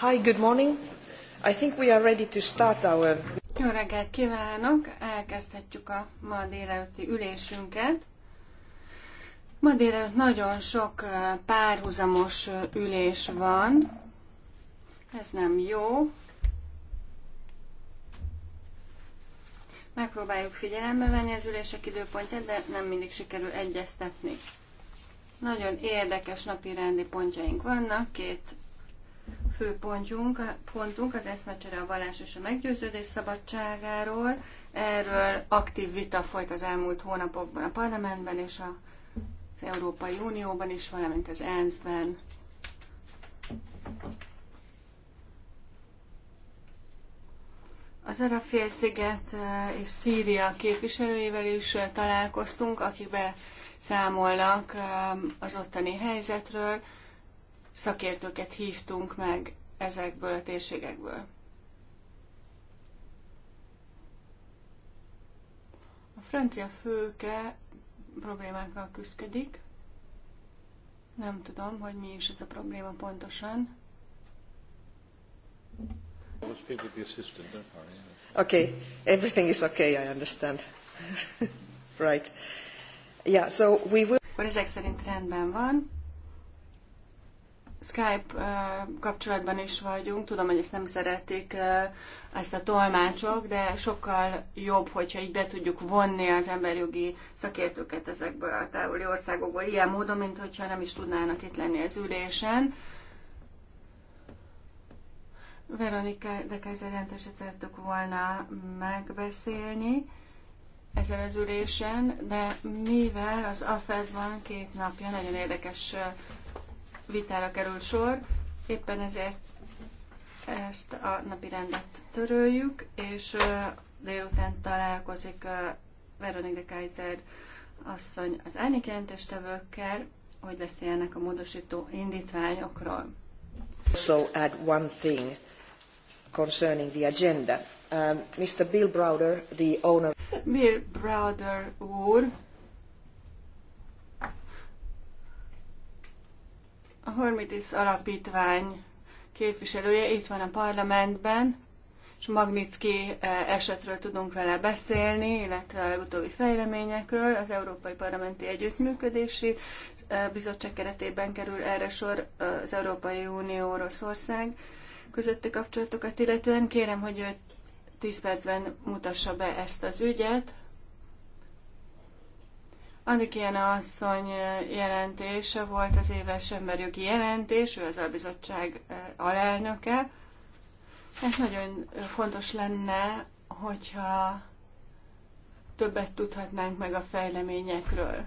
Hi, good morning. I think we are ready to start our... Jó reggelt kívánok! Elkezdhetjük a ma délelőtti ülésünket. Ma délelőtt nagyon sok párhuzamos ülés van. Ez nem jó. Megpróbáljuk figyelembe venni az ülések időpontját, de nem mindig sikerül egyeztetni. Nagyon érdekes napi rendi pontjaink vannak, két fő pontjunk, pontunk az eszmecsere a vallás és a meggyőződés szabadságáról. Erről aktív vita folyt az elmúlt hónapokban a parlamentben és a, az Európai Unióban is, valamint az ENSZ-ben. Az Arafélsziget eh, és Szíria képviselőivel is eh, találkoztunk, akik beszámolnak eh, az ottani helyzetről, szakértőket hívtunk meg ezekből a térségekből. A francia főke problémákkal küzdik. Nem tudom, hogy mi is ez a probléma pontosan. Okay, everything is okay, I understand. right. Yeah, so we will... Akkor ezek szerint rendben van. Skype kapcsolatban is vagyunk, tudom, hogy ezt nem szeretik ezt a tolmácsok, de sokkal jobb, hogyha így be tudjuk vonni az emberjogi szakértőket ezekből a távoli országokból ilyen módon, mint hogyha nem is tudnának itt lenni az ülésen. Veronika de Kaiser szerettük volna megbeszélni ezen az ülésen, de mivel az afed van két napja nagyon érdekes vitára került sor, éppen ezért ezt a napi rendet töröljük, és délután találkozik Veronik de Kaiser asszony az árnyékjelentéstevőkkel, hogy beszéljenek a módosító indítványokról. So add one thing concerning the agenda. Um, Mr. Bill Browder, the owner... Bill Browder úr, A Hormitis Alapítvány képviselője itt van a parlamentben, és Magnitsky eh, esetről tudunk vele beszélni, illetve a legutóbbi fejleményekről. Az Európai Parlamenti Együttműködési eh, Bizottság keretében kerül erre sor eh, az Európai Unió Oroszország közötti kapcsolatokat, illetően kérem, hogy ő 10 percben mutassa be ezt az ügyet, Andik ilyen asszony jelentése volt az éves emberjogi jelentés, ő az a bizottság alelnöke. Ez hát nagyon fontos lenne, hogyha többet tudhatnánk meg a fejleményekről.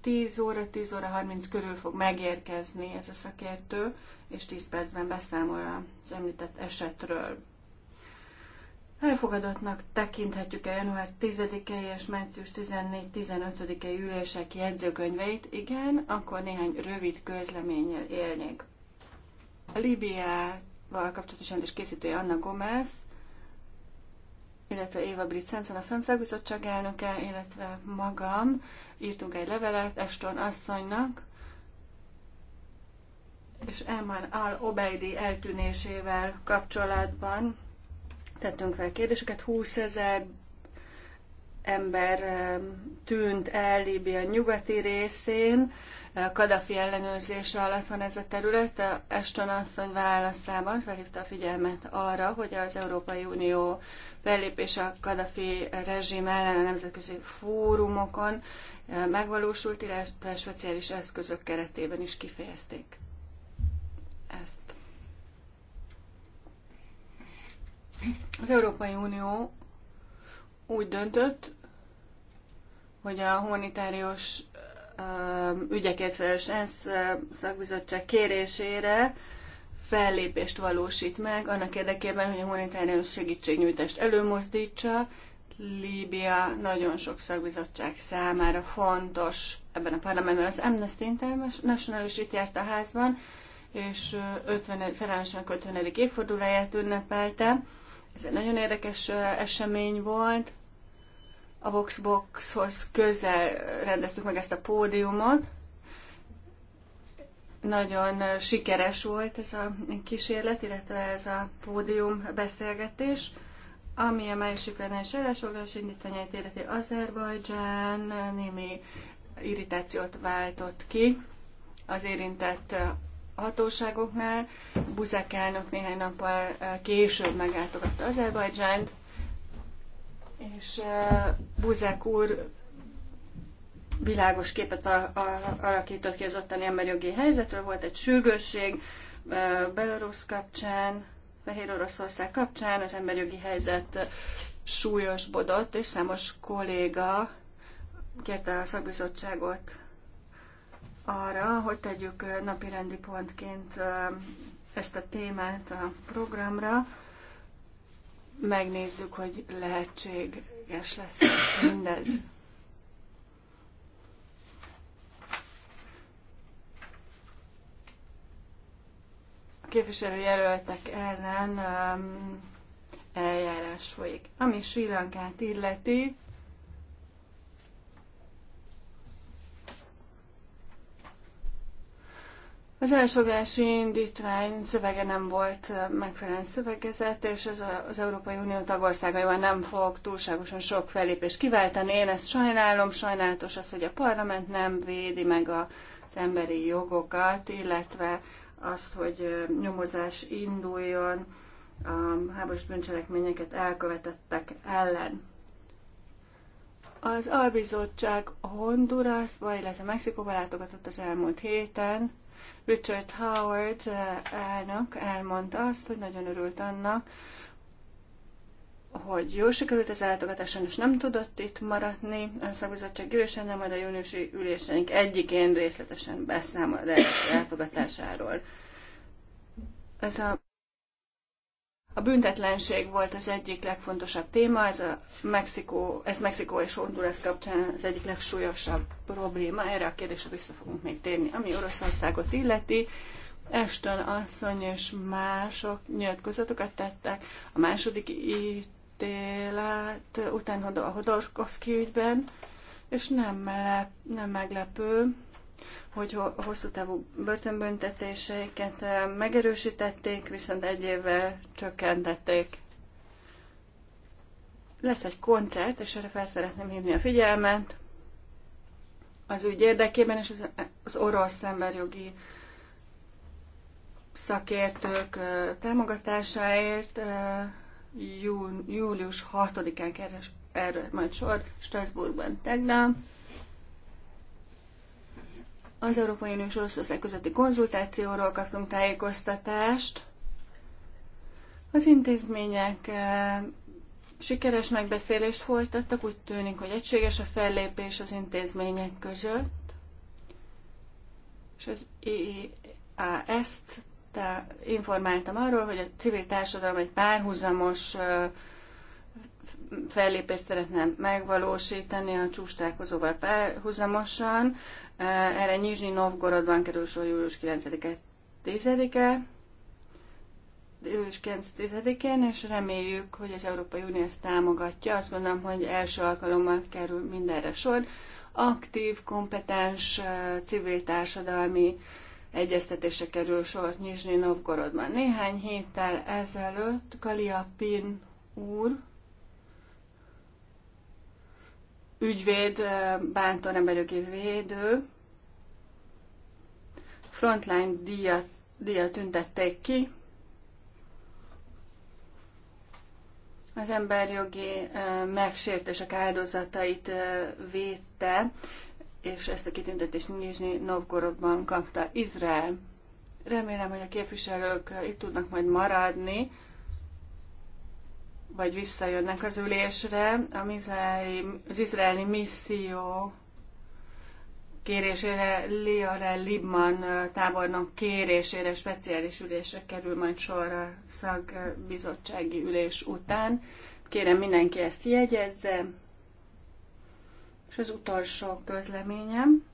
10 óra, 10 óra 30 körül fog megérkezni ez a szakértő, és 10 percben beszámol az említett esetről. Elfogadottnak tekinthetjük-e január 10-i és március 14-15-i ülések jegyzőkönyveit? Igen, akkor néhány rövid közleménnyel élnék. A Líbiával kapcsolatos jelentés készítője Anna Gomez, illetve Éva Bricenszen, a Femszakbizottság elnöke, illetve magam írtunk egy levelet Eston asszonynak, és Elman Al-Obeidi eltűnésével kapcsolatban tettünk fel kérdéseket. 20 ezer ember tűnt el Líbia nyugati részén, Kadafi ellenőrzése alatt van ez a terület. Eston asszony válaszában felhívta a figyelmet arra, hogy az Európai Unió fellépése a Kadafi rezsim ellen a nemzetközi fórumokon megvalósult, illetve speciális eszközök keretében is kifejezték. Az Európai Unió úgy döntött, hogy a humanitárius ügyekért felelős ENSZ szakbizottság kérésére fellépést valósít meg, annak érdekében, hogy a humanitárius segítségnyújtást előmozdítsa. Líbia nagyon sok szakbizottság számára fontos ebben a parlamentben. Az Amnesty International is itt járt a házban, és 50, felelősnek 50. évfordulóját ünnepelte. Ez egy nagyon érdekes esemény volt. A Voxboxhoz közel rendeztük meg ezt a pódiumot. Nagyon sikeres volt ez a kísérlet, illetve ez a pódium beszélgetés. Ami a másik plenáris állásfoglalás indítványát illeti Azerbajdzsán némi irritációt váltott ki az érintett hatóságoknál. Buzek elnök néhány nappal eh, később meglátogatta Azerbajdzsánt, és eh, Buzek úr világos képet alakított ki az ottani jogi helyzetről. Volt egy sürgősség eh, Belarus kapcsán, Fehér Oroszország kapcsán, az jogi helyzet súlyosbodott, és számos kolléga kérte a szakbizottságot arra, hogy tegyük napirendi pontként ezt a témát a programra, megnézzük, hogy lehetséges lesz mindez. A képviselőjelöltek ellen um, eljárás folyik. Ami Sri Lankát illeti, Az elsoglási indítvány szövege nem volt megfelelően szövegezett, és ez az Európai Unió tagországaival nem fog túlságosan sok felépést kiváltani. Én ezt sajnálom, sajnálatos az, hogy a parlament nem védi meg az emberi jogokat, illetve azt, hogy nyomozás induljon a háborús bűncselekményeket elkövetettek ellen. Az albizottság Hondurasba, illetve Mexikóba látogatott az elmúlt héten, Richard Howard eh, elnök elmondta azt, hogy nagyon örült annak, hogy jól sikerült az látogatás, és nem tudott itt maradni a szakbizottság gyűlésen, de majd a júniusi üléseink egyikén részletesen beszámol a látogatásáról. Ez a a büntetlenség volt az egyik legfontosabb téma, ez, a Mexikó, ez Mexikó és Honduras kapcsán az egyik legsúlyosabb probléma. Erre a kérdésre vissza fogunk még térni. Ami Oroszországot illeti, Eston asszony és mások nyilatkozatokat tettek a második ítélet után a Hodorkovszki ügyben, és nem, melep, nem meglepő, hogy hosszú távú börtönbüntetéseiket megerősítették, viszont egy évvel csökkentették. Lesz egy koncert, és erre fel szeretném hívni a figyelmet az ügy érdekében, és az, az orosz emberjogi szakértők támogatásáért jú, július 6-án keres erről majd sor Strasbourgban tegnap. Az Európai Unió és Oroszország közötti konzultációról kaptunk tájékoztatást. Az intézmények eh, sikeres megbeszélést folytattak, úgy tűnik, hogy egységes a fellépés az intézmények között, és az IIAS-t e informáltam arról, hogy a civil társadalom egy párhuzamos eh, fellépést szeretne megvalósítani a csústálkozóval párhuzamosan. Eh, erre Nyizsnyi Novgorodban kerül sor július 9-e, 10-e, július 9-10-én, és reméljük, hogy az Európai Unió ezt támogatja. Azt gondolom, hogy első alkalommal kerül mindenre sor. Aktív, kompetens eh, civil társadalmi egyeztetése kerül sor Nyizsnyi Novgorodban. Néhány héttel ezelőtt Kaliapin úr, ügyvéd, bántor nem vagyok egy védő. Frontline díjat, díjat tüntették ki. Az emberjogi megsértések áldozatait védte, és ezt a kitüntetést Nizsnyi Novgorodban kapta Izrael. Remélem, hogy a képviselők itt tudnak majd maradni vagy visszajönnek az ülésre. ami az izraeli misszió kérésére, Liara Libman tábornok kérésére speciális ülésre kerül majd sor a szakbizottsági ülés után. Kérem mindenki ezt jegyezze. És az utolsó közleményem.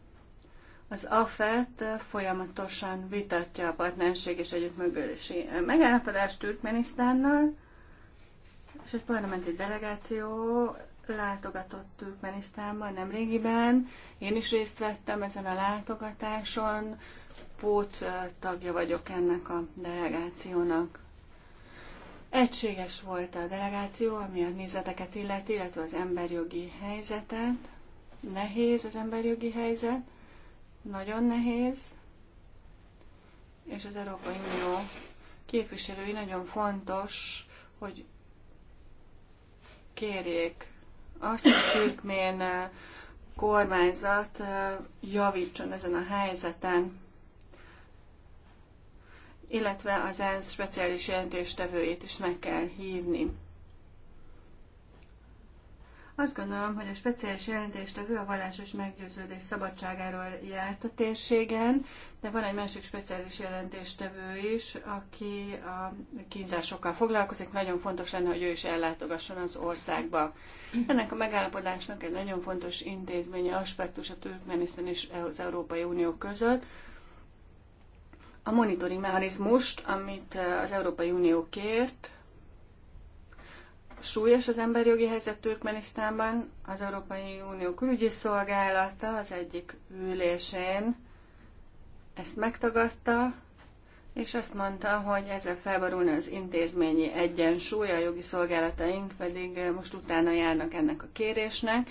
Az AFET folyamatosan vitatja a partnerség és együttműködési megállapodást Türkmenisztánnal és egy parlamenti delegáció látogatott nem régiben. Én is részt vettem ezen a látogatáson, pót tagja vagyok ennek a delegációnak. Egységes volt a delegáció, ami a nézeteket illeti, illetve az emberjogi helyzetet. Nehéz az emberjogi helyzet, nagyon nehéz, és az Európai Unió képviselői nagyon fontos, hogy kérjék azt, hogy a türkmén eh, kormányzat eh, javítson ezen a helyzeten, illetve az ENSZ speciális jelentéstevőjét is meg kell hívni. Azt gondolom, hogy a speciális jelentéstevő a vallásos meggyőződés szabadságáról járt a térségen, de van egy másik speciális jelentéstevő is, aki a kínzásokkal foglalkozik. Nagyon fontos lenne, hogy ő is ellátogasson az országba. Ennek a megállapodásnak egy nagyon fontos intézményi aspektus a Türkmenisztán és az Európai Unió között, a monitoring mechanizmust, amit az Európai Unió kért, Súlyos az emberjogi helyzet Türkmenisztánban. Az Európai Unió külügyi szolgálata az egyik ülésén ezt megtagadta, és azt mondta, hogy ezzel felborulna az intézményi egyensúly, a jogi szolgálataink pedig most utána járnak ennek a kérésnek.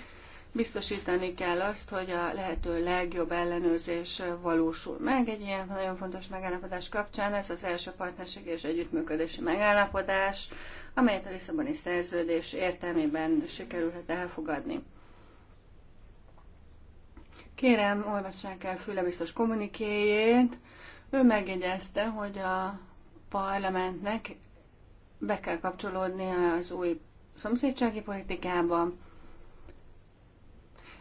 Biztosítani kell azt, hogy a lehető legjobb ellenőrzés valósul meg egy ilyen nagyon fontos megállapodás kapcsán. Ez az első partnerség és együttműködési megállapodás amelyet a Lisszaboni szerződés értelmében sikerülhet elfogadni. Kérem, olvassák el Füle biztos kommunikéjét. Ő megjegyezte, hogy a parlamentnek be kell kapcsolódnia az új szomszédsági politikába,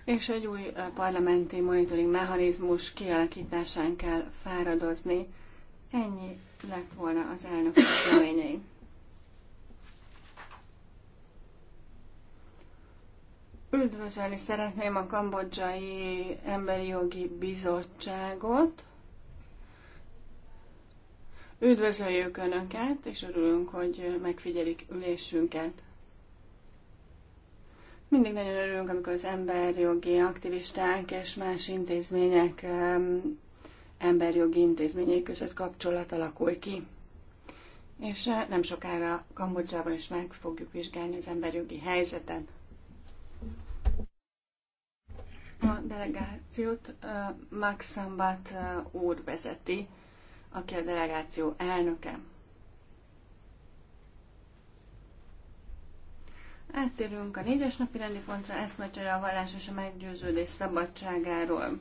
és egy új parlamenti monitoring mechanizmus kialakításán kell fáradozni. Ennyi lett volna az elnök véleményei. Üdvözölni szeretném a Kambodzsai Emberi Jogi Bizottságot. Üdvözöljük Önöket, és örülünk, hogy megfigyelik ülésünket. Mindig nagyon örülünk, amikor az emberjogi aktivisták és más intézmények emberjogi intézményei között kapcsolat alakul ki. És eh, nem sokára Kambodzsában is meg fogjuk vizsgálni az emberjogi helyzetet. A delegációt Max Sambat úr vezeti, aki a delegáció elnöke. Áttérünk a négyes napi rendi pontra, eszmecsere a vallás és a meggyőződés szabadságáról.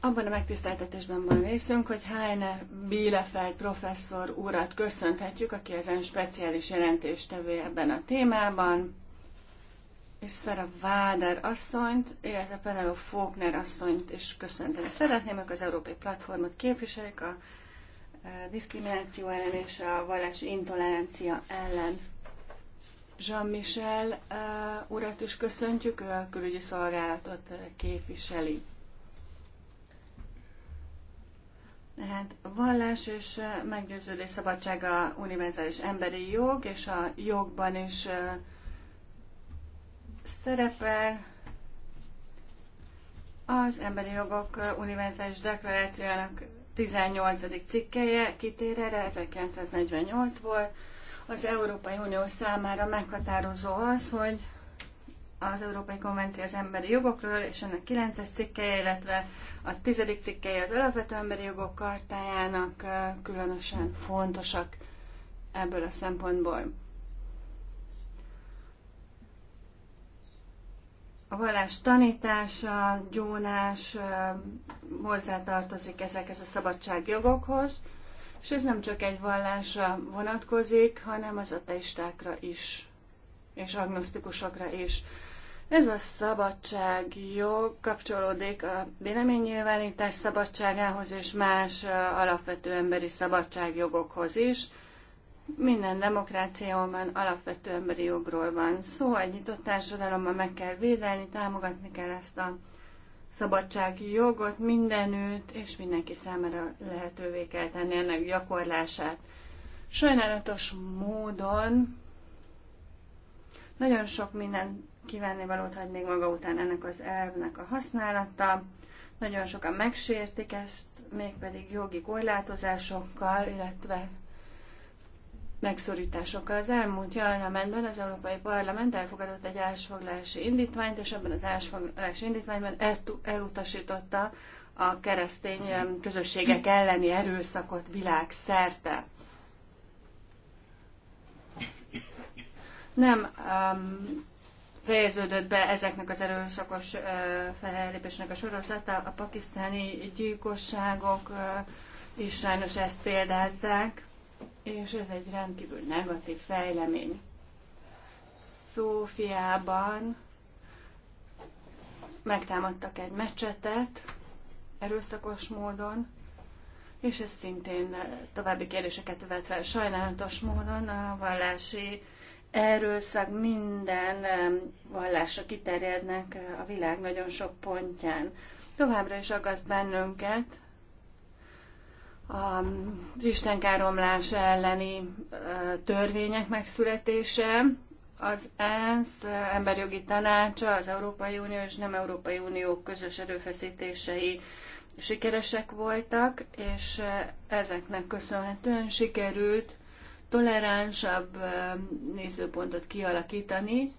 Abban a megtiszteltetésben van részünk, hogy Heine Bielefeld professzor úrat köszönhetjük, aki ezen speciális jelentéstevő ebben a témában és Szara Váder asszonyt, illetve Penelope Faulkner asszonyt is köszönteni szeretném, ők az Európai Platformot képviselik a e, diszkrimináció ellen és a vallási intolerancia ellen. Jean-Michel uh, urat is köszöntjük, ő a külügyi szolgálatot e, képviseli. Tehát vallás és meggyőződés szabadsága univerzális emberi jog, és a jogban is uh, szerepel az Emberi Jogok Univerzális Deklarációjának 18. cikkeje kitér erre, 1948 volt. Az Európai Unió számára meghatározó az, hogy az Európai Konvenció az emberi jogokról, és ennek 9-es cikkeje, illetve a 10. cikkeje az Alapvető Emberi Jogok Kartájának eh, különösen fontosak ebből a szempontból. A vallás tanítása, gyónás hozzátartozik ezekhez a szabadságjogokhoz, és ez nem csak egy vallásra vonatkozik, hanem az ateistákra is, és agnosztikusokra is. Ez a szabadság szabadságjog kapcsolódik a véleménynyilvánítás szabadságához és más alapvető emberi szabadságjogokhoz is, minden demokráciában alapvető emberi jogról van szó, egy nyitott társadalomban meg kell védelni, támogatni kell ezt a szabadsági jogot mindenütt, és mindenki számára lehetővé kell tenni ennek gyakorlását. Sajnálatos módon nagyon sok minden kívánni valót hagy még maga után ennek az elvnek a használata. Nagyon sokan megsértik ezt, mégpedig jogi korlátozásokkal, illetve megszorításokkal. Az elmúlt parlamentben az Európai Parlament elfogadott egy állásfoglalási indítványt, és ebben az állásfoglalási indítványban elutasította a keresztény közösségek elleni erőszakot világszerte. Nem um, fejeződött be ezeknek az erőszakos uh, felelépésnek a sorozata. A pakisztáni gyilkosságok uh, is sajnos ezt példázzák és ez egy rendkívül negatív fejlemény. Szófiában megtámadtak egy mecsetet erőszakos módon, és ez szintén további kérdéseket vett fel. Sajnálatos módon a vallási erőszak minden vallásra kiterjednek a világ nagyon sok pontján. Továbbra is aggaszt bennünket az istenkáromlás elleni törvények megszületése, az ENSZ emberjogi tanácsa, az Európai Unió és nem Európai Unió közös erőfeszítései sikeresek voltak, és ezeknek köszönhetően sikerült toleránsabb nézőpontot kialakítani,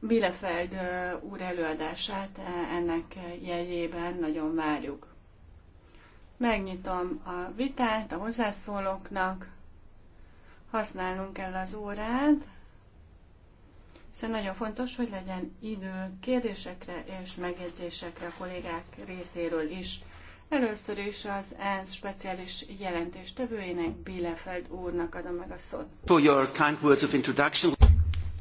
Bielefeld úr előadását e, ennek jegyében nagyon várjuk. Megnyitom a vitát a hozzászólóknak, használnunk kell az órát, hiszen nagyon fontos, hogy legyen idő kérdésekre és megjegyzésekre a kollégák részéről is. Először is az ENSZ speciális jelentéstevőjének Bielefeld úrnak adom meg a szót. For your kind words of introduction.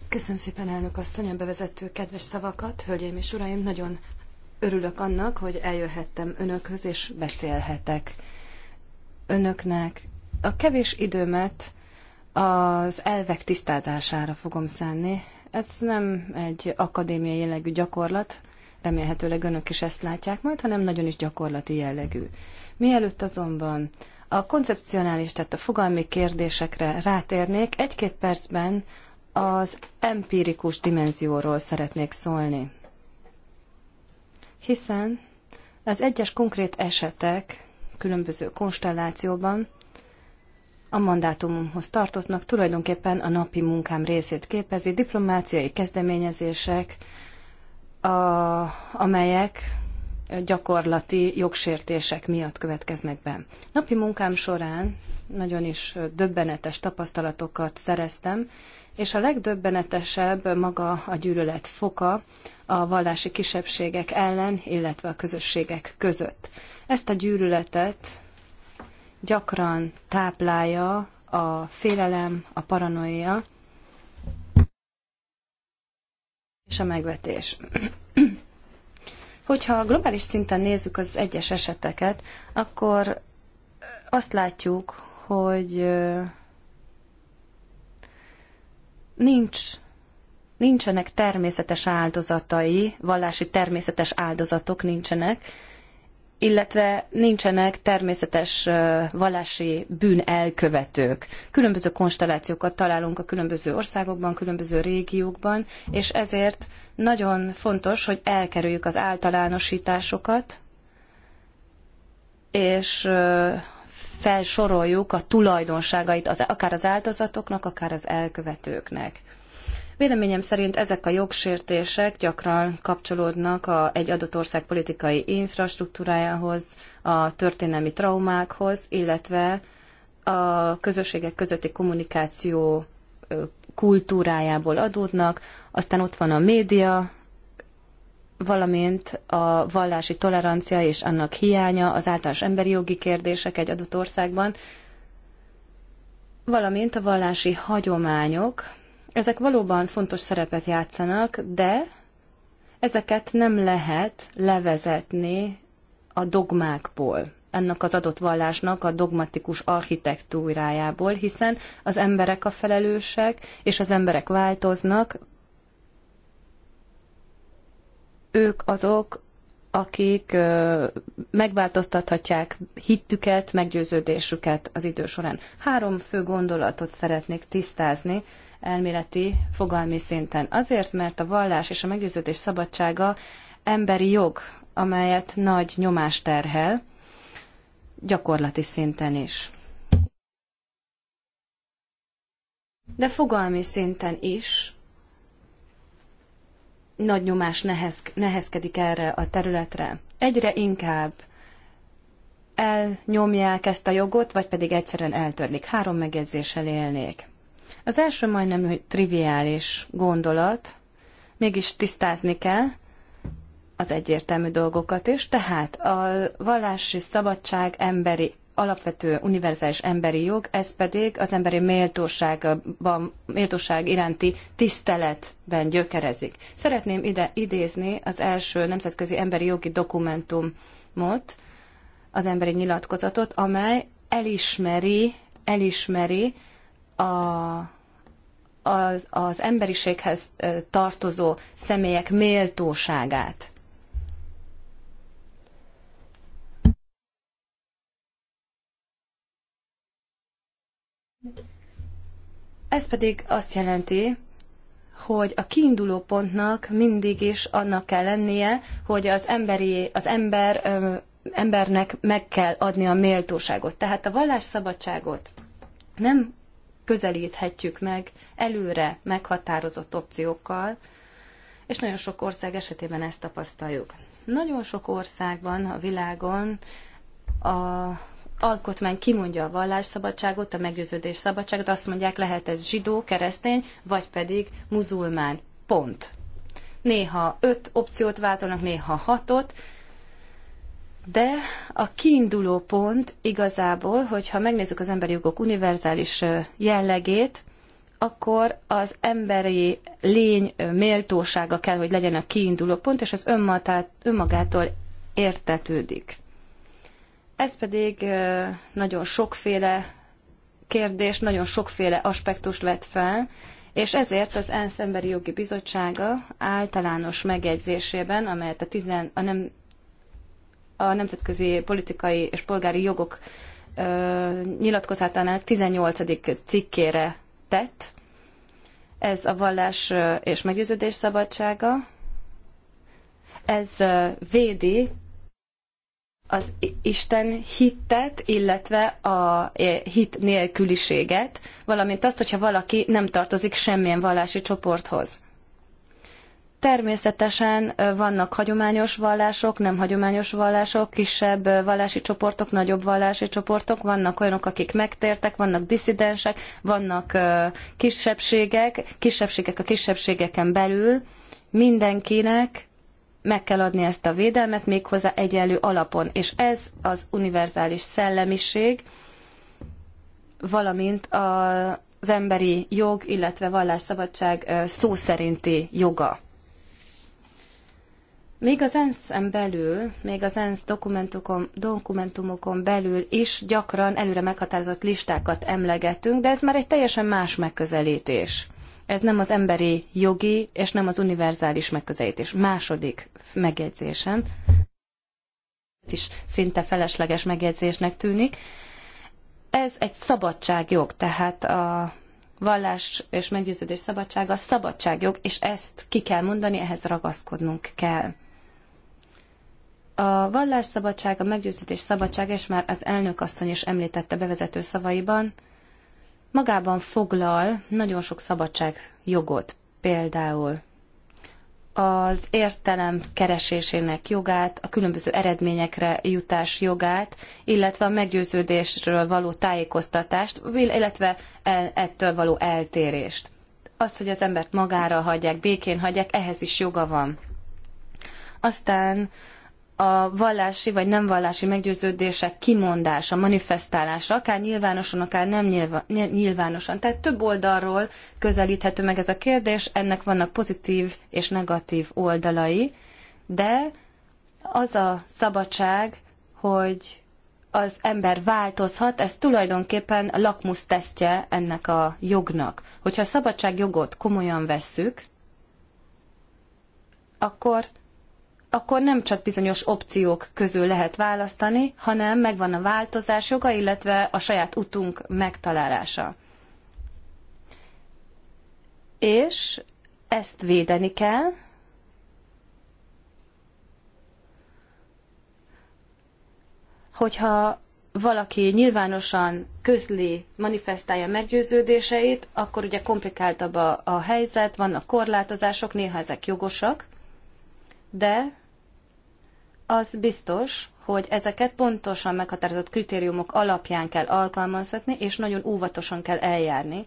Köszönöm szépen, elnök asszony, a bevezető kedves szavakat. Hölgyeim és uraim, nagyon örülök annak, hogy eljöhettem önökhöz, és beszélhetek önöknek. A kevés időmet az elvek tisztázására fogom szánni. Ez nem egy akadémiai jellegű gyakorlat, remélhetőleg önök is ezt látják majd, hanem nagyon is gyakorlati jellegű. Mielőtt azonban a koncepcionális, tehát a fogalmi kérdésekre rátérnék, egy-két percben az empirikus dimenzióról szeretnék szólni. Hiszen az egyes konkrét esetek különböző konstellációban a mandátumomhoz tartoznak, tulajdonképpen a napi munkám részét képezi diplomáciai kezdeményezések, a, amelyek gyakorlati jogsértések miatt következnek be. Napi munkám során nagyon is döbbenetes tapasztalatokat szereztem, és a legdöbbenetesebb maga a gyűlölet foka a vallási kisebbségek ellen, illetve a közösségek között. Ezt a gyűlöletet gyakran táplálja a félelem, a paranoia és a megvetés. Hogyha globális szinten nézzük az egyes eseteket, akkor azt látjuk, hogy nincs, nincsenek természetes áldozatai, vallási természetes áldozatok nincsenek, illetve nincsenek természetes vallási bűn elkövetők. Különböző konstellációkat találunk a különböző országokban, különböző régiókban, és ezért nagyon fontos, hogy elkerüljük az általánosításokat, és felsoroljuk a tulajdonságait, az, akár az áldozatoknak, akár az elkövetőknek. Véleményem szerint ezek a jogsértések gyakran kapcsolódnak a, egy adott ország politikai infrastruktúrájához, a történelmi traumákhoz, illetve a közösségek közötti kommunikáció kultúrájából adódnak. Aztán ott van a média valamint a vallási tolerancia és annak hiánya, az általános emberi jogi kérdések egy adott országban, valamint a vallási hagyományok. Ezek valóban fontos szerepet játszanak, de ezeket nem lehet levezetni a dogmákból ennek az adott vallásnak a dogmatikus architektúrájából, hiszen az emberek a felelősek, és az emberek változnak, ők azok, akik megváltoztathatják hittüket, meggyőződésüket az idő során. Három fő gondolatot szeretnék tisztázni elméleti, fogalmi szinten. Azért, mert a vallás és a meggyőződés szabadsága emberi jog, amelyet nagy nyomást terhel, gyakorlati szinten is. De fogalmi szinten is, nagy nyomás nehez, nehezkedik erre a területre. Egyre inkább elnyomják ezt a jogot, vagy pedig egyszerűen eltörlik. Három megjegyzéssel élnék. Az első majdnem hogy triviális gondolat, mégis tisztázni kell az egyértelmű dolgokat is, tehát a vallási szabadság emberi alapvető univerzális emberi jog, ez pedig az emberi méltóságban, méltóság iránti tiszteletben gyökerezik. Szeretném ide idézni az első nemzetközi emberi jogi dokumentumot, az emberi nyilatkozatot, amely elismeri, elismeri a, az, az emberiséghez tartozó személyek méltóságát. Ez pedig azt jelenti, hogy a kiinduló pontnak mindig is annak kell lennie, hogy az, emberi, az ember, ö, embernek meg kell adni a méltóságot. Tehát a vallásszabadságot nem közelíthetjük meg előre meghatározott opciókkal, és nagyon sok ország esetében ezt tapasztaljuk. Nagyon sok országban a világon a alkotmány kimondja a vallásszabadságot, a meggyőződés szabadságot, azt mondják, lehet ez zsidó, keresztény, vagy pedig muzulmán. Pont. Néha öt opciót vázolnak, néha hatot, de a kiinduló pont igazából, hogyha megnézzük az emberi jogok univerzális jellegét, akkor az emberi lény méltósága kell, hogy legyen a kiinduló pont, és az önmagától értetődik. Ez pedig nagyon sokféle kérdés, nagyon sokféle aspektust vet fel, és ezért az ENSZ Emberi Jogi Bizottsága általános megjegyzésében, amelyet a, tizen, a, nem, a Nemzetközi Politikai és Polgári Jogok ö, nyilatkozatának 18. cikkére tett, ez a vallás és meggyőződés szabadsága, ez védi az Isten hittet, illetve a e, hit nélküliséget, valamint azt, hogyha valaki nem tartozik semmilyen vallási csoporthoz. Természetesen e, vannak hagyományos vallások, nem hagyományos vallások, kisebb e, vallási csoportok, nagyobb vallási csoportok, vannak olyanok, akik megtértek, vannak diszidensek, vannak kisebbségek, kisebbségek a kisebbségeken belül. Mindenkinek meg kell adni ezt a védelmet méghozzá egyenlő alapon. És ez az univerzális szellemiség, valamint a, az emberi jog, illetve vallásszabadság szó szerinti joga. Még az ensz belül, még az ENSZ dokumentumokon, dokumentumokon belül is gyakran előre meghatározott listákat emlegetünk, de ez már egy teljesen más megközelítés. Ez nem az emberi jogi, és nem az univerzális megközelítés. Második megjegyzésen, ez is szinte felesleges megjegyzésnek tűnik, ez egy szabadságjog, tehát a vallás és meggyőződés szabadsága a szabadságjog, és ezt ki kell mondani, ehhez ragaszkodnunk kell. A vallásszabadság, a meggyőződés szabadság, és már az elnök asszony is említette bevezető szavaiban, magában foglal nagyon sok szabadságjogot, például az értelem keresésének jogát, a különböző eredményekre jutás jogát, illetve a meggyőződésről való tájékoztatást, illetve ettől való eltérést. Az, hogy az embert magára hagyják, békén hagyják, ehhez is joga van. Aztán a vallási vagy nem vallási meggyőződések kimondása, manifestálása, akár nyilvánosan, akár nem nyilva, nyilvánosan. Tehát több oldalról közelíthető meg ez a kérdés, ennek vannak pozitív és negatív oldalai, de az a szabadság, hogy az ember változhat, ez tulajdonképpen a lakmusz tesztje ennek a jognak. Hogyha a szabadságjogot komolyan vesszük, akkor akkor nem csak bizonyos opciók közül lehet választani, hanem megvan a változás joga, illetve a saját utunk megtalálása. És ezt védeni kell, hogyha valaki nyilvánosan közli, manifestálja meggyőződéseit, akkor ugye komplikáltabb a, a helyzet, vannak korlátozások, néha ezek jogosak, de az biztos, hogy ezeket pontosan meghatározott kritériumok alapján kell alkalmazhatni, és nagyon óvatosan kell eljárni,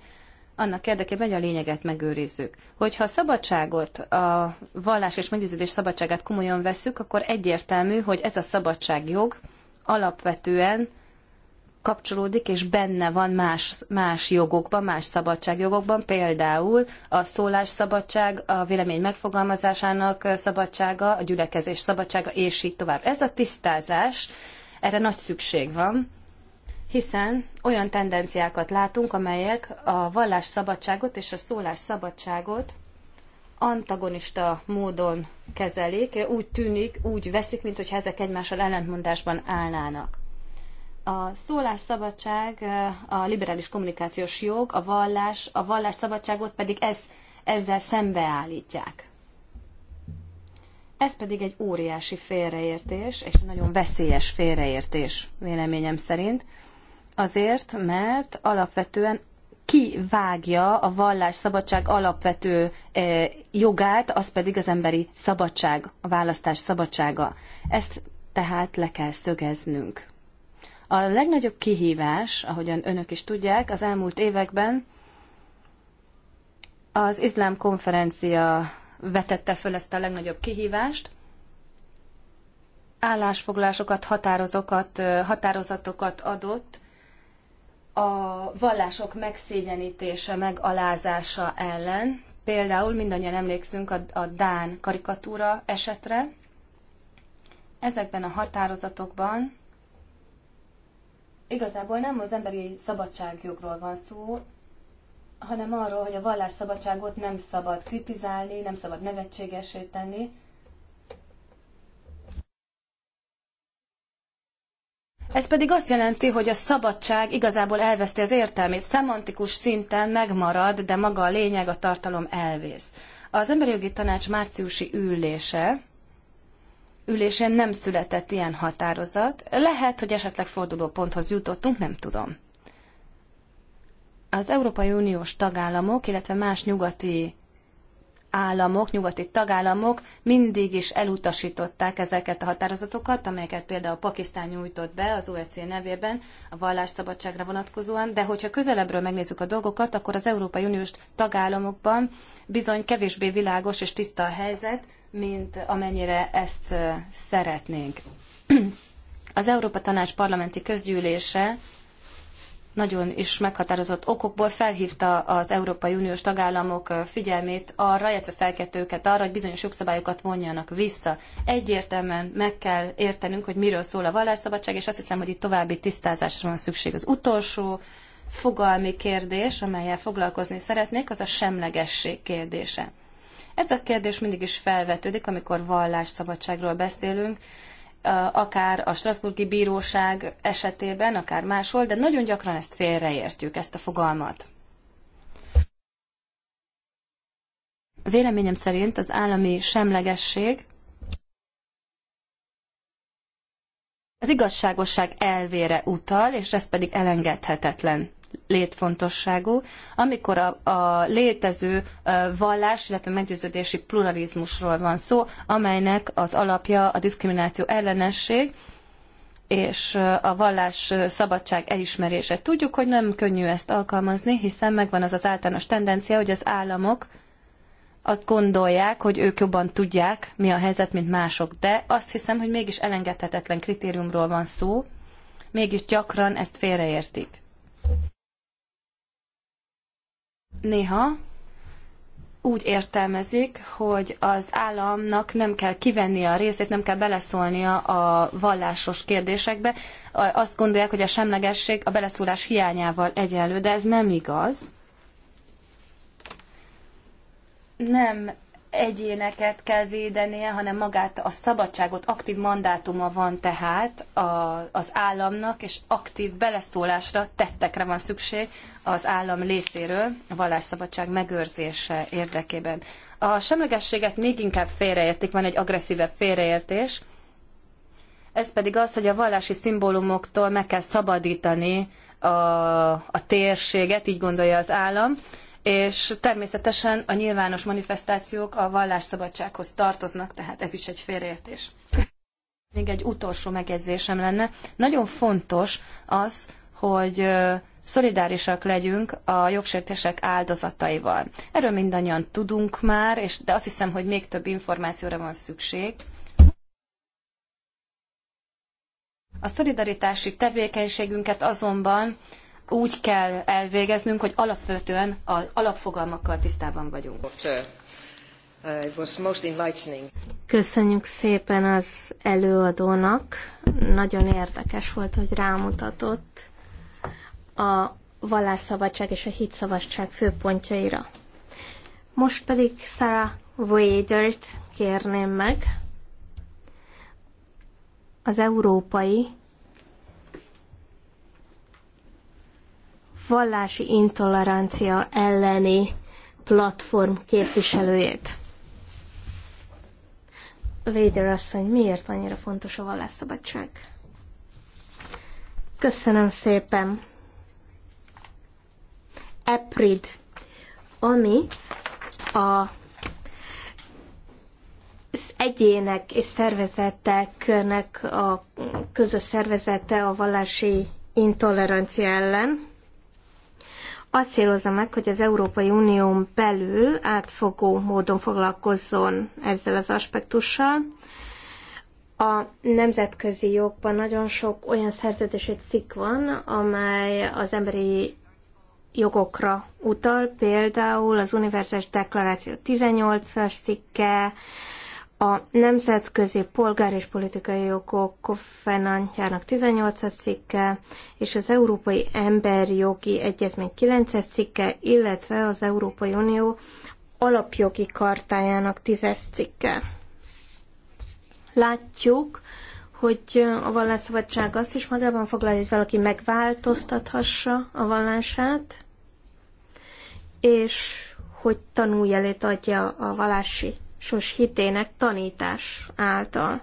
annak érdekében, hogy a lényeget megőrizzük. Hogyha a szabadságot, a vallás és meggyőződés szabadságát komolyan vesszük, akkor egyértelmű, hogy ez a szabadságjog alapvetően kapcsolódik, és benne van más, más jogokban, más szabadságjogokban, például a szólásszabadság, a vélemény megfogalmazásának szabadsága, a gyülekezés szabadsága, és így tovább. Ez a tisztázás, erre nagy szükség van, hiszen olyan tendenciákat látunk, amelyek a vallásszabadságot és a szólásszabadságot antagonista módon kezelik, úgy tűnik, úgy veszik, mintha ezek egymással ellentmondásban állnának. A szólásszabadság, a liberális kommunikációs jog, a vallás, a vallásszabadságot pedig ez, ezzel szembeállítják. Ez pedig egy óriási félreértés, és egy nagyon veszélyes félreértés véleményem szerint. Azért, mert alapvetően kivágja a vallás szabadság alapvető jogát, az pedig az emberi szabadság, a választás szabadsága. Ezt tehát le kell szögeznünk. A legnagyobb kihívás, ahogyan önök is tudják, az elmúlt években az iszlám konferencia vetette föl ezt a legnagyobb kihívást. Állásfoglásokat, határozokat, határozatokat adott a vallások megszégyenítése, megalázása ellen. Például mindannyian emlékszünk a, a Dán karikatúra esetre. Ezekben a határozatokban igazából nem az emberi szabadságjogról van szó, hanem arról, hogy a szabadságot nem szabad kritizálni, nem szabad nevetségesé tenni. Ez pedig azt jelenti, hogy a szabadság igazából elveszti az értelmét, szemantikus szinten megmarad, de maga a lényeg, a tartalom elvész. Az Emberi Jogi Tanács márciusi ülése ülésén nem született ilyen határozat. Lehet, hogy esetleg fordulóponthoz jutottunk, nem tudom. Az Európai Uniós tagállamok, illetve más nyugati államok, nyugati tagállamok mindig is elutasították ezeket a határozatokat, amelyeket például Pakisztán nyújtott be az OEC nevében a vallásszabadságra vonatkozóan, de hogyha közelebbről megnézzük a dolgokat, akkor az Európai Uniós tagállamokban bizony kevésbé világos és tiszta a helyzet, mint amennyire ezt szeretnénk. Az Európa Tanács parlamenti közgyűlése nagyon is meghatározott okokból felhívta az Európai Uniós tagállamok figyelmét arra, illetve felkérte őket arra, hogy bizonyos jogszabályokat vonjanak vissza. Egyértelműen meg kell értenünk, hogy miről szól a vallásszabadság, és azt hiszem, hogy itt további tisztázásra van szükség. Az utolsó fogalmi kérdés, amelyel foglalkozni szeretnék, az a semlegesség kérdése. Ez a kérdés mindig is felvetődik, amikor vallásszabadságról beszélünk, akár a Strasburgi Bíróság esetében, akár máshol, de nagyon gyakran ezt félreértjük, ezt a fogalmat. Véleményem szerint az állami semlegesség az igazságosság elvére utal, és ez pedig elengedhetetlen létfontosságú, amikor a, a létező vallás, illetve meggyőződési pluralizmusról van szó, amelynek az alapja a diszkrimináció ellenesség, és a vallás szabadság elismerése. Tudjuk, hogy nem könnyű ezt alkalmazni, hiszen megvan az az általános tendencia, hogy az államok azt gondolják, hogy ők jobban tudják, mi a helyzet, mint mások. De azt hiszem, hogy mégis elengedhetetlen kritériumról van szó, mégis gyakran ezt félreértik néha úgy értelmezik, hogy az államnak nem kell kivennie a részét, nem kell beleszólnia a vallásos kérdésekbe. Azt gondolják, hogy a semlegesség a beleszólás hiányával egyenlő, de ez nem igaz. Nem egyéneket kell védenie, hanem magát a szabadságot, aktív mandátuma van tehát a, az államnak, és aktív beleszólásra, tettekre van szükség az állam részéről a vallásszabadság megőrzése érdekében. A semlegességet még inkább félreértik, van egy agresszívebb félreértés, ez pedig az, hogy a vallási szimbólumoktól meg kell szabadítani a, a térséget, így gondolja az állam, és természetesen a nyilvános manifestációk a vallásszabadsághoz tartoznak, tehát ez is egy félreértés. Még egy utolsó megjegyzésem lenne. Nagyon fontos az, hogy szolidárisak legyünk a jogsértések áldozataival. Erről mindannyian tudunk már, és, de azt hiszem, hogy még több információra van szükség. A szolidaritási tevékenységünket azonban úgy kell elvégeznünk, hogy alapvetően az alapfogalmakkal tisztában vagyunk. Köszönjük szépen az előadónak. Nagyon érdekes volt, hogy rámutatott a vallásszabadság és a hitszabadság főpontjaira. Most pedig Sarah Wadert kérném meg, az európai vallási intolerancia elleni platform képviselőjét. Véder asszony, miért annyira fontos a vallásszabadság? Köszönöm szépen. EPRID, ami a az egyének és szervezeteknek a közös szervezete a vallási intolerancia ellen azt célozza meg, hogy az Európai Unión belül átfogó módon foglalkozzon ezzel az aspektussal. A nemzetközi jogban nagyon sok olyan szerződési cikk van, amely az emberi jogokra utal, például az Univerzális Deklaráció 18-as cikke, a nemzetközi polgár és politikai jogok konvenantjának 18 cikke, és az Európai Emberi Jogi Egyezmény 9 cikke, illetve az Európai Unió alapjogi kartájának 10 cikke. Látjuk, hogy a vallásszabadság azt is magában foglalja, hogy valaki megváltoztathassa a vallását, és hogy tanújelét adja a vallási sos hitének tanítás által.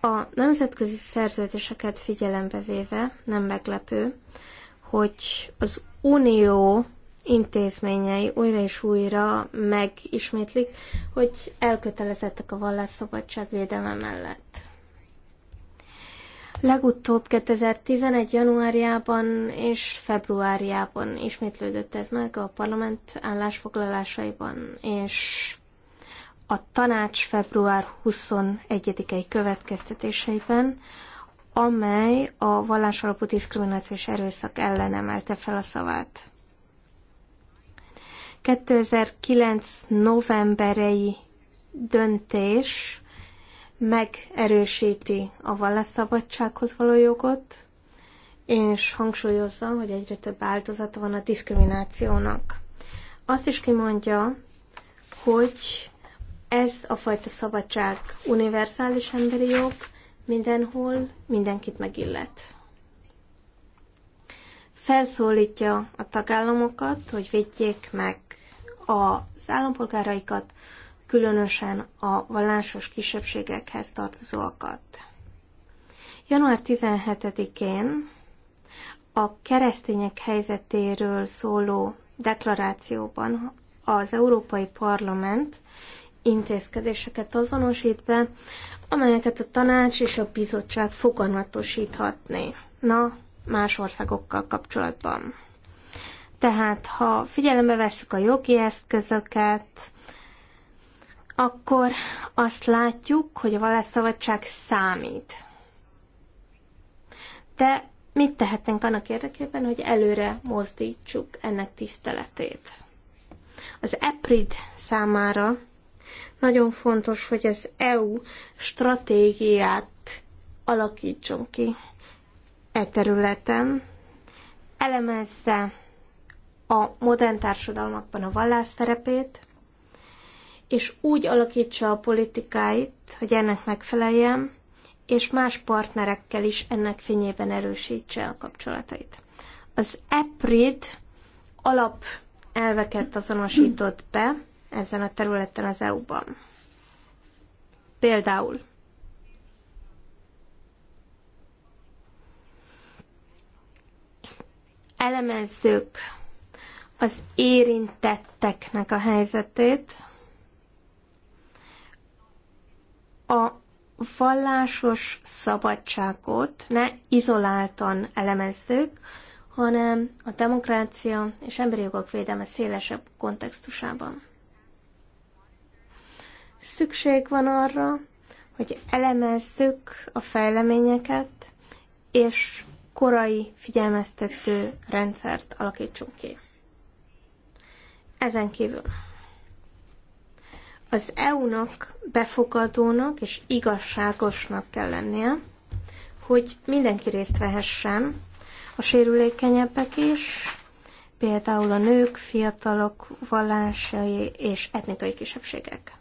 A nemzetközi szerződéseket figyelembe véve nem meglepő, hogy az Unió intézményei újra és újra megismétlik, hogy elkötelezettek a vallásszabadság védelme mellett. Legutóbb 2011. januárjában és februárjában ismétlődött ez meg a parlament állásfoglalásaiban, és a tanács február 21-i következtetéseiben, amely a vallásalapú diszkriminációs erőszak ellen emelte fel a szavát. 2009. novemberei döntés megerősíti a vallásszabadsághoz való jogot, és hangsúlyozza, hogy egyre több áldozata van a diszkriminációnak. Azt is kimondja, hogy ez a fajta szabadság univerzális emberi jog, mindenhol mindenkit megillet. Felszólítja a tagállamokat, hogy védjék meg az állampolgáraikat, különösen a vallásos kisebbségekhez tartozóakat. Január 17-én a keresztények helyzetéről szóló deklarációban az Európai Parlament intézkedéseket azonosít be, amelyeket a tanács és a bizottság foganatosíthatné. Na, más országokkal kapcsolatban. Tehát, ha figyelembe veszük a jogi eszközöket, akkor azt látjuk, hogy a vallásszabadság számít. De mit tehetnénk annak érdekében, hogy előre mozdítsuk ennek tiszteletét? Az EPRID számára nagyon fontos, hogy az EU stratégiát alakítson ki e területen, elemezze a modern társadalmakban a vallás szerepét, és úgy alakítsa a politikáit, hogy ennek megfeleljen, és más partnerekkel is ennek fényében erősítse a kapcsolatait. Az EPRID alap elveket azonosított be, ezen a területen az EU-ban. Például elemezzük az érintetteknek a helyzetét, a vallásos szabadságot ne izoláltan elemezzük, hanem a demokrácia és emberi jogok védelme szélesebb kontextusában. Szükség van arra, hogy elemezzük a fejleményeket, és korai figyelmeztető rendszert alakítsunk ki. Ezen kívül az EU-nak befogadónak és igazságosnak kell lennie, hogy mindenki részt vehessen, a sérülékenyebbek is, például a nők, fiatalok, vallásai és etnikai kisebbségek.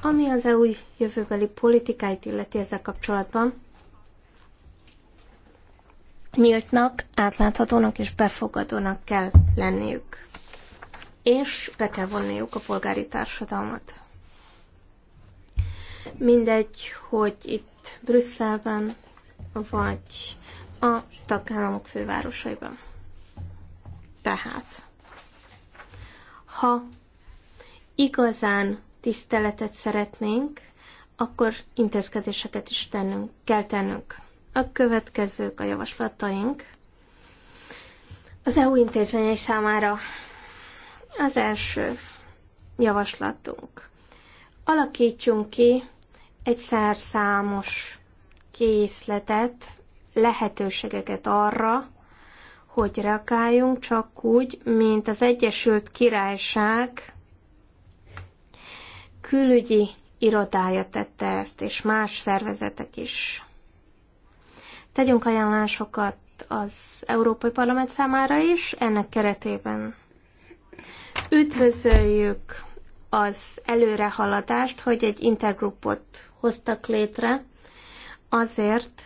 Ami az EU jövőbeli politikáit illeti ezzel kapcsolatban, nyíltnak, átláthatónak és befogadónak kell lenniük. És be kell vonniuk a polgári társadalmat. Mindegy, hogy itt Brüsszelben, vagy a tagállamok fővárosaiban. Tehát, ha igazán tiszteletet szeretnénk, akkor intézkedéseket is tennünk, kell tennünk. A következők a javaslataink. Az EU intézményei számára az első javaslatunk. Alakítsunk ki egy szerszámos készletet, lehetőségeket arra, hogy reagáljunk csak úgy, mint az Egyesült Királyság külügyi irodája tette ezt, és más szervezetek is. Tegyünk ajánlásokat az Európai Parlament számára is ennek keretében. Üdvözöljük az előrehaladást, hogy egy intergrupot hoztak létre, azért,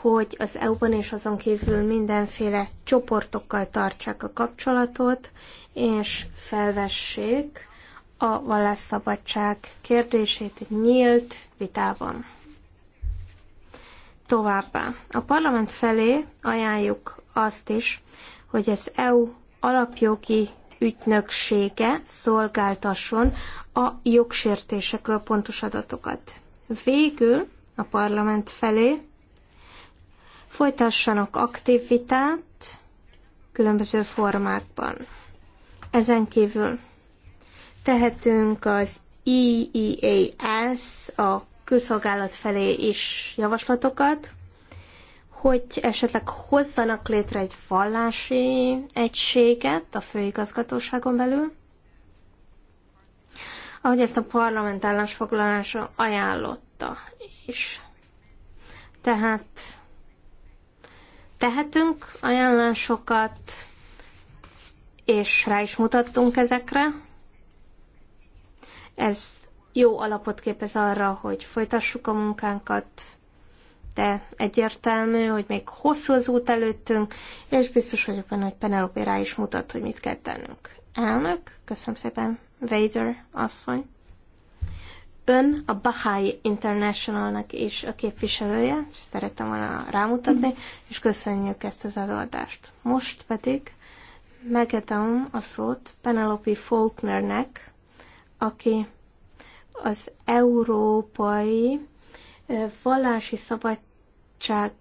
hogy az EU-ban és azon kívül mindenféle csoportokkal tartsák a kapcsolatot, és felvessék a vallásszabadság kérdését nyílt vitában. Továbbá a parlament felé ajánljuk azt is, hogy az EU alapjogi ügynöksége szolgáltasson a jogsértésekről pontos adatokat. Végül a parlament felé folytassanak aktív vitát különböző formákban. Ezen kívül tehetünk az EEAS, a külszolgálat felé is javaslatokat, hogy esetleg hozzanak létre egy vallási egységet a főigazgatóságon belül, ahogy ezt a parlament állásfoglalása ajánlotta is. Tehát tehetünk ajánlásokat, és rá is mutattunk ezekre, ez jó alapot képez arra, hogy folytassuk a munkánkat, de egyértelmű, hogy még hosszú az út előttünk, és biztos vagyok benne, hogy Penelope rá is mutat, hogy mit kell tennünk. Elnök, köszönöm szépen, Vader asszony. Ön a Bahai Internationalnak is a képviselője, és szerettem volna rámutatni, és köszönjük ezt az előadást. Most pedig megadom a szót Penelope Faulknernek, aki az európai vallási szabadság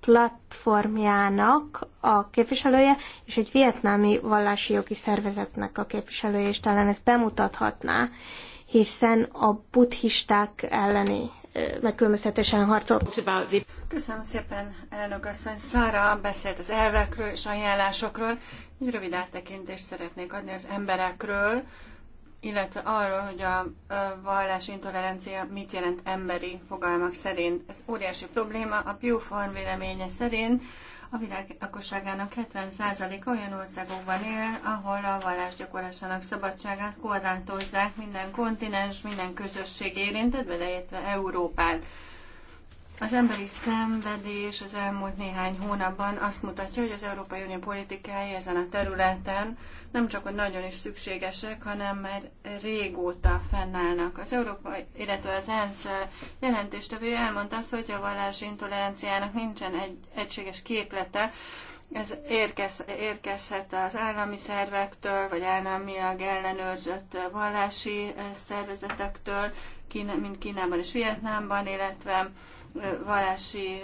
platformjának a képviselője, és egy vietnámi vallási jogi szervezetnek a képviselője, és talán ezt bemutathatná, hiszen a buddhisták elleni megkülönböztetésen harcol. Köszönöm szépen, elnök asszony. Szára beszélt az elvekről és ajánlásokról. Egy rövid áttekintést szeretnék adni az emberekről, illetve arról, hogy a vallás intolerancia mit jelent emberi fogalmak szerint. Ez óriási probléma. A Pew Forum véleménye szerint a világ lakosságának 70%-a olyan országokban él, ahol a vallás gyakorlásának szabadságát korlátozzák minden kontinens, minden közösség érintett, beleértve Európát. Az emberi szenvedés az elmúlt néhány hónapban azt mutatja, hogy az Európai Unió politikái ezen a területen nem csak hogy nagyon is szükségesek, hanem már régóta fennállnak. Az Európai, illetve az ENSZ jelentéstevő elmondta azt, hogy a vallási intoleranciának nincsen egy egységes képlete, ez érkez, érkezhet az állami szervektől, vagy államilag ellenőrzött vallási szervezetektől, mint Kínában és Vietnámban, illetve vallási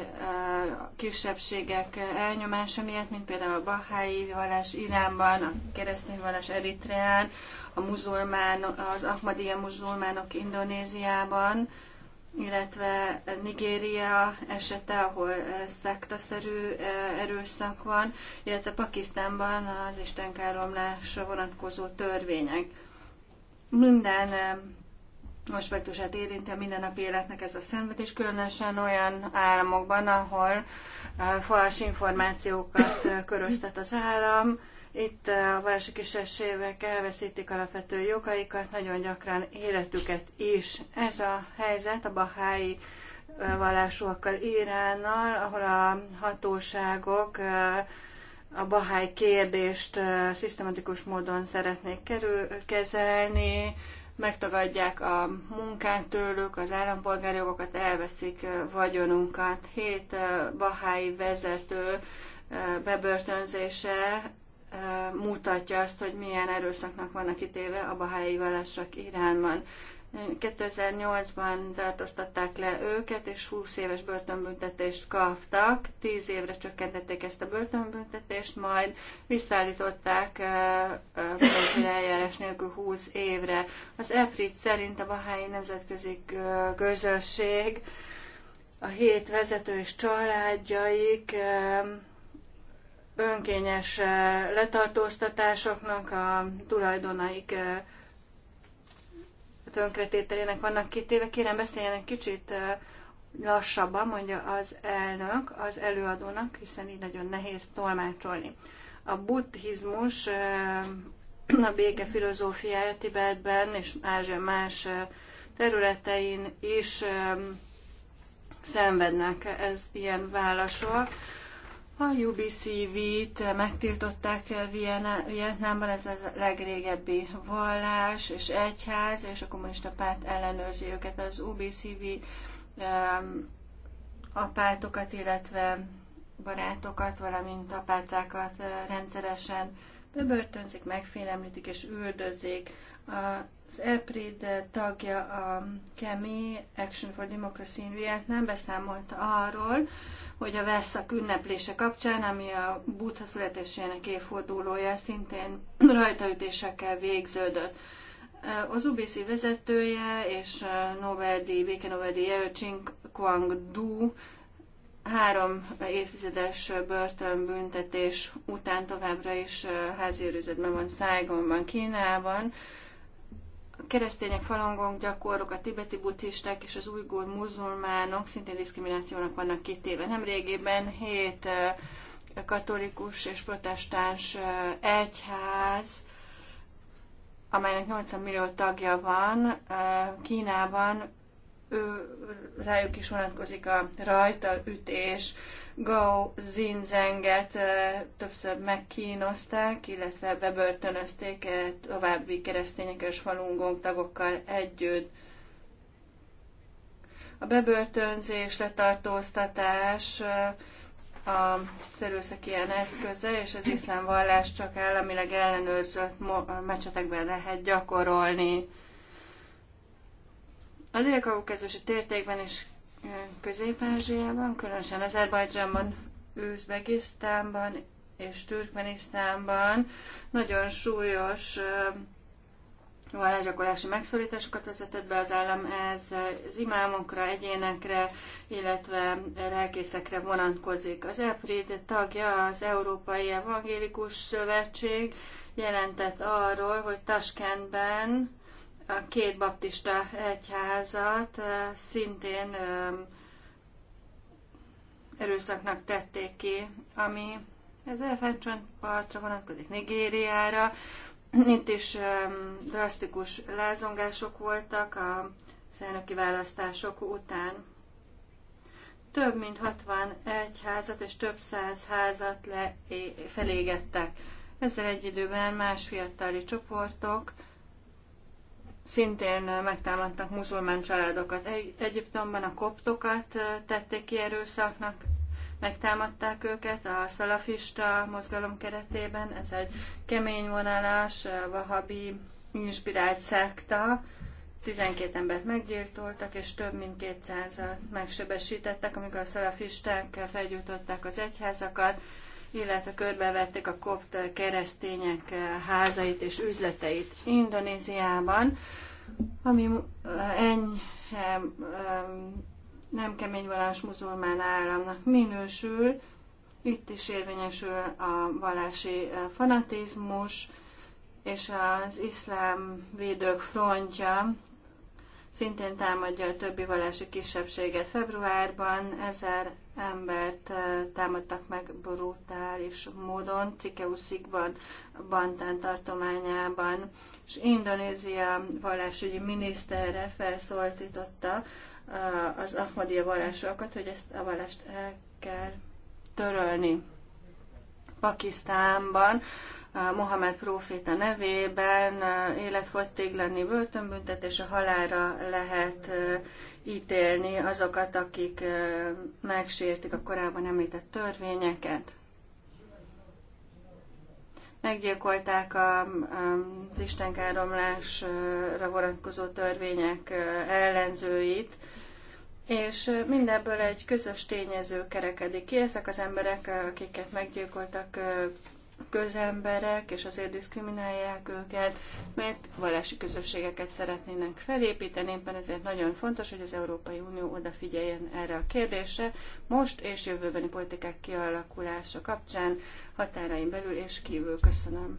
kisebbségek elnyomása miatt, mint például a bahái vallás Iránban, a keresztény vallás Eritreán, a muzulmán, az ahmadiyya muzulmánok Indonéziában, illetve Nigéria esete, ahol szektaszerű erőszak van, illetve Pakisztánban az istenkáromlásra vonatkozó törvények. Minden aspektusát érinti a mindennapi életnek ez a szenvedés, különösen olyan államokban, ahol falas információkat köröztet az állam. Itt a városi kisebbségek elveszítik alapvető jogaikat, nagyon gyakran életüket is. Ez a helyzet a bahái vallásúakkal Iránnal, ahol a hatóságok a bahály kérdést szisztematikus módon szeretnék kerül, kezelni, megtagadják a munkát tőlük, az állampolgári jogokat, elveszik vagyonunkat. Hét bahái vezető bebörtönzése mutatja azt, hogy milyen erőszaknak vannak kitéve a bahái vallások Iránban. 2008-ban tartóztatták le őket, és 20 éves börtönbüntetést kaptak. 10 évre csökkentették ezt a börtönbüntetést, majd visszaállították eljárás nélkül 20 évre. Az EPRIT szerint a Bahái Nemzetközi Közösség a hét vezető és családjaik önkényes letartóztatásoknak a tulajdonaik tönkretételének vannak kitéve. Kérem, egy kicsit lassabban, mondja az elnök az előadónak, hiszen így nagyon nehéz tolmácsolni. A buddhizmus a béke filozófiája Tibetben és Ázsia más területein is szenvednek ez ilyen válaszol. A UBCV-t megtiltották Vietnámban, ez a legrégebbi vallás és egyház, és a kommunista párt ellenőrzi őket. Az UBCV a pártokat, illetve barátokat, valamint a eh, rendszeresen bebörtönzik, megfélemlítik és üldözik. Az EPRID tagja a Kemi Action for Democracy in Vietnam beszámolt arról, hogy a Vesszak ünneplése kapcsán, ami a Buddha születésének évfordulója szintén rajtaütésekkel végződött. Az UBC vezetője és Nobel-díj, békenovedi jelölt kuang Du három évtizedes börtönbüntetés után továbbra is háziőrizetben van Szájgonban, Kínában. A keresztények, falangok, gyakorlók, a tibeti buddhisták és az ujgur muzulmánok szintén diszkriminációnak vannak kitéve. régében hét katolikus és protestáns egyház, amelynek 80 millió tagja van, Kínában ő, rájuk is vonatkozik a rajta ütés, Gao Zinzenget többször megkínozták, illetve bebörtönözték további keresztények és falungong tagokkal együtt. A bebörtönzés, letartóztatás a erőszak ilyen eszköze, és az iszlám vallás csak államileg ellenőrzött mecsetekben lehet gyakorolni. A délkaukázusi tértékben is Közép-Ázsiában, különösen Azerbajdzsánban, Üzbegisztánban és Türkmenisztánban nagyon súlyos vallásgyakorlási megszorításokat vezetett be az állam, ez az imámokra, egyénekre, illetve lelkészekre vonatkozik. Az EPRID tagja az Európai Evangélikus Szövetség jelentett arról, hogy Taskentben a két baptista egyházat szintén erőszaknak tették ki, ami ez elefántcsontpartra vonatkozik Nigériára. Itt is drasztikus lázongások voltak a elnöki választások után. Több mint 60 egyházat és több száz házat le, felégettek. Ezzel egy időben más fiatali csoportok szintén megtámadtak muzulmán családokat. Egyiptomban a koptokat tették ki erőszaknak, megtámadták őket a szalafista mozgalom keretében. Ez egy kemény vonalás, vahabi inspirált szekta. 12 embert meggyilkoltak, és több mint 200 megsebesítettek, amikor a szalafisták felgyújtották az egyházakat, illetve körbevették a kopt keresztények házait és üzleteit Indonéziában, ami enyhe nem vallás muzulmán államnak minősül. Itt is érvényesül a vallási fanatizmus, és az iszlám védők frontja szintén támadja a többi vallási kisebbséget februárban. Ezer embert támadtak meg brutális módon, Cikeuszikban, Bantán tartományában, és Indonézia vallásügyi miniszterre felszólította az Ahmadiyya vallásokat, hogy ezt a vallást el kell törölni. Pakisztánban Mohamed próféta nevében életfogytig börtönbüntetés, a halára lehet ítélni azokat, akik megsértik a korábban említett törvényeket. Meggyilkolták az istenkáromlásra vonatkozó törvények ellenzőit, és mindebből egy közös tényező kerekedik ki. Ezek az emberek, akiket meggyilkoltak, közemberek, és azért diszkriminálják őket, mert vallási közösségeket szeretnének felépíteni, éppen ezért nagyon fontos, hogy az Európai Unió odafigyeljen erre a kérdésre, most és jövőbeni politikák kialakulása kapcsán, határain belül és kívül. Köszönöm.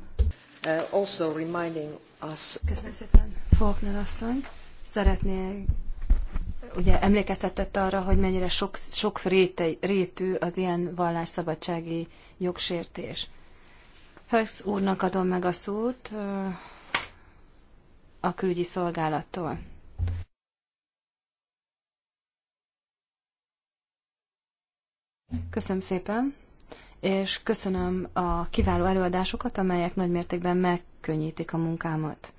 Uh, also reminding us... Köszönöm szépen, Faulkner asszony. Szeretnék ugye emlékeztetett arra, hogy mennyire sok, sok réte, rétű az ilyen vallásszabadsági jogsértés. Hösz úrnak adom meg a szót a külügyi szolgálattól. Köszönöm szépen, és köszönöm a kiváló előadásokat, amelyek nagymértékben megkönnyítik a munkámat.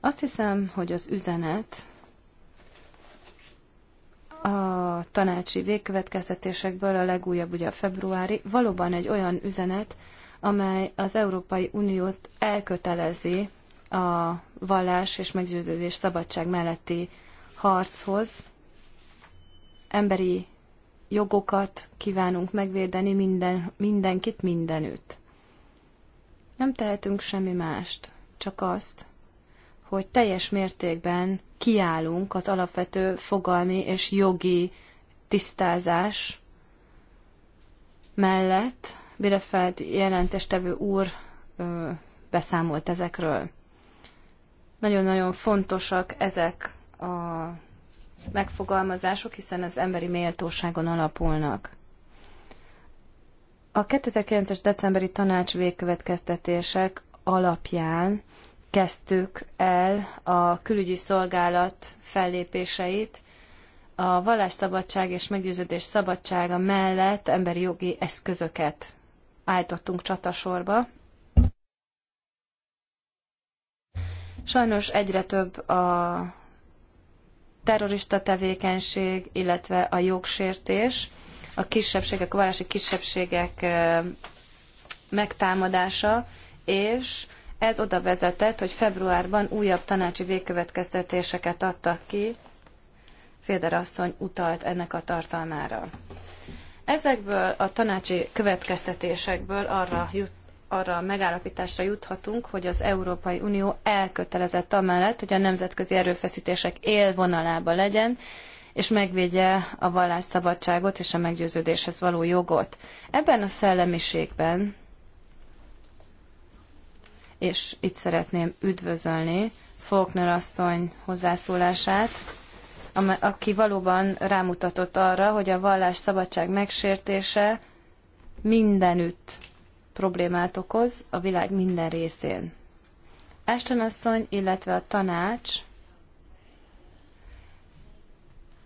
Azt hiszem, hogy az üzenet a tanácsi végkövetkeztetésekből, a legújabb ugye a februári, valóban egy olyan üzenet, amely az Európai Uniót elkötelezi a vallás és meggyőződés szabadság melletti harchoz. Emberi jogokat kívánunk megvédeni minden, mindenkit mindenütt. Nem tehetünk semmi mást, csak azt, hogy teljes mértékben kiállunk az alapvető fogalmi és jogi tisztázás mellett, Bielefeld jelentéstevő úr ö, beszámolt ezekről. Nagyon-nagyon fontosak ezek a megfogalmazások, hiszen az emberi méltóságon alapulnak. A 2009-es decemberi tanács végkövetkeztetések alapján kezdtük el a külügyi szolgálat fellépéseit, a vallásszabadság és meggyőződés szabadsága mellett emberi jogi eszközöket állítottunk csatasorba. Sajnos egyre több a terrorista tevékenység, illetve a jogsértés, a kisebbségek, a vallási kisebbségek megtámadása, és ez oda vezetett, hogy februárban újabb tanácsi végkövetkeztetéseket adtak ki. Féder asszony utalt ennek a tartalmára. Ezekből a tanácsi következtetésekből arra, jut, arra a megállapításra juthatunk, hogy az Európai Unió elkötelezett amellett, hogy a nemzetközi erőfeszítések élvonalába legyen, és megvédje a vallásszabadságot és a meggyőződéshez való jogot. Ebben a szellemiségben, és itt szeretném üdvözölni Faulkner asszony hozzászólását, aki valóban rámutatott arra, hogy a vallás szabadság megsértése mindenütt problémát okoz a világ minden részén. Ashton asszony, illetve a tanács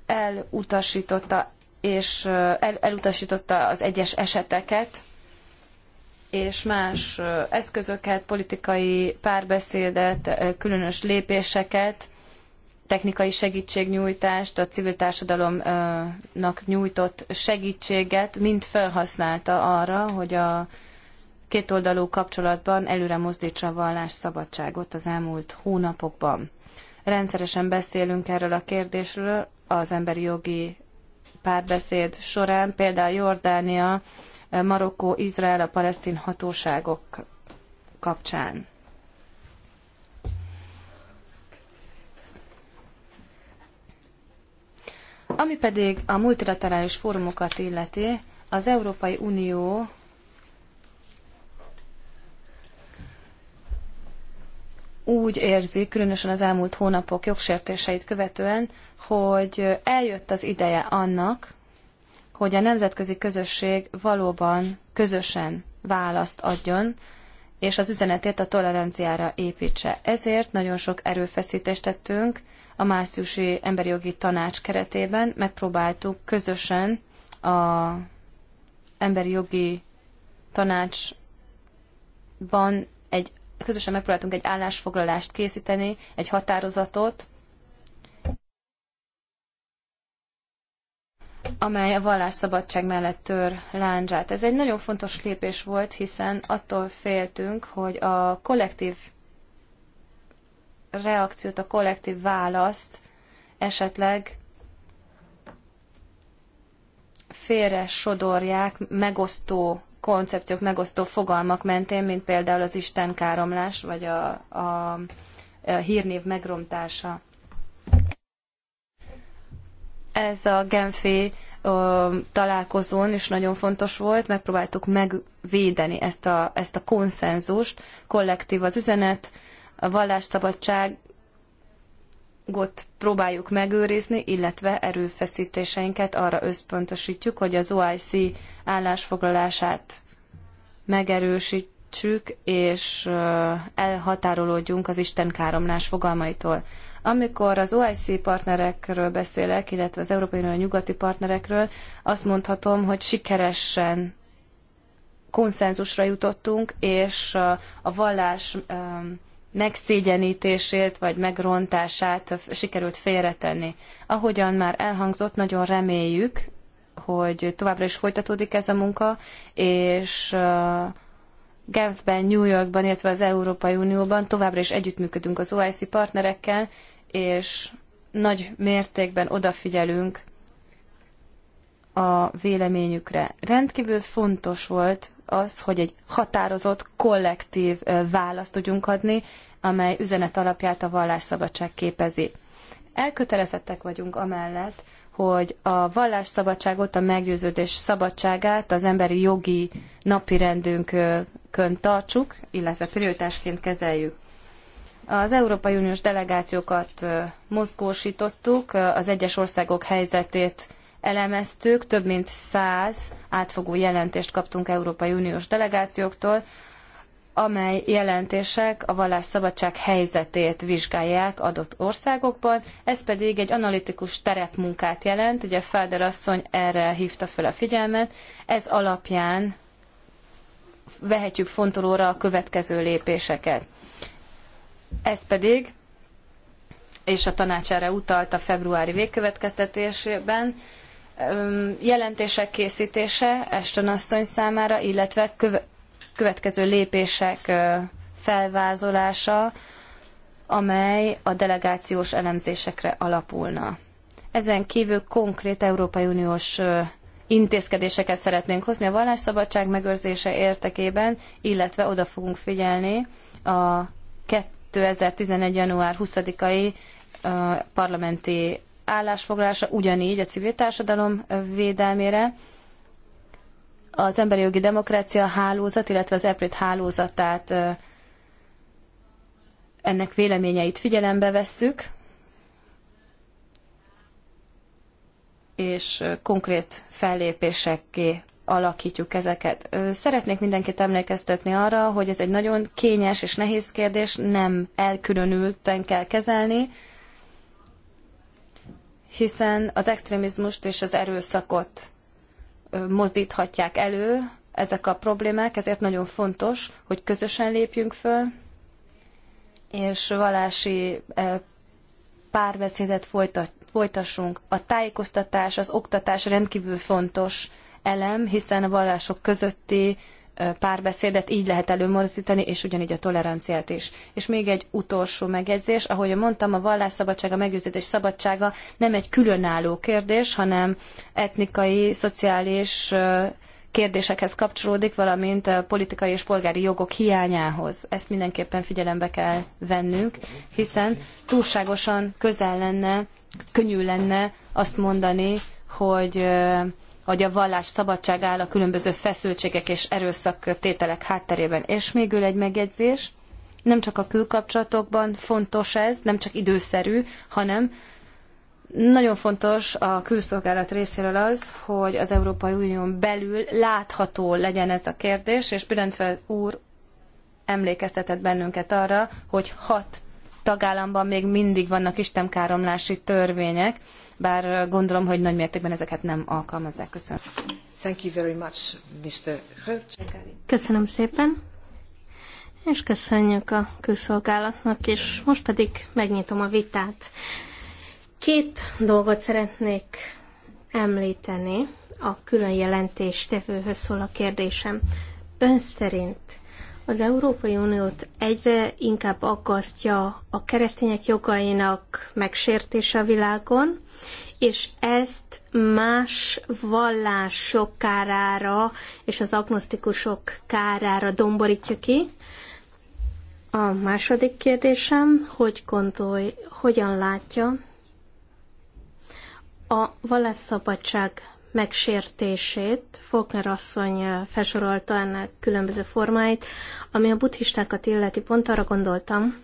elutasította és el, elutasította az egyes eseteket, és más eszközöket, politikai párbeszédet, különös lépéseket, technikai segítségnyújtást, a civil társadalomnak nyújtott segítséget mind felhasználta arra, hogy a kétoldalú kapcsolatban előre mozdítsa a vallás szabadságot az elmúlt hónapokban. Rendszeresen beszélünk erről a kérdésről az emberi jogi párbeszéd során, például Jordánia, Marokkó, Izrael, a palesztin hatóságok kapcsán. Ami pedig a multilaterális fórumokat illeti, az Európai Unió úgy érzi, különösen az elmúlt hónapok jogsértéseit követően, hogy eljött az ideje annak, hogy a nemzetközi közösség valóban közösen választ adjon, és az üzenetét a toleranciára építse. Ezért nagyon sok erőfeszítést tettünk, a márciusi emberi jogi tanács keretében megpróbáltuk közösen a emberi jogi tanácsban egy, közösen megpróbáltunk egy állásfoglalást készíteni, egy határozatot, amely a vallásszabadság mellett tör lándzsát. Ez egy nagyon fontos lépés volt, hiszen attól féltünk, hogy a kollektív reakciót, a kollektív választ esetleg félre sodorják megosztó koncepciók, megosztó fogalmak mentén, mint például az Isten káromlás, vagy a, a, a hírnév megromtása. Ez a Genfi ö, találkozón is nagyon fontos volt, megpróbáltuk megvédeni ezt a, ezt a konszenzust, kollektív az üzenet, a vallásszabadságot próbáljuk megőrizni, illetve erőfeszítéseinket arra összpontosítjuk, hogy az OIC állásfoglalását megerősítsük, és elhatárolódjunk az istenkáromlás fogalmaitól. Amikor az OIC partnerekről beszélek, illetve az Európai Unió nyugati partnerekről, azt mondhatom, hogy sikeresen konszenzusra jutottunk, és a vallás megszégyenítését vagy megrontását sikerült félretenni. Ahogyan már elhangzott, nagyon reméljük, hogy továbbra is folytatódik ez a munka, és Genfben, New Yorkban, illetve az Európai Unióban továbbra is együttműködünk az OIC partnerekkel, és nagy mértékben odafigyelünk a véleményükre. Rendkívül fontos volt az, hogy egy határozott, kollektív választ tudjunk adni, amely üzenet alapját a vallásszabadság képezi. Elkötelezettek vagyunk amellett, hogy a vallásszabadságot, a meggyőződés szabadságát az emberi jogi napirendünkön tartsuk, illetve prioritásként kezeljük. Az Európai Uniós delegációkat mozgósítottuk, az egyes országok helyzetét elemeztük, több mint száz átfogó jelentést kaptunk Európai Uniós delegációktól, amely jelentések a vallásszabadság helyzetét vizsgálják adott országokban, ez pedig egy analitikus terepmunkát jelent, ugye Fáder asszony erre hívta fel a figyelmet, ez alapján vehetjük fontolóra a következő lépéseket. Ez pedig, és a tanács erre utalt a februári végkövetkeztetésében, jelentések készítése Eston asszony számára, illetve köve- következő lépések felvázolása, amely a delegációs elemzésekre alapulna. Ezen kívül konkrét Európai Uniós intézkedéseket szeretnénk hozni a vallásszabadság megőrzése értekében, illetve oda fogunk figyelni a 2011. január 20-ai parlamenti állásfoglalása, ugyanígy a civil társadalom védelmére, az Emberi Jogi Demokrácia Hálózat, illetve az EPRIT hálózatát ennek véleményeit figyelembe vesszük, és konkrét fellépésekké alakítjuk ezeket. Szeretnék mindenkit emlékeztetni arra, hogy ez egy nagyon kényes és nehéz kérdés, nem elkülönülten kell kezelni, hiszen az extrémizmust és az erőszakot mozdíthatják elő ezek a problémák, ezért nagyon fontos, hogy közösen lépjünk föl, és vallási e, párbeszédet folytat, folytassunk. A tájékoztatás, az oktatás rendkívül fontos elem, hiszen a vallások közötti párbeszédet így lehet előmozdítani, és ugyanígy a toleranciát is. És még egy utolsó megjegyzés, ahogy mondtam, a vallásszabadság, a meggyőződés szabadsága nem egy különálló kérdés, hanem etnikai, szociális kérdésekhez kapcsolódik, valamint a politikai és polgári jogok hiányához. Ezt mindenképpen figyelembe kell vennünk, hiszen túlságosan közel lenne, könnyű lenne azt mondani, hogy hogy a vallás szabadság áll a különböző feszültségek és erőszak tételek hátterében. És végül egy megjegyzés, nem csak a külkapcsolatokban fontos ez, nem csak időszerű, hanem nagyon fontos a külszolgálat részéről az, hogy az Európai Unión belül látható legyen ez a kérdés, és Bülentfel úr emlékeztetett bennünket arra, hogy hat tagállamban még mindig vannak istenkáromlási törvények, bár gondolom, hogy nagy mértékben ezeket nem alkalmazzák. Köszönöm. Thank you very much, Mr. Köszönöm szépen, és köszönjük a külszolgálatnak És Most pedig megnyitom a vitát. Két dolgot szeretnék említeni a külön jelentéstevőhöz szól a kérdésem. Ön szerint az Európai Uniót egyre inkább aggasztja a keresztények jogainak megsértése a világon, és ezt más vallások kárára és az agnosztikusok kárára domborítja ki. A második kérdésem, hogy gondolj, hogyan látja a vallásszabadság megsértését. Faulkner asszony eh, felsorolta ennek különböző formáit. Ami a buddhistákat illeti, pont arra gondoltam,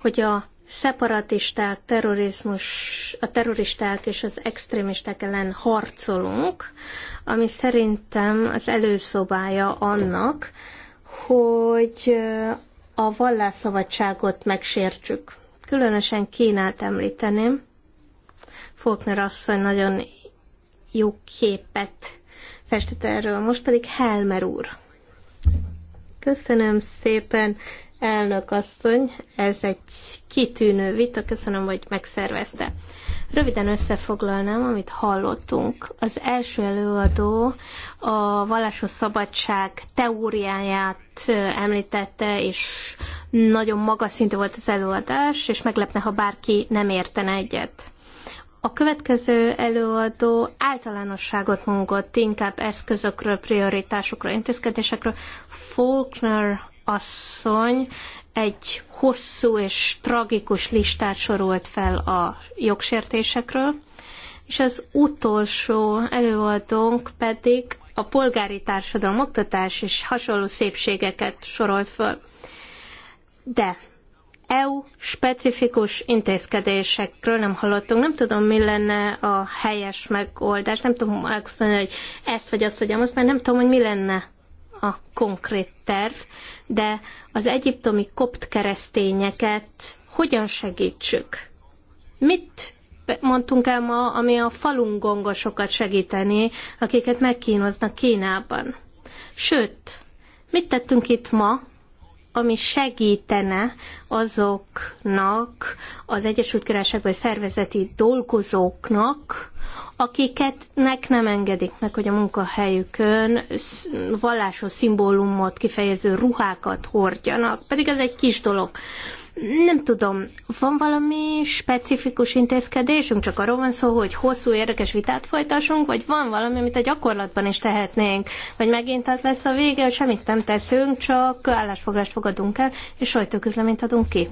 hogy a szeparatisták, terrorizmus, a terroristák és az extrémisták ellen harcolunk, ami szerintem az előszobája annak, hogy eh, a vallásszabadságot megsértsük. Különösen Kínát említeném. Faulkner asszony nagyon jó képet festett erről. Most pedig Helmer úr. Köszönöm szépen, elnök asszony. Ez egy kitűnő vita, köszönöm, hogy megszervezte. Röviden összefoglalnám, amit hallottunk. Az első előadó a vallásos szabadság teóriáját említette, és nagyon magas szintű volt az előadás, és meglepne, ha bárki nem értene egyet. A következő előadó általánosságot mondott, inkább eszközökről, prioritásokról, intézkedésekről. Faulkner asszony egy hosszú és tragikus listát sorolt fel a jogsértésekről, és az utolsó előadónk pedig a polgári társadalom oktatás és hasonló szépségeket sorolt föl. De EU-specifikus intézkedésekről nem hallottunk. Nem tudom, mi lenne a helyes megoldás. Nem tudom megszólni, hogy ezt vagy azt vagy azt, mert nem tudom, hogy mi lenne a konkrét terv, de az egyiptomi kopt keresztényeket hogyan segítsük? Mit mondtunk el ma, ami a gongosokat segíteni, akiket megkínoznak Kínában? Sőt, mit tettünk itt ma, ami segítene azoknak az Egyesült Királyságban szervezeti dolgozóknak, akiketnek nem engedik meg, hogy a munkahelyükön vallásos szimbólumot kifejező ruhákat hordjanak, pedig ez egy kis dolog. Nem tudom, van valami specifikus intézkedésünk, csak arról van szó, hogy hosszú érdekes vitát folytassunk, vagy van valami, amit a gyakorlatban is tehetnénk, vagy megint az lesz a vége, hogy semmit nem teszünk, csak állásfoglást fogadunk el, és sajtóközleményt adunk ki.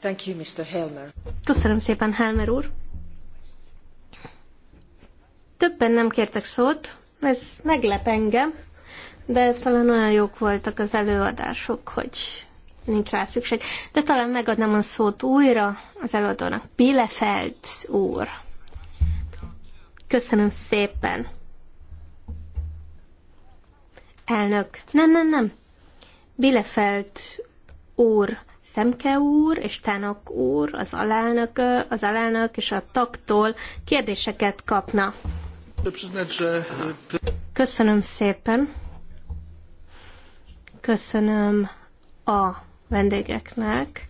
Thank you, Mr. Helmer. Köszönöm szépen, Helmer úr. Többen nem kértek szót, ez meglep engem, de talán olyan jók voltak az előadások, hogy nincs rá szükség. De talán megadnám a szót újra az előadónak. Bielefeld úr. Köszönöm szépen. Elnök. Nem, nem, nem. Bielefeld úr, Szemke úr és Tánok úr, az alelnök, az alelnök és a taktól kérdéseket kapna. Köszönöm szépen. Köszönöm a vendégeknek.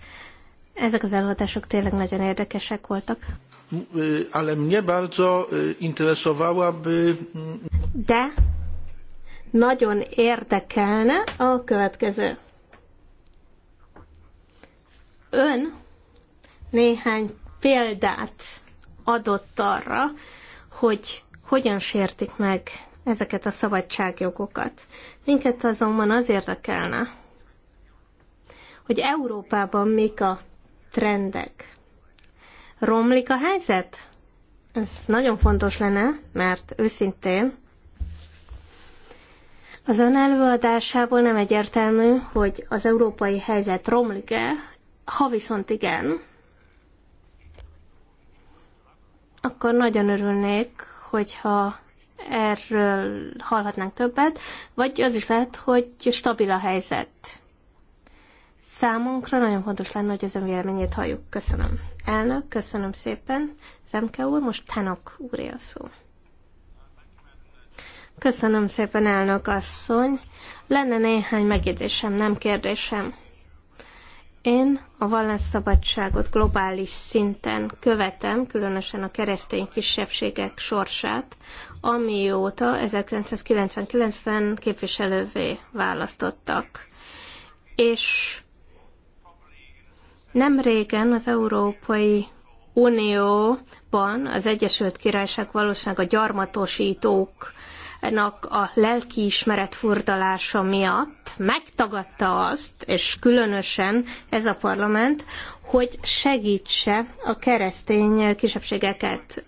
Ezek az előadások tényleg nagyon érdekesek voltak. Ale mnie bardzo interesowałaby... Mm, De nagyon érdekelne a következő. Ön néhány példát adott arra, hogy hogyan sértik meg ezeket a szabadságjogokat. Minket azonban az érdekelne, hogy Európában mik a trendek. Romlik a helyzet? Ez nagyon fontos lenne, mert őszintén az ön előadásából nem egyértelmű, hogy az európai helyzet romlik-e, ha viszont igen, akkor nagyon örülnék, hogyha erről hallhatnánk többet, vagy az is lehet, hogy stabil a helyzet. Számunkra nagyon fontos lenne, hogy az önvéleményét halljuk. Köszönöm. Elnök, köszönöm szépen. Zemke úr, most Tanok úré a szó. Köszönöm szépen, elnök asszony. Lenne néhány megjegyzésem, nem kérdésem. Én a vallásszabadságot globális szinten követem, különösen a keresztény kisebbségek sorsát, amióta 1999-ben képviselővé választottak. És nem régen az Európai Unióban az Egyesült Királyság valószínűleg a gyarmatosítóknak a lelkiismeret furdalása miatt megtagadta azt, és különösen ez a parlament, hogy segítse a keresztény kisebbségeket,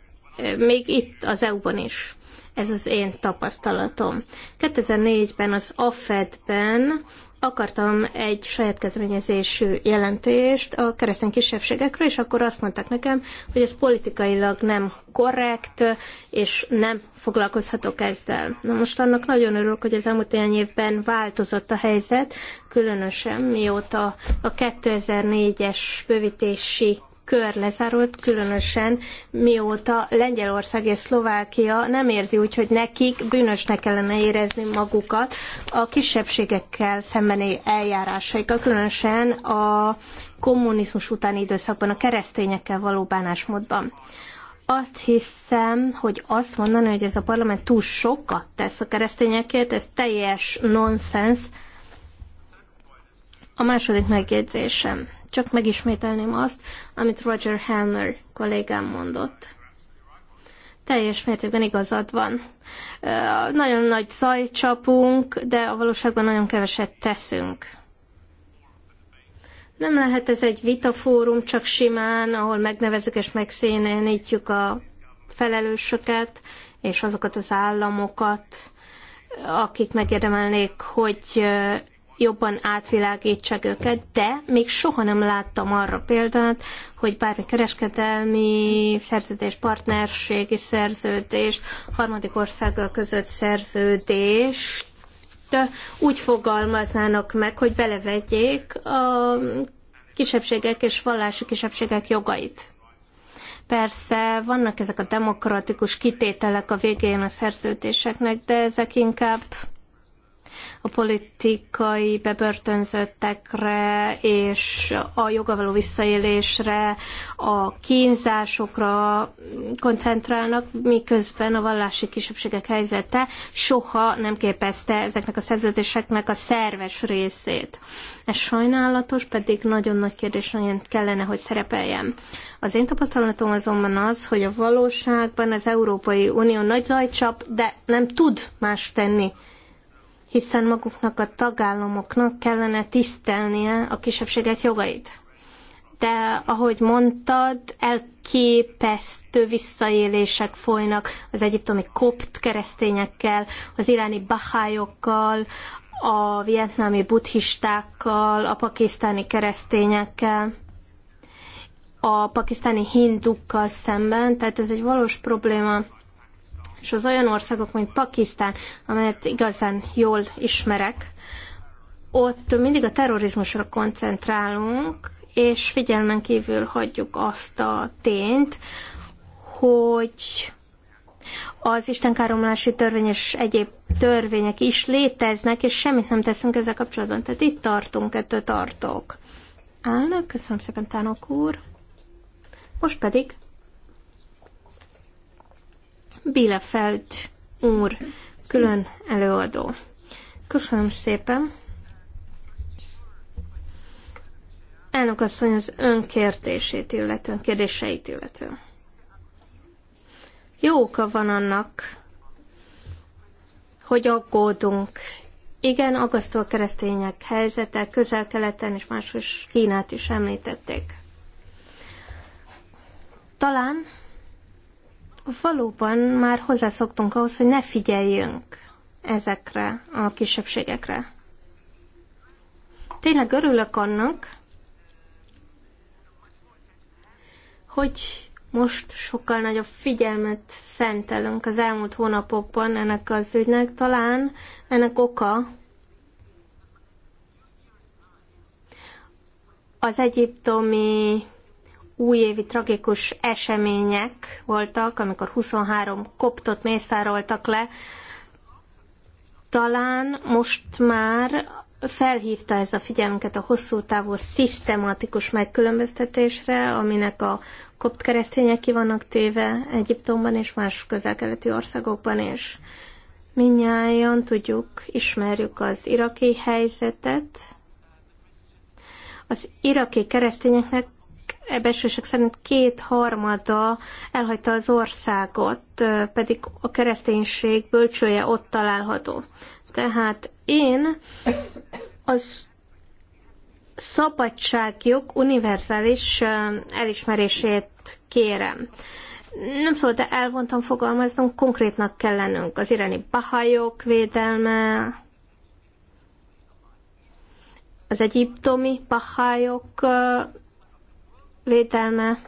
még itt az EU-ban is. Ez az én tapasztalatom. 2004-ben az AFED-ben akartam egy saját kezdeményezésű jelentést a keresztény kisebbségekről, és akkor azt mondták nekem, hogy ez politikailag nem korrekt, és nem foglalkozhatok ezzel. Na most annak nagyon örülök, hogy az elmúlt ilyen évben változott a helyzet, különösen mióta a 2004-es bővítési kör lezárult, különösen mióta Lengyelország és Szlovákia nem érzi úgy, hogy nekik bűnösnek kellene érezni magukat a kisebbségekkel szembeni eljárásaikkal, különösen a kommunizmus utáni időszakban, a keresztényekkel való bánásmódban azt hiszem, hogy azt mondani, hogy ez a parlament túl sokat tesz a keresztényekért, ez teljes nonsens. A második megjegyzésem csak megismételném azt, amit Roger Helmer kollégám mondott. Teljes mértékben igazad van. Nagyon nagy zaj csapunk, de a valóságban nagyon keveset teszünk. Nem lehet ez egy vitafórum, csak simán, ahol megnevezük és megszénenítjük a felelősöket, és azokat az államokat, akik megérdemelnék, hogy jobban átvilágítsák őket, de még soha nem láttam arra példát, hogy bármi kereskedelmi szerződés, partnerségi szerződés, harmadik országgal között szerződés, úgy fogalmaznának meg, hogy belevegyék a kisebbségek és vallási kisebbségek jogait. Persze vannak ezek a demokratikus kitételek a végén a szerződéseknek, de ezek inkább a politikai bebörtönzöttekre és a joga való visszaélésre, a kínzásokra koncentrálnak, miközben a vallási kisebbségek helyzete soha nem képezte ezeknek a szerződéseknek a szerves részét. Ez sajnálatos, pedig nagyon nagy kérdés nagyon kellene, hogy szerepeljen. Az én tapasztalatom azonban az, hogy a valóságban az Európai Unió nagy zajcsap, de nem tud más tenni hiszen maguknak a tagállamoknak kellene tisztelnie a kisebbségek jogait. De ahogy mondtad, elképesztő visszaélések folynak az egyiptomi kopt keresztényekkel, az iráni bahájokkal, a vietnámi buddhistákkal, a pakisztáni keresztényekkel, a pakisztáni hindukkal szemben, tehát ez egy valós probléma és az olyan országok, mint Pakisztán, amelyet igazán jól ismerek, ott mindig a terrorizmusra koncentrálunk, és figyelmen kívül hagyjuk azt a tényt, hogy az istenkáromlási törvény és egyéb törvények is léteznek, és semmit nem teszünk ezzel kapcsolatban. Tehát itt tartunk, ettől tartok. Állnak, köszönöm szépen, Tánok úr. Most pedig Bielefeld úr, külön előadó. Köszönöm szépen. Elnök asszony az önkértését illetően, kérdéseit illetően. Jó oka van annak, hogy aggódunk. Igen, aggasztó a keresztények helyzete, közel-keleten és máshol Kínát is említették. Talán valóban már hozzászoktunk ahhoz, hogy ne figyeljünk ezekre a kisebbségekre. Tényleg örülök annak, hogy most sokkal nagyobb figyelmet szentelünk az elmúlt hónapokban ennek az ügynek. Talán ennek oka az egyiptomi újévi tragikus események voltak, amikor 23 koptot mészároltak le. Talán most már felhívta ez a figyelmünket a hosszú távú szisztematikus megkülönböztetésre, aminek a kopt keresztények ki vannak téve Egyiptomban és más közel-keleti országokban is. Minnyáján tudjuk, ismerjük az iraki helyzetet. Az iraki keresztényeknek besősök szerint kétharmada elhagyta az országot, pedig a kereszténység bölcsője ott található. Tehát én az szabadságjog univerzális elismerését kérem. Nem szól, de elvontam fogalmaznunk, konkrétnak kell lennünk. Az iráni bahajok védelme, az egyiptomi bahályok lételme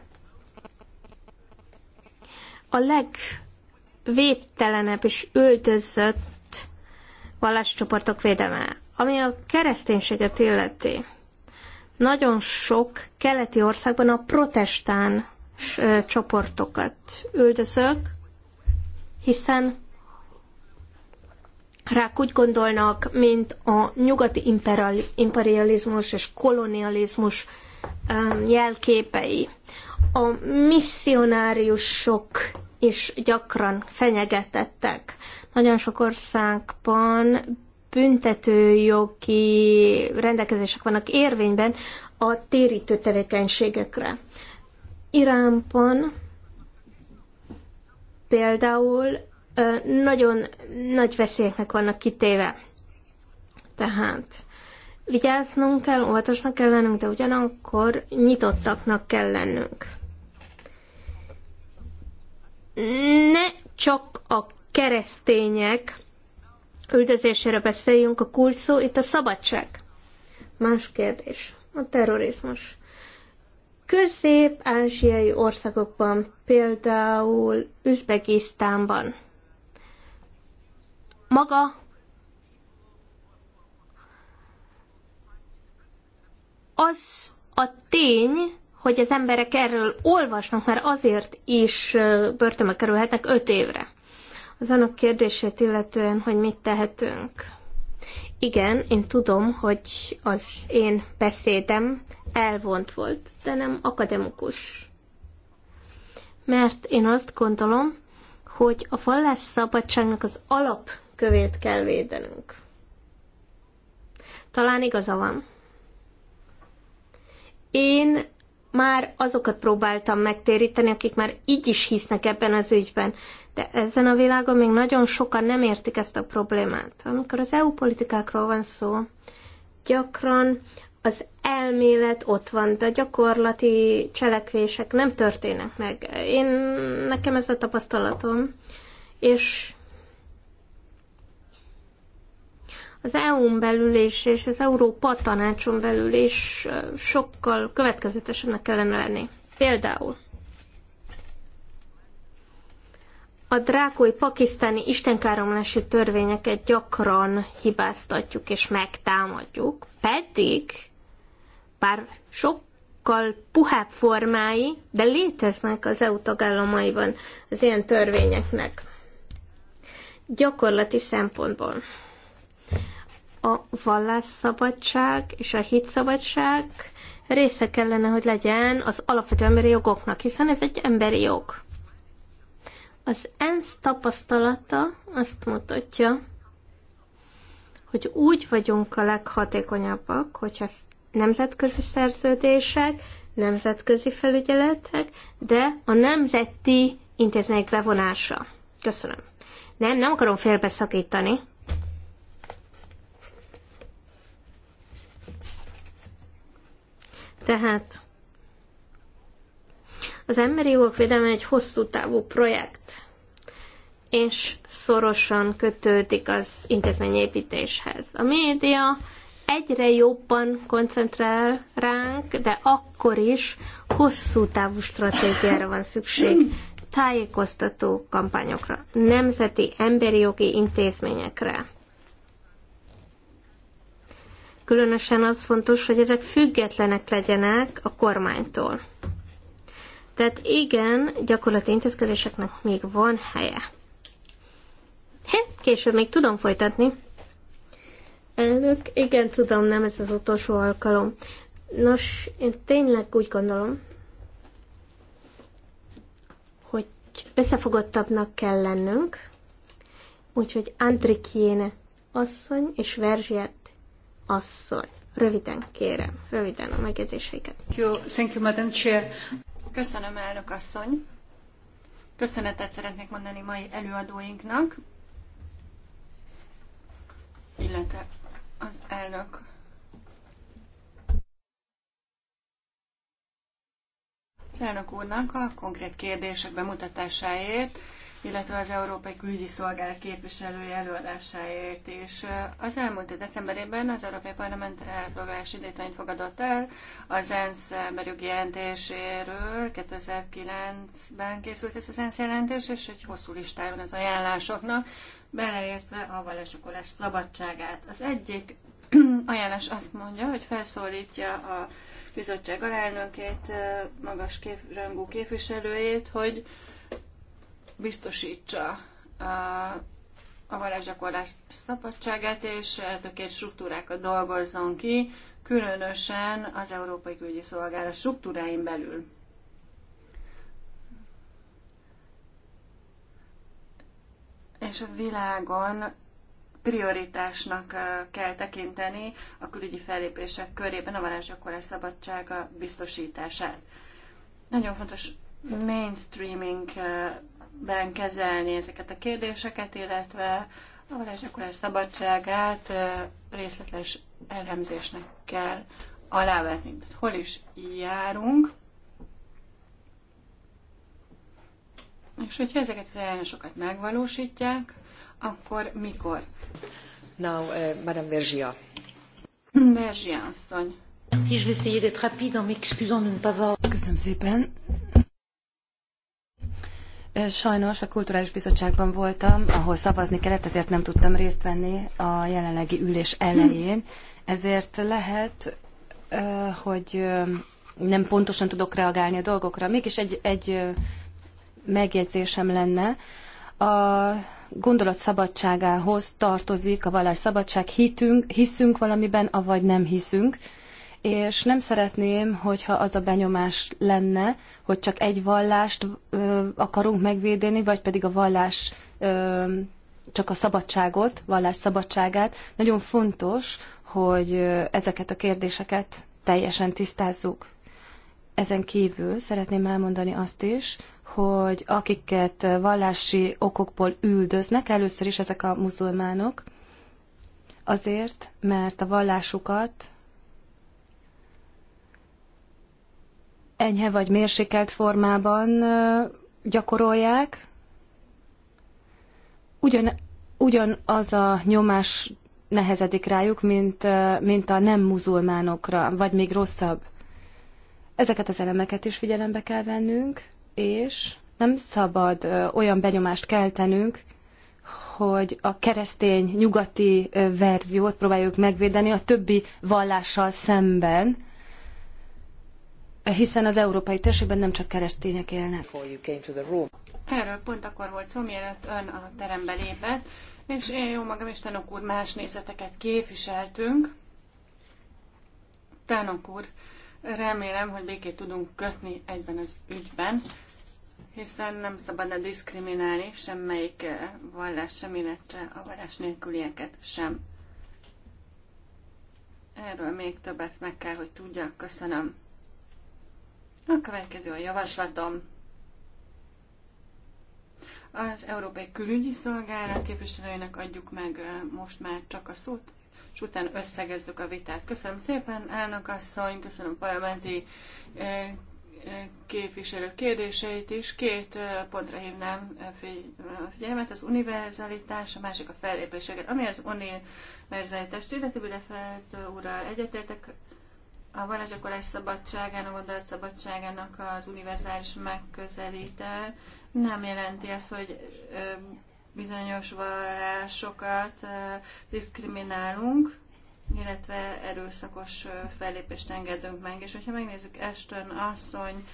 a legvédtelenebb és öltözött valláscsoportok védelme, ami a kereszténységet illeti. Nagyon sok keleti országban a protestán csoportokat üldözök, hiszen rák úgy gondolnak, mint a nyugati imperializmus és kolonializmus Um, jelképei. A misszionáriusok is gyakran fenyegetettek. Nagyon sok országban büntetőjogi rendelkezések vannak érvényben a térítő tevékenységekre. Iránban például nagyon nagy veszélyeknek vannak kitéve. Tehát Vigyáznunk kell, óvatosnak kell lennünk, de ugyanakkor nyitottaknak kell lennünk. Ne csak a keresztények üldözésére beszéljünk, a kulcs itt a szabadság. Más kérdés, a terrorizmus. Közép-ázsiai országokban, például Üzbegisztánban maga az a tény, hogy az emberek erről olvasnak, mert azért is börtönbe kerülhetnek öt évre. Az annak kérdését illetően, hogy mit tehetünk. Igen, én tudom, hogy az én beszédem elvont volt, de nem akademikus. Mert én azt gondolom, hogy a vallásszabadságnak az alapkövét kell védenünk. Talán igaza van. Én már azokat próbáltam megtéríteni, akik már így is hisznek ebben az ügyben. De ezen a világon még nagyon sokan nem értik ezt a problémát. Amikor az EU politikákról van szó, gyakran az elmélet ott van, de a gyakorlati cselekvések nem történnek meg. Én, nekem ez a tapasztalatom, és az EU-n belül is, és az Európa tanácson belül is sokkal következetesebbnek kellene lenni. Például a drákói pakisztáni istenkáromlási törvényeket gyakran hibáztatjuk és megtámadjuk, pedig bár sokkal puhább formái, de léteznek az EU tagállamaiban az ilyen törvényeknek. Gyakorlati szempontból a vallásszabadság és a hitszabadság része kellene, hogy legyen az alapvető emberi jogoknak, hiszen ez egy emberi jog. Az ENSZ tapasztalata azt mutatja, hogy úgy vagyunk a leghatékonyabbak, hogyha nemzetközi szerződések, nemzetközi felügyeletek, de a nemzeti intézmények bevonása. Köszönöm. Nem, nem akarom félbeszakítani. Tehát az emberi jogok védelme egy hosszú távú projekt, és szorosan kötődik az intézményépítéshez. A média egyre jobban koncentrál ránk, de akkor is hosszú távú stratégiára van szükség, tájékoztató kampányokra, nemzeti emberi jogi intézményekre Különösen az fontos, hogy ezek függetlenek legyenek a kormánytól. Tehát igen, gyakorlati intézkedéseknek még van helye. He, később még tudom folytatni. Elnök, igen, tudom, nem ez az utolsó alkalom. Nos, én tényleg úgy gondolom, hogy összefogottabbnak kell lennünk, úgyhogy Andrikiéne asszony és Verzsiet asszony. Röviden, kérem, röviden a megjegyzéseiket. Thank you, Madam Chair. Köszönöm, elnök asszony. Köszönetet szeretnék mondani mai előadóinknak, illetve az elnök az elnök úrnak a konkrét kérdések bemutatásáért, illetve az Európai Külügyi Szolgálat képviselői előadásáért is. Az elmúlt decemberében az Európai Parlament elfoglalás idétlenül fogadott el az ENSZ emberjogi jelentéséről. 2009-ben készült ez az ENSZ jelentés, és egy hosszú listájában az ajánlásoknak, beleértve a valósokolás szabadságát. Az egyik ajánlás azt mondja, hogy felszólítja a bizottság alelnökét, magas kép, rangú képviselőjét, hogy biztosítsa a varázsgyakorlás szabadságát, és tökélet struktúrákat dolgozzon ki, különösen az Európai Külügyi Szolgálat struktúráin belül. És a világon prioritásnak kell tekinteni a külügyi fellépések körében a varázsgyakorlás szabadsága biztosítását. Nagyon fontos mainstreaming ben kezelni ezeket a kérdéseket, illetve a varázsgyakorlás szabadságát részletes elemzésnek kell alávetni. Hol is járunk, És hogyha ezeket az ajánlásokat megvalósítják, akkor mikor? Now, uh, Madame Vergia. Vergia asszony. Si je vais essayer d'être rapide en m'excusant de ne pas voir. Köszönöm szépen. Sajnos a Kulturális Bizottságban voltam, ahol szavazni kellett, ezért nem tudtam részt venni a jelenlegi ülés elején. Ezért lehet, hogy nem pontosan tudok reagálni a dolgokra. Mégis egy, egy megjegyzésem lenne. A gondolat szabadságához tartozik a vallás szabadság, hitünk, hiszünk valamiben, avagy nem hiszünk és nem szeretném, hogyha az a benyomás lenne, hogy csak egy vallást ö, akarunk megvédeni, vagy pedig a vallás ö, csak a szabadságot, vallás szabadságát. Nagyon fontos, hogy ezeket a kérdéseket teljesen tisztázzuk. Ezen kívül szeretném elmondani azt is, hogy akiket vallási okokból üldöznek, először is ezek a muzulmánok, azért, mert a vallásukat enyhe vagy mérsékelt formában gyakorolják. Ugyan, ugyanaz a nyomás nehezedik rájuk, mint, mint a nem muzulmánokra, vagy még rosszabb. Ezeket az elemeket is figyelembe kell vennünk, és nem szabad olyan benyomást keltenünk, hogy a keresztény nyugati verziót próbáljuk megvédeni a többi vallással szemben, hiszen az európai térségben nem csak keresztények élnek. Erről pont akkor volt szó, mielőtt ön a terembe lépett, és én jó magam és Tanok úr más nézeteket képviseltünk. Tanok úr, remélem, hogy békét tudunk kötni egyben az ügyben, hiszen nem szabadna diszkriminálni semmelyik eh, vallás, sem illetve a vallás nélkülieket sem. Erről még többet meg kell, hogy tudjak. Köszönöm. A következő a javaslatom. Az Európai Külügyi Szolgálat képviselőjének adjuk meg most már csak a szót, és utána összegezzük a vitát. Köszönöm szépen, elnök asszony, köszönöm parlamenti képviselő kérdéseit is. Két pontra hívnám figyelmet, az univerzalitás, a másik a fellépéseket. Ami az univerzalitást illeti, fel, úrral egyetértek, a varázsakolás szabadságának, gondolat szabadságának az univerzális megközelítel nem jelenti azt, hogy bizonyos varrásokat diszkriminálunk, illetve erőszakos fellépést engedünk meg. És hogyha megnézzük Eston asszony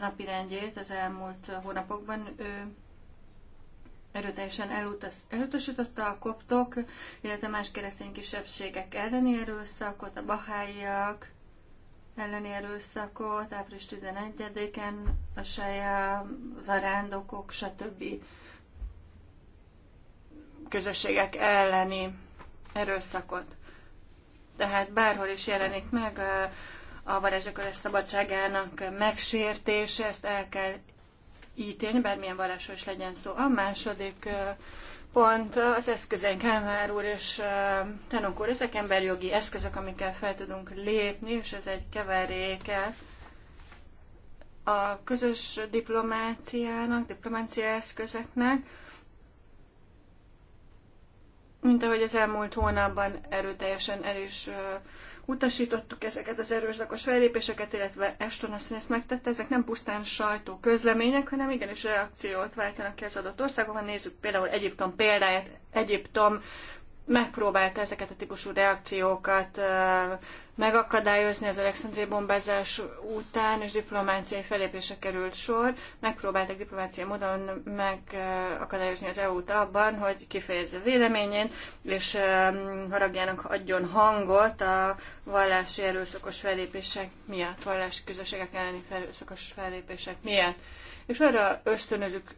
napirendjét az elmúlt hónapokban, ő erőteljesen elutas, elutasította a koptok, illetve más keresztény kisebbségek elleni erőszakot, a baháiak elleni erőszakot, április 11-en a saját zarándokok, stb. közösségek elleni erőszakot. Tehát bárhol is jelenik meg a varázsakodás szabadságának megsértése, ezt el kell ítélni, bármilyen vallásról is legyen szó. A második pont az eszközeink, Elmár úr és Tenok úr, ezek emberjogi eszközök, amikkel fel tudunk lépni, és ez egy keveréke a közös diplomáciának, diplomácia eszközeknek, mint ahogy az elmúlt hónapban erőteljesen el is utasítottuk ezeket az erőszakos fellépéseket, illetve Eston asszony ezt megtette, ezek nem pusztán sajtó közlemények, hanem igenis reakciót váltanak ki az adott országokban. Nézzük például Egyiptom példáját. Egyiptom megpróbálta ezeket a típusú reakciókat megakadályozni az alexandré bombázás után, és diplomáciai felépése került sor. Megpróbáltak diplomáciai módon megakadályozni az EU-t abban, hogy kifejezze véleményét, és haragjának adjon hangot a vallási erőszakos fellépések miatt, vallási közösségek elleni erőszakos fellépések miatt. És arra ösztönözük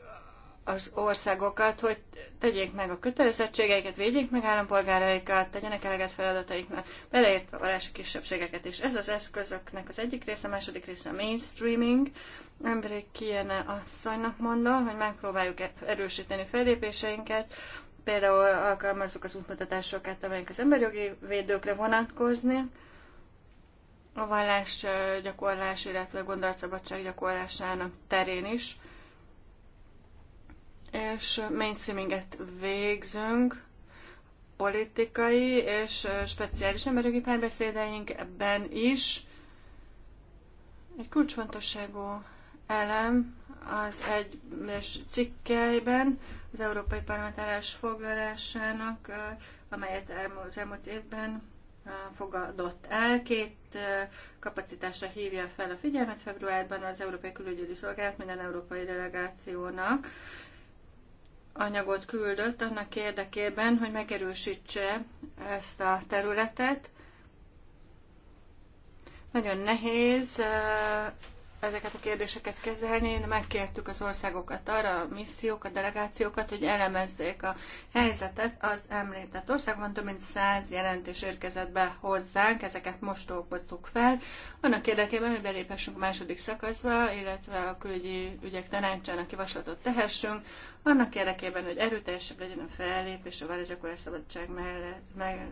az országokat, hogy tegyék meg a kötelezettségeiket, védjék meg állampolgáraikat, tegyenek eleget feladataiknak, beleértve a valási kisebbségeket is. Ez az eszközöknek az egyik része, a második része a mainstreaming. Emberi Kiene asszonynak mondom, hogy megpróbáljuk e- erősíteni fellépéseinket, például alkalmazzuk az útmutatásokat, amelyek az emberjogi védőkre vonatkozni, a vallás gyakorlás, illetve a gondolatszabadság gyakorlásának terén is és mainstreaminget végzünk, politikai és speciális emberjogi párbeszédeinkben is. Egy kulcsfontosságú elem az egy cikkeiben az Európai Parlament foglalásának, amelyet az elmúlt évben fogadott el. Két kapacitásra hívja fel a figyelmet februárban az Európai Külügyi Szolgálat minden európai delegációnak, anyagot küldött annak érdekében, hogy megerősítse ezt a területet. Nagyon nehéz eh, ezeket a kérdéseket kezelni. Megkértük az országokat arra, a missziókat, a delegációkat, hogy elemezzék a helyzetet az említett országban. Több mint száz jelentés érkezett be hozzánk, ezeket most dolgoztuk fel. Annak érdekében, hogy beléphessünk a második szakaszba, illetve a külügyi ügyek tanácsának javaslatot tehessünk, annak érdekében, hogy erőteljesebb legyen a fellépés a válaszgyakorlás szabadság mellett, meg,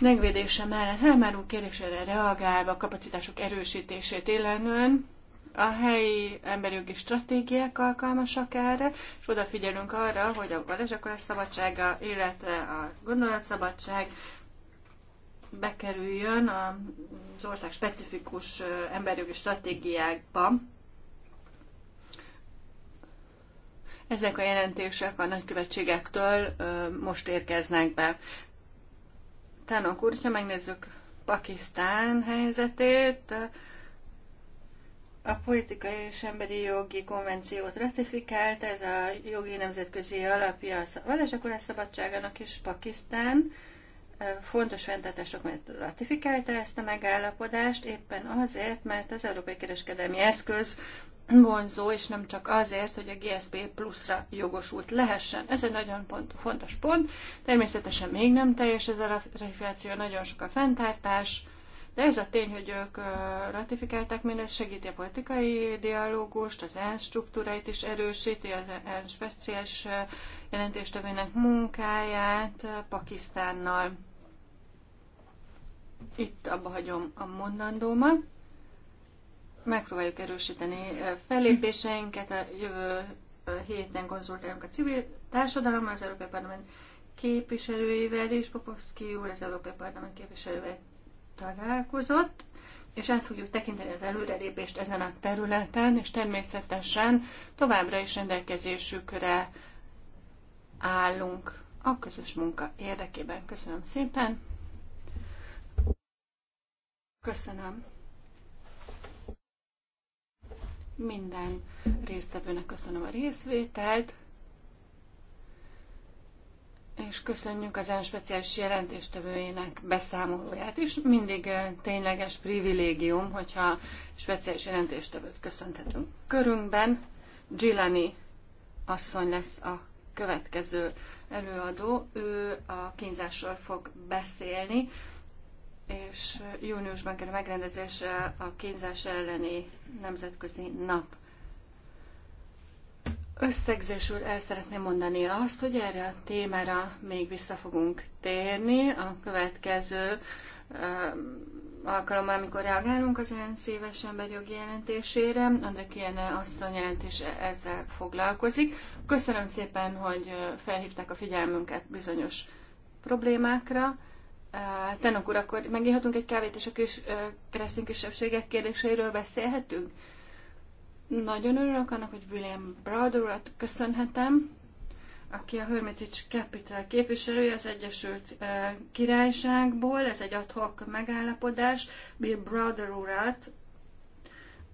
megvédése mellett Helmár úr kérésére reagálva a kapacitások erősítését illetően a helyi emberjogi stratégiák alkalmasak erre, és odafigyelünk arra, hogy a vallásgyakorlás szabadsága, illetve a gondolatszabadság bekerüljön az ország specifikus emberjogi stratégiákba. Ezek a jelentések a nagykövetségektől most érkeznek be. Tánok úr, ha megnézzük Pakisztán helyzetét, a politikai és emberi jogi konvenciót ratifikált, ez a jogi nemzetközi alapja a vallásakorás szabadságának is Pakisztán. Fontos fenntartások mert ratifikálta ezt a megállapodást, éppen azért, mert az európai kereskedelmi eszköz vonzó, és nem csak azért, hogy a GSP pluszra jogosult lehessen. Ez egy nagyon pont, fontos pont. Természetesen még nem teljes ez a ratifikáció, nagyon sok a fenntartás, de ez a tény, hogy ők ratifikálták mindezt, segíti a politikai dialógust, az ENSZ struktúráit is erősíti, az ENSZ speciális jelentéstevének munkáját Pakisztánnal. Itt abba hagyom a mondandómat megpróbáljuk erősíteni fellépéseinket. A jövő héten konzultálunk a civil társadalommal, az Európai Parlament képviselőivel és Popovszki úr az Európai Parlament képviselővel találkozott, és át fogjuk tekinteni az előrelépést ezen a területen, és természetesen továbbra is rendelkezésükre állunk a közös munka érdekében. Köszönöm szépen! Köszönöm! Minden résztvevőnek köszönöm a részvételt, és köszönjük az ön speciális jelentéstevőjének beszámolóját is. Mindig tényleges privilégium, hogyha speciális jelentéstevőt köszönhetünk körünkben. Gilani asszony lesz a következő előadó, ő a kínzásról fog beszélni és júniusban kerül megrendezésre a kínzás elleni nemzetközi nap. Összegzésül el szeretném mondani azt, hogy erre a témára még vissza fogunk térni a következő alkalommal, amikor reagálunk az olyan szíves emberjogi jelentésére. André Kiene asszony jelentés ezzel foglalkozik. Köszönöm szépen, hogy felhívták a figyelmünket bizonyos problémákra. Tenok úr, akkor megírhatunk egy kávét, és a kis, keresztény kisebbségek kérdéseiről beszélhetünk? Nagyon örülök annak, hogy William Browder urat köszönhetem, aki a Hermitage Capital képviselője az Egyesült Királyságból. Ez egy adhok megállapodás. Bill Browder urat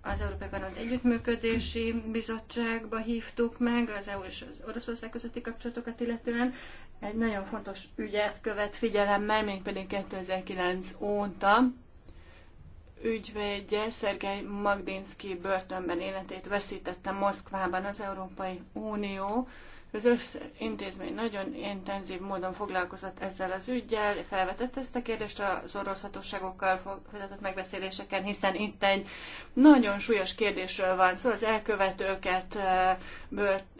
az Európai Parlament Együttműködési Bizottságba hívtuk meg az EU és az Oroszország közötti kapcsolatokat illetően egy nagyon fontos ügyet követ figyelemmel, mégpedig 2009 óta ügyvédje Szergej Magdinszki börtönben életét veszítette Moszkvában az Európai Unió. Az intézmény nagyon intenzív módon foglalkozott ezzel az ügyjel, felvetette ezt a kérdést az orosz hatóságokkal folytatott megbeszéléseken, hiszen itt egy nagyon súlyos kérdésről van szó, szóval az elkövetőket, eh,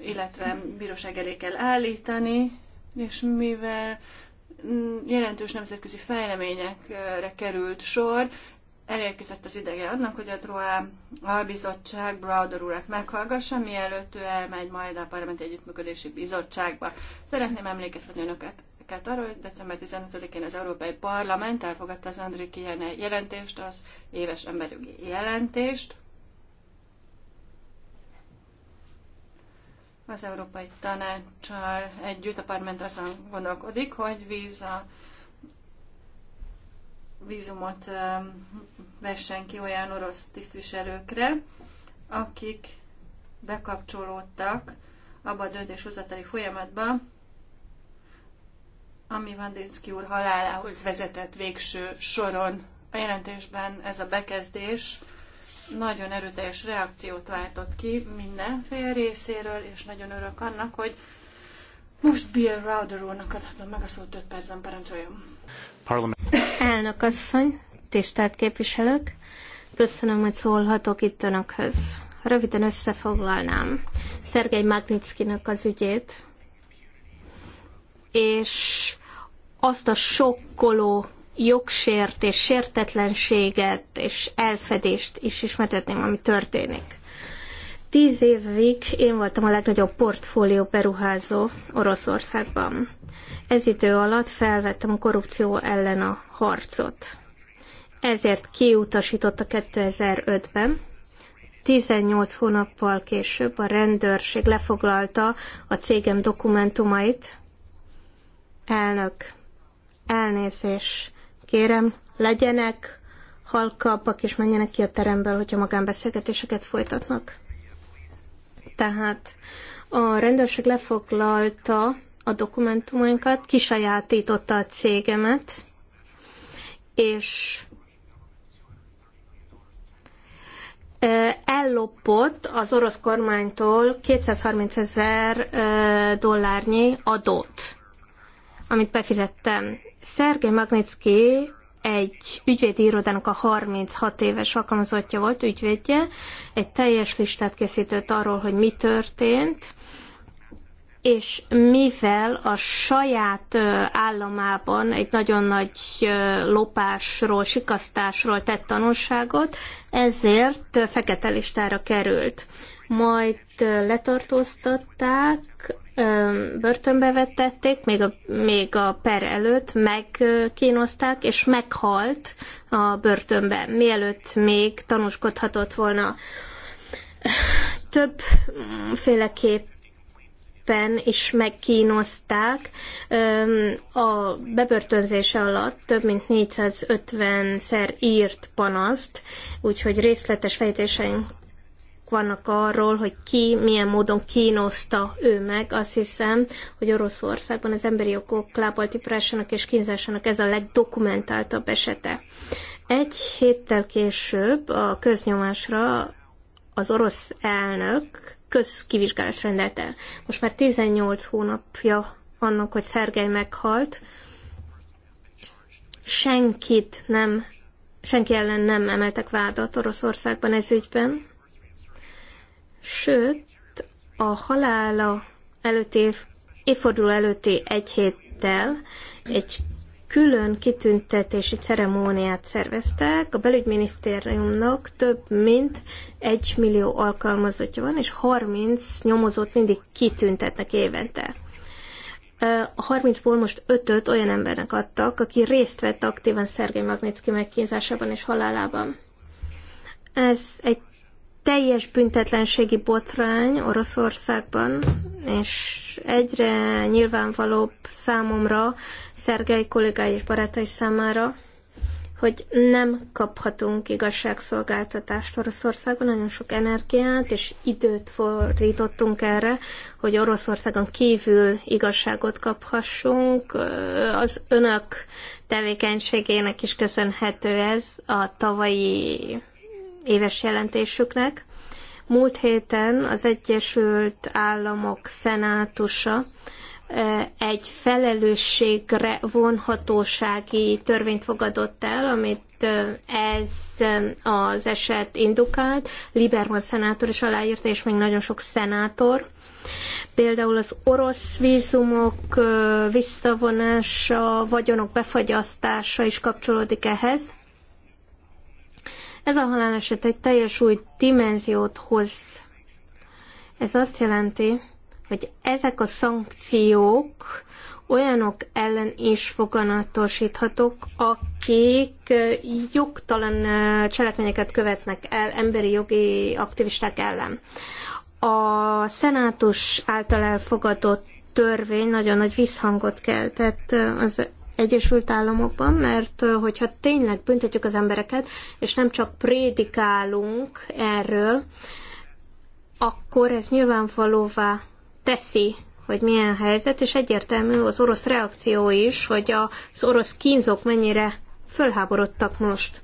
illetve bíróság elé kell állítani, és mivel mm, jelentős nemzetközi fejleményekre került sor, elérkezett az idege annak, hogy a Droá albizottság Browder urat meghallgassa, mielőtt ő elmegy majd a Parlament Együttműködési Bizottságba. Szeretném emlékeztetni önöket arra, hogy december 15-én az Európai Parlament elfogadta az André jelentést, az éves emberügyi jelentést, az Európai Tanácssal együtt a parlament azon gondolkodik, hogy víz a vízumot vessen ki olyan orosz tisztviselőkre, akik bekapcsolódtak abba a döntéshozatali folyamatba, ami Vandinsky úr halálához vezetett végső soron. A jelentésben ez a bekezdés nagyon erőteljes reakciót váltott ki mindenfél részéről, és nagyon örök annak, hogy most Bill Rauder úrnak adhatom meg a szót 5 percben, parancsoljon. Elnök asszony, tisztelt képviselők, köszönöm, hogy szólhatok itt önökhöz. Röviden összefoglalnám Szergei Magnitskynak az ügyét, és azt a sokkoló jogsértés, sértetlenséget és elfedést is ismertetném, ami történik. Tíz évig én voltam a legnagyobb portfólió beruházó Oroszországban. Ez idő alatt felvettem a korrupció ellen a harcot. Ezért kiutasította 2005-ben, 18 hónappal később a rendőrség lefoglalta a cégem dokumentumait. Elnök, elnézés, Kérem, legyenek halkabbak, és menjenek ki a teremből, hogyha magánbeszélgetéseket folytatnak. Tehát a rendőrség lefoglalta a dokumentumainkat, kisajátította a cégemet, és ellopott az orosz kormánytól 230 ezer dollárnyi adót, amit befizettem. Szergej Magnitsky egy ügyvédi irodának a 36 éves alkalmazottja volt, ügyvédje, egy teljes listát készített arról, hogy mi történt, és mivel a saját államában egy nagyon nagy lopásról, sikasztásról tett tanulságot, ezért fekete listára került majd letartóztatták, börtönbe vetették, még a, még a per előtt megkínozták, és meghalt a börtönben, mielőtt még tanúskodhatott volna. Többféleképpen is megkínozták. A bebörtönzése alatt több mint 450-szer írt panaszt, úgyhogy részletes fejtéseink vannak arról, hogy ki milyen módon kínoszta ő meg. Azt hiszem, hogy Oroszországban az emberi jogok lábaltiprásának és kínzásának ez a legdokumentáltabb esete. Egy héttel később a köznyomásra az orosz elnök közkivizsgálást rendelt el. Most már 18 hónapja annak, hogy Szergely meghalt, senkit nem, senki ellen nem emeltek vádat Oroszországban ez ügyben. Sőt, a halála előtti év, évforduló előtti egy héttel egy külön kitüntetési ceremóniát szerveztek. A belügyminisztériumnak több mint egy millió alkalmazottja van, és 30 nyomozót mindig kitüntetnek évente. A 30-ból most 5 olyan embernek adtak, aki részt vett aktívan Szergei Magnitsky megkínzásában és halálában. Ez egy teljes büntetlenségi botrány Oroszországban, és egyre nyilvánvalóbb számomra, Szergei kollégái és barátai számára, hogy nem kaphatunk igazságszolgáltatást Oroszországban, nagyon sok energiát és időt fordítottunk erre, hogy Oroszországon kívül igazságot kaphassunk. Az önök tevékenységének is köszönhető ez a tavalyi éves jelentésüknek. Múlt héten az Egyesült Államok Szenátusa eh, egy felelősségre vonhatósági törvényt fogadott el, amit eh, ez eh, az eset indukált. Liberman szenátor is aláírta, és még nagyon sok szenátor. Például az orosz vízumok visszavonása, vagyonok befagyasztása is kapcsolódik ehhez. Ez a haláleset egy teljes új dimenziót hoz. Ez azt jelenti, hogy ezek a szankciók olyanok ellen is foganatosíthatók, akik jogtalan cselekményeket követnek el emberi jogi aktivisták ellen. A szenátus által elfogadott törvény nagyon nagy visszhangot keltett az Egyesült Államokban, mert hogyha tényleg büntetjük az embereket, és nem csak prédikálunk erről, akkor ez nyilvánvalóvá teszi, hogy milyen helyzet, és egyértelmű az orosz reakció is, hogy az orosz kínzók mennyire fölháborodtak most.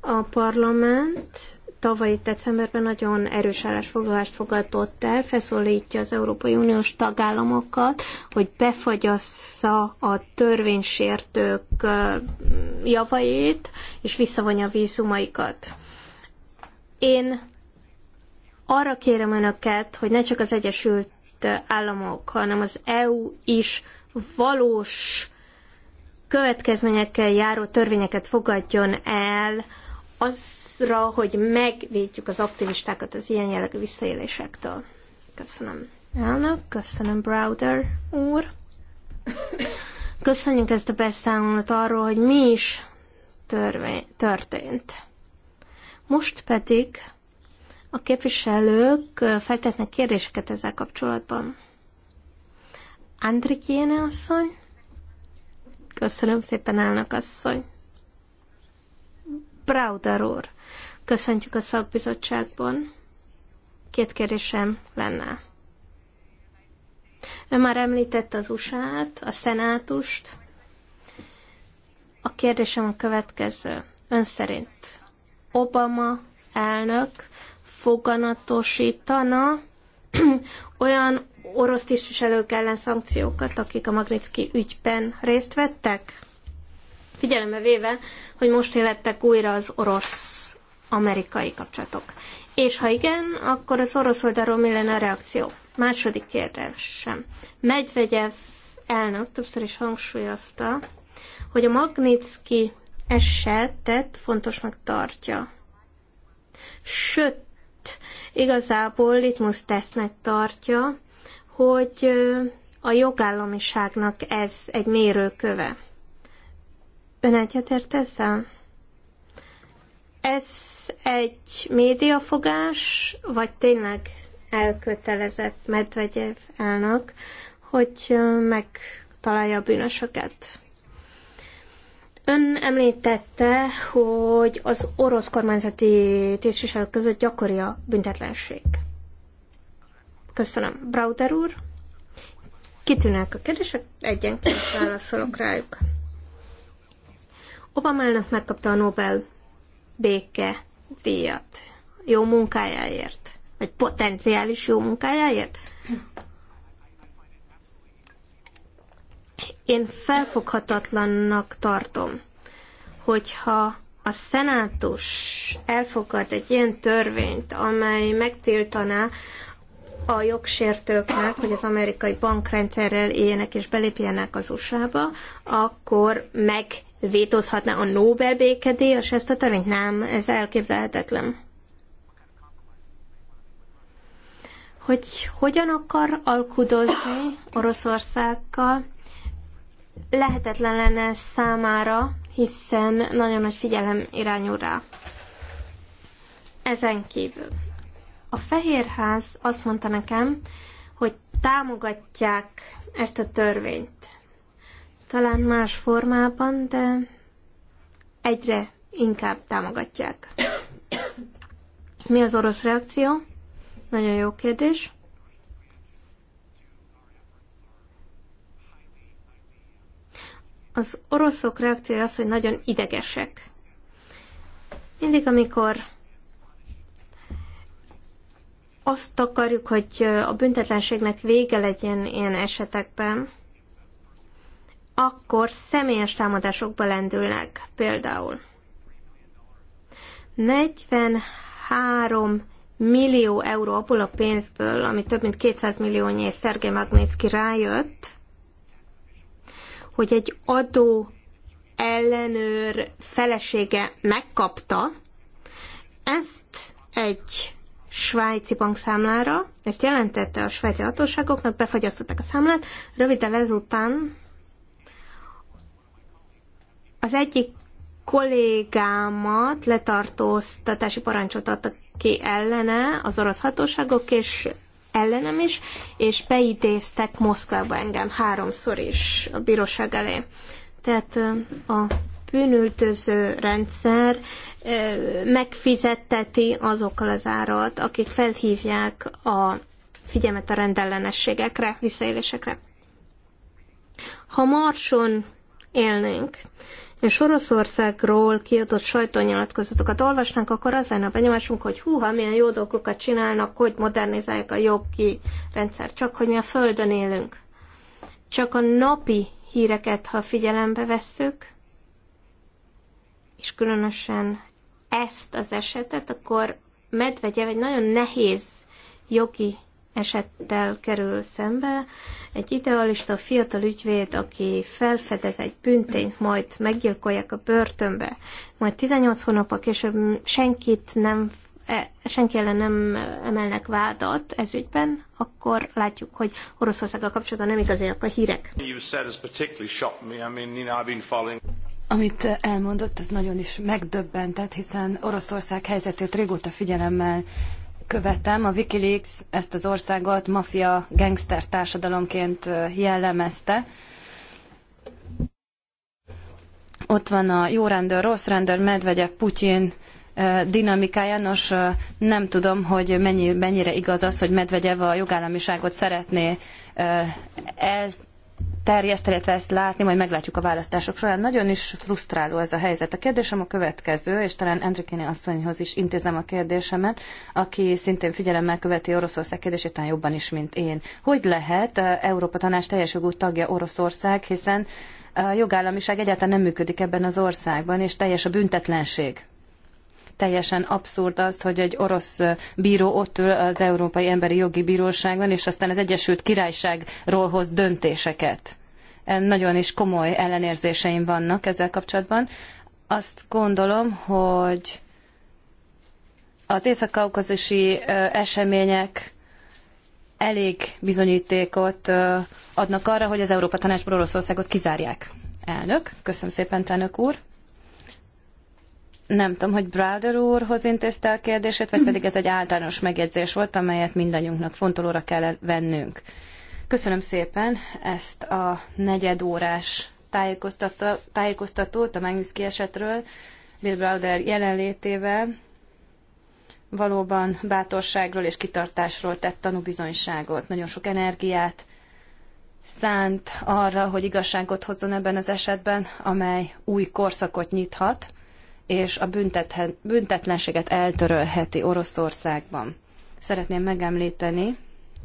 A parlament tavalyi decemberben nagyon erős állásfoglalást fogadott el, feszólítja az Európai Uniós tagállamokat, hogy befagyassza a törvénysértők javait, és visszavonja a vízumaikat. Én arra kérem önöket, hogy ne csak az Egyesült Államok, hanem az EU is valós következményekkel járó törvényeket fogadjon el, az azra, hogy megvédjük az aktivistákat az ilyen jellegű visszaélésektől. Köszönöm. Elnök, köszönöm Browder úr. Köszönjük ezt a beszámolót arról, hogy mi is törvény, történt. Most pedig a képviselők feltetnek kérdéseket ezzel kapcsolatban. Andrikéne asszony? Köszönöm szépen, elnök asszony. Browder úr. Köszöntjük a szakbizottságban. Két kérdésem lenne. Ön már említette az USA-t, a szenátust. A kérdésem a következő. Ön szerint Obama elnök foganatosítana olyan orosz tisztviselők ellen szankciókat, akik a Magnitsky ügyben részt vettek? figyelembe véve, hogy most élettek újra az orosz-amerikai kapcsolatok. És ha igen, akkor az orosz oldalról mi lenne a reakció? Második kérdésem. Medvegyev elnök többször is hangsúlyozta, hogy a Magnitsky esetet fontosnak tartja. Sőt, igazából litmus tesznek tartja, hogy a jogállamiságnak ez egy mérőköve. Ön egyetért ezzel? Ez egy médiafogás, vagy tényleg elkötelezett Medvegyev elnök, hogy megtalálja a bűnösöket? Ön említette, hogy az orosz kormányzati tisztviselők között gyakori a büntetlenség. Köszönöm. Brauder úr, kitűnnek a kérdések, egyenként válaszolok rájuk elnök megkapta a Nobel béke díjat jó munkájáért, vagy potenciális jó munkájáért. Én felfoghatatlannak tartom, hogyha a szenátus elfogad egy ilyen törvényt, amely megtiltaná a jogsértőknek, hogy az amerikai bankrendszerrel éljenek és belépjenek az USA-ba, akkor meg vétózhatná a Nobel békedélyes ezt a törvényt? Nem, ez elképzelhetetlen. Hogy hogyan akar alkudozni Oroszországgal, lehetetlen lenne számára, hiszen nagyon nagy figyelem irányul rá. Ezen kívül a Fehérház azt mondta nekem, hogy támogatják ezt a törvényt talán más formában, de egyre inkább támogatják. Mi az orosz reakció? Nagyon jó kérdés. Az oroszok reakciója az, hogy nagyon idegesek. Mindig, amikor azt akarjuk, hogy a büntetlenségnek vége legyen ilyen esetekben, akkor személyes támadásokba lendülnek például. 43 millió euró abból a pénzből, ami több mint 200 milliónyi és Szergej Magnitsky rájött, hogy egy adó ellenőr felesége megkapta, ezt egy svájci bankszámlára, ezt jelentette a svájci hatóságoknak, befagyasztották a számlát, röviddel ezután az egyik kollégámat letartóztatási parancsot adtak ki ellene az orosz hatóságok, és ellenem is, és beidéztek Moszkvába engem háromszor is a bíróság elé. Tehát a bűnültöző rendszer megfizetteti azokkal az árat, akik felhívják a figyelmet a rendellenességekre, visszaélésekre. Ha marson élnénk, és Oroszországról kiadott sajtónyilatkozatokat olvasnánk, akkor az lenne a benyomásunk, hogy húha, milyen jó dolgokat csinálnak, hogy modernizálják a jogi rendszer, csak hogy mi a Földön élünk. Csak a napi híreket, ha figyelembe vesszük, és különösen ezt az esetet, akkor Medvegyev egy nagyon nehéz jogi esettel kerül szembe. Egy idealista fiatal ügyvéd, aki felfedez egy büntényt, majd meggyilkolják a börtönbe, majd 18 hónap a később senkit nem e, senki ellen nem emelnek vádat ez ügyben, akkor látjuk, hogy Oroszországgal kapcsolatban nem igaziak a hírek. Amit elmondott, az nagyon is megdöbbentett, hiszen Oroszország helyzetét régóta figyelemmel követem. A Wikileaks ezt az országot mafia gangster társadalomként jellemezte. Ott van a jó rendőr, rossz rendőr, Medvegyev, Putyin, dinamikája. Nos, nem tudom, hogy mennyi, mennyire igaz az, hogy Medvegyev a jogállamiságot szeretné el, terjeszteni, illetve ezt látni, majd meglátjuk a választások során. Nagyon is frusztráló ez a helyzet. A kérdésem a következő, és talán Andrikéni asszonyhoz is intézem a kérdésemet, aki szintén figyelemmel követi Oroszország kérdését, talán jobban is, mint én. Hogy lehet eh, Európa Tanács teljes jogú tagja Oroszország, hiszen a eh, jogállamiság egyáltalán nem működik ebben az országban, és teljes a büntetlenség. Teljesen abszurd az, hogy egy orosz bíró ott ül az Európai Emberi Jogi bíróságban, és aztán az Egyesült Királyságról hoz döntéseket. E, nagyon is komoly ellenérzéseim vannak ezzel kapcsolatban. Azt gondolom, hogy az észak kaukázusi események elég bizonyítékot adnak arra, hogy az Európa Tanácsból Oroszországot kizárják. Elnök, köszönöm szépen, elnök úr. Nem tudom, hogy Browder úrhoz intézte a kérdését, vagy pedig ez egy általános megjegyzés volt, amelyet mindannyiunknak fontolóra kell vennünk. Köszönöm szépen ezt a negyedórás tájékoztatót a Magnitsky esetről, Bill Browder jelenlétével valóban bátorságról és kitartásról tett tanúbizonyságot. Nagyon sok energiát szánt arra, hogy igazságot hozzon ebben az esetben, amely új korszakot nyithat és a büntetlenséget eltörölheti Oroszországban. Szeretném megemlíteni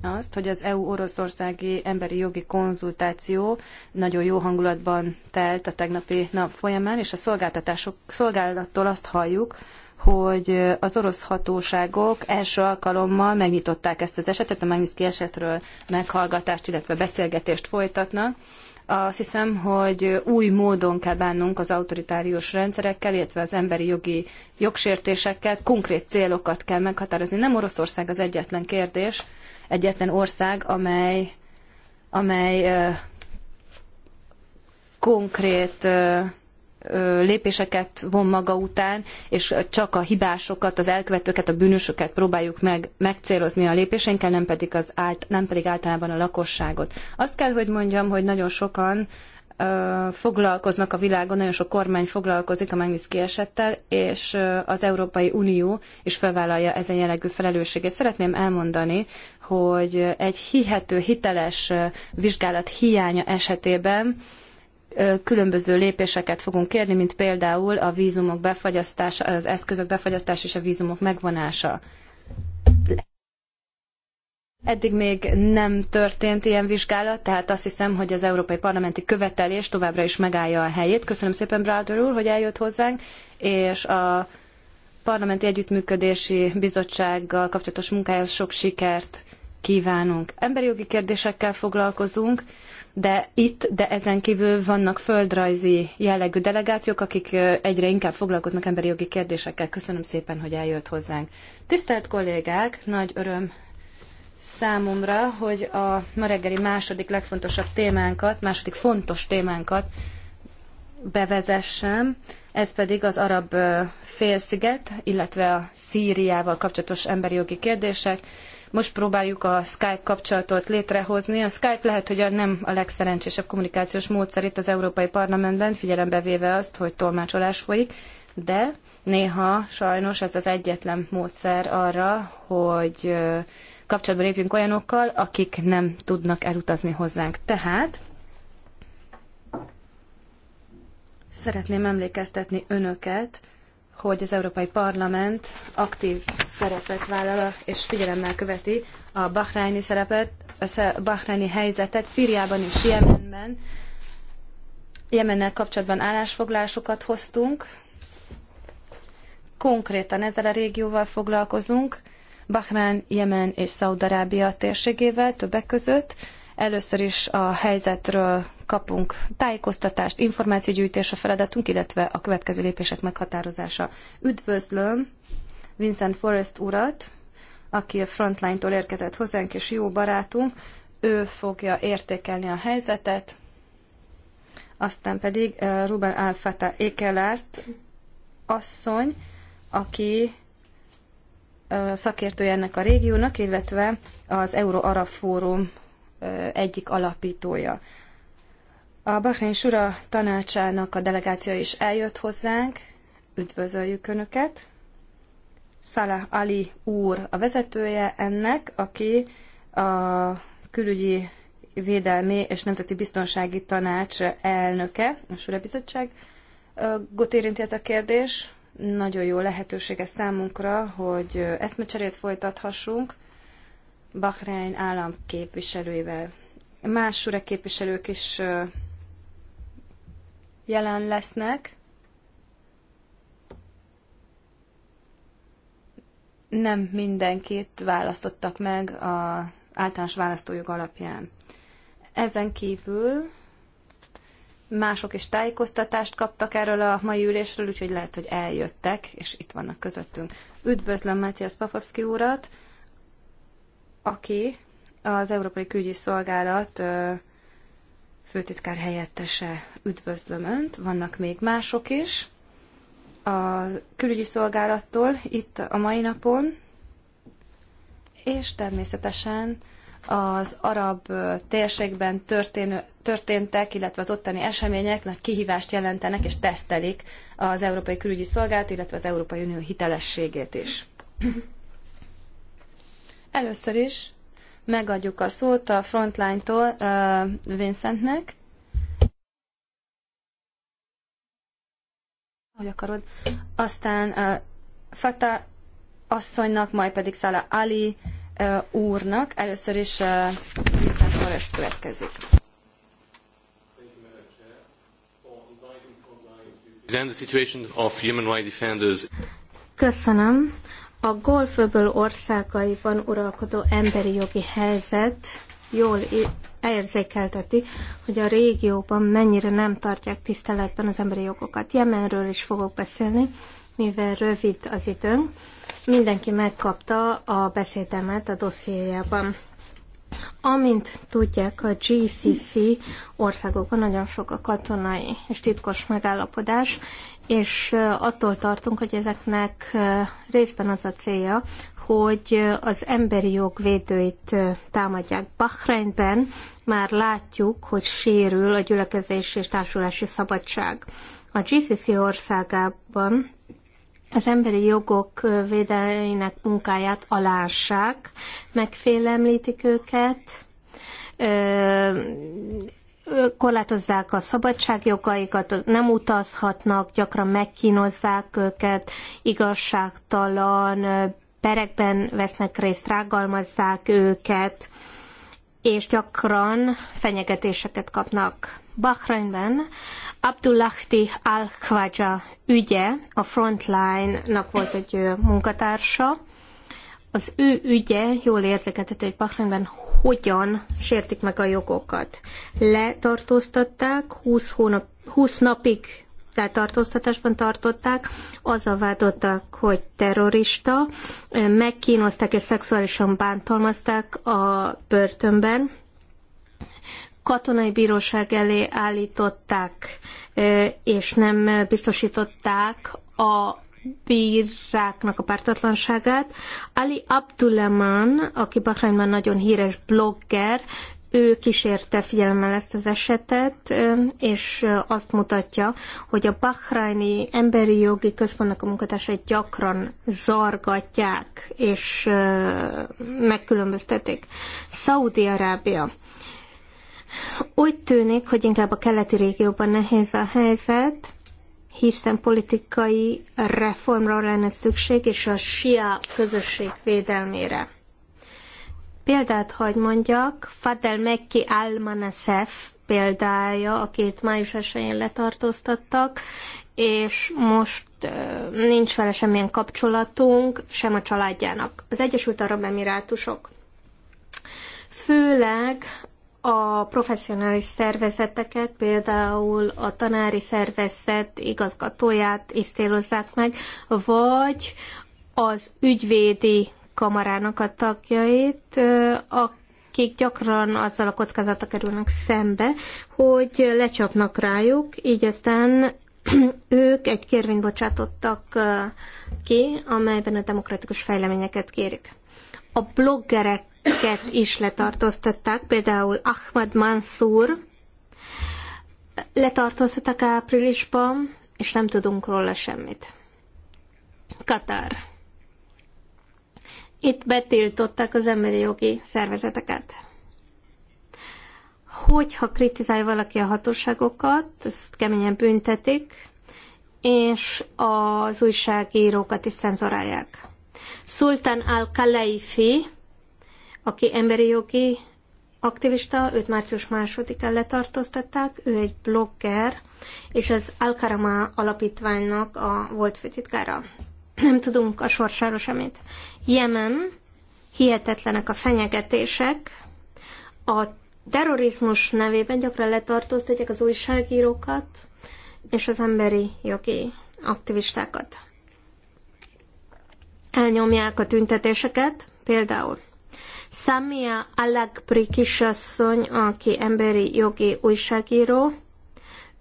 azt, hogy az EU-Oroszországi Emberi Jogi Konzultáció nagyon jó hangulatban telt a tegnapi nap folyamán, és a szolgáltatások, szolgálattól azt halljuk, hogy az orosz hatóságok első alkalommal megnyitották ezt az esetet, a Magnitsky esetről meghallgatást, illetve beszélgetést folytatnak, azt hiszem, hogy új módon kell bánnunk az autoritárius rendszerekkel, illetve az emberi jogi jogsértésekkel, konkrét célokat kell meghatározni. Nem Oroszország az egyetlen kérdés, egyetlen ország, amely, amely konkrét lépéseket von maga után, és csak a hibásokat, az elkövetőket, a bűnösöket próbáljuk meg megcélozni a lépéseinkkel, nem pedig, az ált, nem pedig általában a lakosságot. Azt kell, hogy mondjam, hogy nagyon sokan foglalkoznak a világon, nagyon sok kormány foglalkozik a Magnitsky esettel, és az Európai Unió is felvállalja ezen jellegű felelősséget. Szeretném elmondani, hogy egy hihető, hiteles vizsgálat hiánya esetében különböző lépéseket fogunk kérni, mint például a vízumok befagyasztása, az eszközök befagyasztása és a vízumok megvonása. Eddig még nem történt ilyen vizsgálat, tehát azt hiszem, hogy az európai parlamenti követelés továbbra is megállja a helyét. Köszönöm szépen, Browder úr, hogy eljött hozzánk, és a Parlamenti Együttműködési Bizottsággal kapcsolatos munkához sok sikert kívánunk. Emberi jogi kérdésekkel foglalkozunk de itt, de ezen kívül vannak földrajzi jellegű delegációk, akik egyre inkább foglalkoznak emberi jogi kérdésekkel. Köszönöm szépen, hogy eljött hozzánk. Tisztelt kollégák, nagy öröm számomra, hogy a ma reggeli második legfontosabb témánkat, második fontos témánkat bevezessem, ez pedig az arab félsziget, illetve a Szíriával kapcsolatos emberi jogi kérdések. Most próbáljuk a Skype kapcsolatot létrehozni. A Skype lehet, hogy a nem a legszerencsésebb kommunikációs módszer itt az Európai Parlamentben, figyelembe véve azt, hogy tolmácsolás folyik, de néha sajnos ez az egyetlen módszer arra, hogy kapcsolatba lépjünk olyanokkal, akik nem tudnak elutazni hozzánk. Tehát Szeretném emlékeztetni önöket, hogy az Európai Parlament aktív szerepet vállal és figyelemmel követi a bahrájni szerepet, a bahrájni helyzetet Szíriában és Jemenben. Jemennel kapcsolatban állásfoglásokat hoztunk, konkrétan ezzel a régióval foglalkozunk, Bahrán, Jemen és Szaudarábia térségével többek között. Először is a helyzetről kapunk tájékoztatást, információgyűjtés a feladatunk, illetve a következő lépések meghatározása. Üdvözlöm Vincent Forrest urat, aki a Frontline-tól érkezett hozzánk, és jó barátunk. Ő fogja értékelni a helyzetet, aztán pedig Ruben Alfata Ékelárt asszony, aki szakértője ennek a régiónak, illetve az euro arab Fórum egyik alapítója. A Bahrein Sura tanácsának a delegáció is eljött hozzánk. Üdvözöljük Önöket! Salah Ali úr a vezetője ennek, aki a külügyi védelmi és nemzeti biztonsági tanács elnöke, a Sura Bizottság. Got érinti ez a kérdés. Nagyon jó lehetősége számunkra, hogy eszmecserét folytathassunk Bahrein állam képviselőivel. Más Sura képviselők is jelen lesznek. Nem mindenkit választottak meg a általános választójog alapján. Ezen kívül mások is tájékoztatást kaptak erről a mai ülésről, úgyhogy lehet, hogy eljöttek, és itt vannak közöttünk. Üdvözlöm Matthias Papovski urat, aki az Európai Külügyi Szolgálat főtitkár helyettese, üdvözlöm Önt, vannak még mások is a külügyi szolgálattól itt a mai napon, és természetesen az arab térségben történő, történtek, illetve az ottani események nagy kihívást jelentenek és tesztelik az Európai Külügyi Szolgálat, illetve az Európai Unió hitelességét is. Először is megadjuk a szót a Frontline-tól uh, Vincentnek. Hogy akarod? Aztán uh, Fata asszonynak, majd pedig Szala Ali uh, úrnak. Először is uh, Vincent Forrest következik. Köszönöm. A golföböl országaiban uralkodó emberi jogi helyzet jól érzékelteti, hogy a régióban mennyire nem tartják tiszteletben az emberi jogokat. Jemenről is fogok beszélni, mivel rövid az időnk. Mindenki megkapta a beszédemet a dossziéjában. Amint tudják, a GCC országokban nagyon sok a katonai és titkos megállapodás, és attól tartunk, hogy ezeknek részben az a célja, hogy az emberi jog védőit támadják. Bahreinben már látjuk, hogy sérül a gyülekezés és társulási szabadság. A GCC országában az emberi jogok védelmének munkáját alássák, megfélemlítik őket, korlátozzák a szabadságjogaikat, nem utazhatnak, gyakran megkínozzák őket, igazságtalan perekben vesznek részt, rágalmazzák őket, és gyakran fenyegetéseket kapnak. Bahrainben Abdullahti al-Khwaja ügye, a Frontline-nak volt egy munkatársa, az ő ügye jól érzeketett, hogy Bahreinben hogyan sértik meg a jogokat. Letartóztatták, 20, hónap, 20 napig letartóztatásban tartották, azzal vádoltak, hogy terrorista, megkínozták és szexuálisan bántalmazták a börtönben, katonai bíróság elé állították, és nem biztosították a bíráknak a pártatlanságát. Ali Abdulaman, aki Bahrainban nagyon híres blogger, ő kísérte figyelemmel ezt az esetet, és azt mutatja, hogy a Bahraini Emberi Jogi Központnak a munkatársait gyakran zargatják és megkülönböztetik. Szaudi-Arábia. Úgy tűnik, hogy inkább a keleti régióban nehéz a helyzet, hiszen politikai reformra lenne szükség, és a Sia közösség védelmére. Példát hagy mondjak, Fadel Mekki Almanasef példája, akit május esején letartóztattak, és most nincs vele semmilyen kapcsolatunk, sem a családjának. Az Egyesült Arab Emirátusok főleg a professzionális szervezeteket, például a tanári szervezet igazgatóját is célozzák meg, vagy az ügyvédi kamarának a tagjait, akik gyakran azzal a kockázata kerülnek szembe, hogy lecsapnak rájuk, így aztán ők egy kérvényt bocsátottak ki, amelyben a demokratikus fejleményeket kérik. A bloggerek ket is letartóztatták, például Ahmad Mansur letartóztatták áprilisban, és nem tudunk róla semmit. Katar Itt betiltották az emberi jogi szervezeteket. Hogyha kritizálja valaki a hatóságokat, ezt keményen büntetik, és az újságírókat is cenzorálják. Sultan al-Kaleifi aki emberi jogi aktivista, őt március másodikán letartóztatták, ő egy blogger, és az Alkarama alapítványnak a volt főtitkára. Nem tudunk a sorsára semmit. Jemen, hihetetlenek a fenyegetések, a terrorizmus nevében gyakran letartóztatják az újságírókat és az emberi jogi aktivistákat. Elnyomják a tüntetéseket, például Samia Alakbri kisasszony, aki emberi jogi újságíró,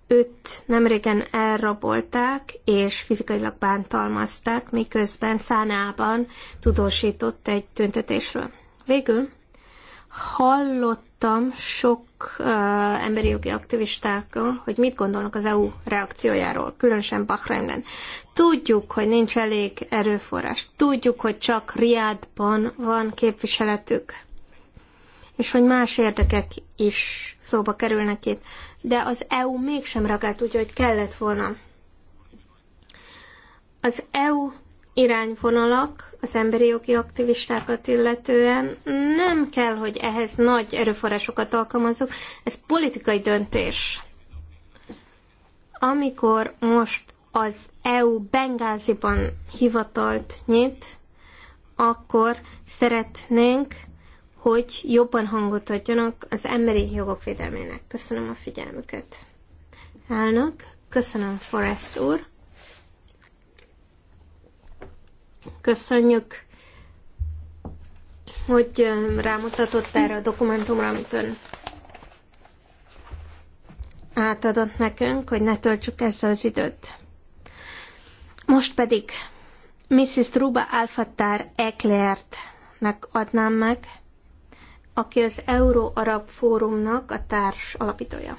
őt nemrégen elrabolták és fizikailag bántalmazták, miközben Szánában tudósított egy tüntetésről. Végül Hallottam sok uh, emberi jogi aktivistákról, hogy mit gondolnak az EU reakciójáról, különösen Bahreinben. Tudjuk, hogy nincs elég erőforrás, tudjuk, hogy csak riadban van képviseletük, és hogy más érdekek is szóba kerülnek itt. De az EU mégsem reagált úgy, hogy kellett volna. Az EU irányvonalak az emberi jogi aktivistákat illetően. Nem kell, hogy ehhez nagy erőforrásokat alkalmazok, ez politikai döntés. Amikor most az EU Bengáziban hivatalt nyit, akkor szeretnénk, hogy jobban hangot adjanak az emberi jogok védelmének. Köszönöm a figyelmüket. Elnök, köszönöm Forrest úr. Köszönjük, hogy rámutatott erre a dokumentumra, amit ön átadott nekünk, hogy ne töltsük ezzel az időt. Most pedig Mrs. Truba Alfatár Eklertnek adnám meg, aki az Euró-Arab Fórumnak a társ alapítója.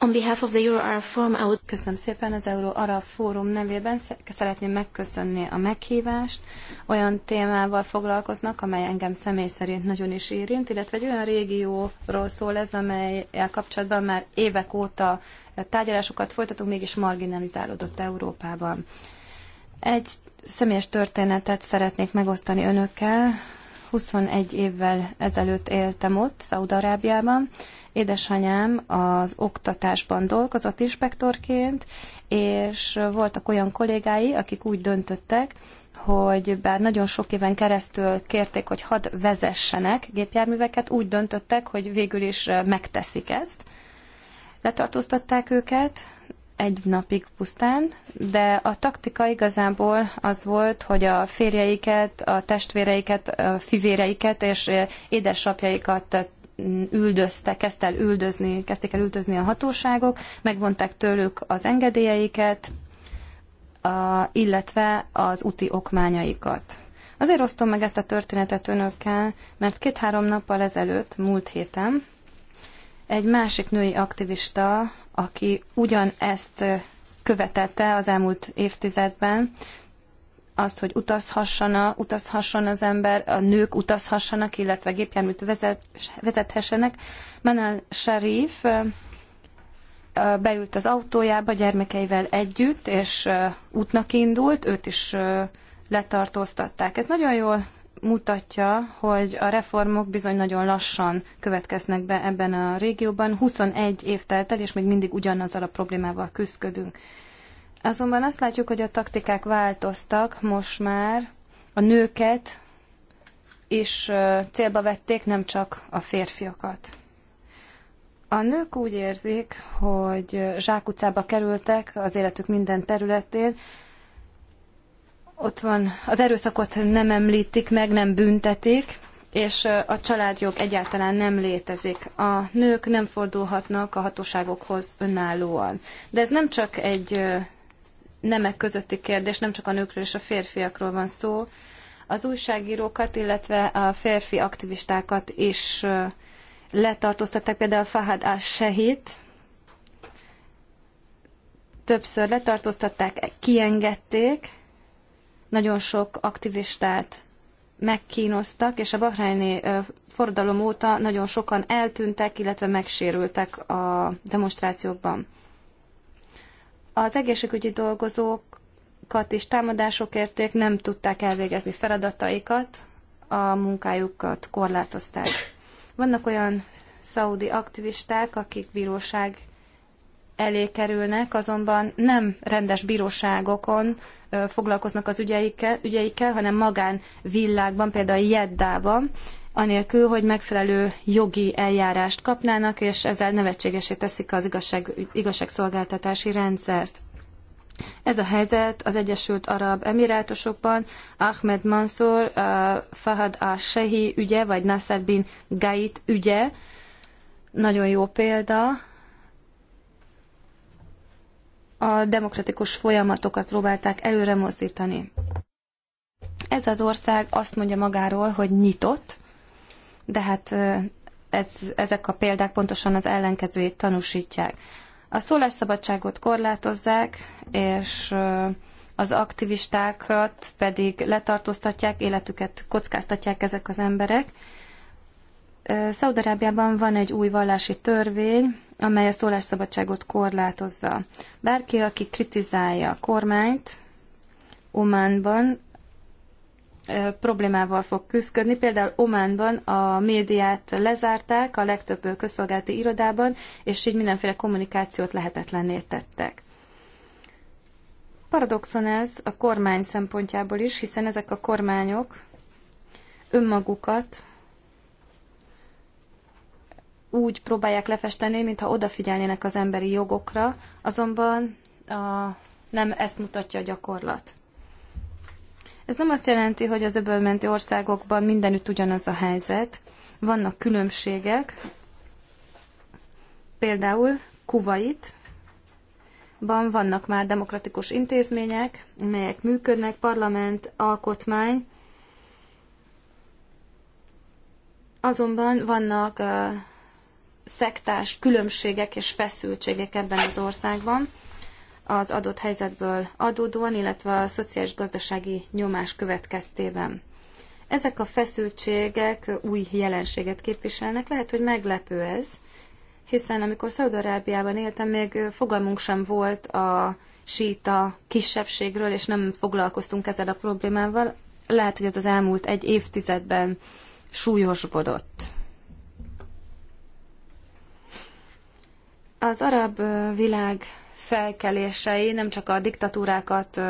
On behalf of the Euro Forum, I would... Köszönöm szépen az Euro Arab Fórum nevében. Szeretném megköszönni a meghívást. Olyan témával foglalkoznak, amely engem személy szerint nagyon is érint, illetve egy olyan régióról szól ez, amelyel kapcsolatban már évek óta tárgyalásokat folytatunk, mégis marginalizálódott Európában. Egy személyes történetet szeretnék megosztani önökkel, 21 évvel ezelőtt éltem ott, Szaudarábiában. Édesanyám az oktatásban dolgozott inspektorként, és voltak olyan kollégái, akik úgy döntöttek, hogy bár nagyon sok éven keresztül kérték, hogy hadd vezessenek gépjárműveket, úgy döntöttek, hogy végül is megteszik ezt. Letartóztatták őket, egy napig pusztán, de a taktika igazából az volt, hogy a férjeiket, a testvéreiket, a fivéreiket és eh, édesapjaikat eh, üldözte, kezdte el üldözni, kezdték el üldözni a hatóságok, megvonták tőlük az engedélyeiket, a, illetve az úti okmányaikat. Azért osztom meg ezt a történetet önökkel, mert két-három nappal ezelőtt, múlt héten, egy másik női aktivista aki ugyan ezt követette az elmúlt évtizedben, azt, hogy utazhassana, utazhasson az ember, a nők utazhassanak, illetve gépjárműt vezet, vezethessenek. Manal Sharif beült az autójába gyermekeivel együtt, és útnak indult, őt is letartóztatták. Ez nagyon jól mutatja, hogy a reformok bizony nagyon lassan következnek be ebben a régióban. 21 év telt el, és még mindig ugyanazzal a problémával küzdködünk. Azonban azt látjuk, hogy a taktikák változtak, most már a nőket is célba vették, nem csak a férfiakat. A nők úgy érzik, hogy zsákutcába kerültek az életük minden területén, ott van, az erőszakot nem említik meg, nem büntetik, és a családjog egyáltalán nem létezik. A nők nem fordulhatnak a hatóságokhoz önállóan. De ez nem csak egy nemek közötti kérdés, nem csak a nőkről és a férfiakról van szó. Az újságírókat, illetve a férfi aktivistákat is letartóztatták, például Fahad al-Sehit, többször letartóztatták, kiengedték, nagyon sok aktivistát megkínoztak, és a Bahreini forradalom óta nagyon sokan eltűntek, illetve megsérültek a demonstrációkban. Az egészségügyi dolgozókat is támadások érték, nem tudták elvégezni feladataikat, a munkájukat korlátozták. Vannak olyan szaudi aktivisták, akik bíróság elé kerülnek, azonban nem rendes bíróságokon, foglalkoznak az ügyeikkel, ügyeikkel hanem magán világban, például Jeddában, anélkül, hogy megfelelő jogi eljárást kapnának, és ezzel nevetségesé teszik az igazság, igazságszolgáltatási rendszert. Ez a helyzet az Egyesült Arab Emirátusokban Ahmed Mansour, Fahad al-Shehi ügye, vagy Nasser bin Gait ügye, nagyon jó példa, a demokratikus folyamatokat próbálták előre mozdítani. Ez az ország azt mondja magáról, hogy nyitott, de hát ez, ezek a példák pontosan az ellenkezőjét tanúsítják. A szólásszabadságot korlátozzák, és az aktivistákat pedig letartóztatják, életüket kockáztatják ezek az emberek. Szaudarábiában van egy új vallási törvény, amely a szólásszabadságot korlátozza. Bárki, aki kritizálja a kormányt Ománban, problémával fog küzdködni. Például Ománban a médiát lezárták a legtöbb közszolgálati irodában, és így mindenféle kommunikációt lehetetlenné tettek. Paradoxon ez a kormány szempontjából is, hiszen ezek a kormányok önmagukat úgy próbálják lefesteni, mintha odafigyelnének az emberi jogokra, azonban a, nem ezt mutatja a gyakorlat. Ez nem azt jelenti, hogy az öbölmenti országokban mindenütt ugyanaz a helyzet. Vannak különbségek, például Kuwait, Ban vannak már demokratikus intézmények, melyek működnek, parlament, alkotmány, azonban vannak szektás különbségek és feszültségek ebben az országban az adott helyzetből adódóan, illetve a szociális-gazdasági nyomás következtében. Ezek a feszültségek új jelenséget képviselnek, lehet, hogy meglepő ez, hiszen amikor Szaudarábiában éltem, még fogalmunk sem volt a síta kisebbségről, és nem foglalkoztunk ezzel a problémával. Lehet, hogy ez az elmúlt egy évtizedben súlyosbodott. Az arab világ felkelései nem csak a diktatúrákat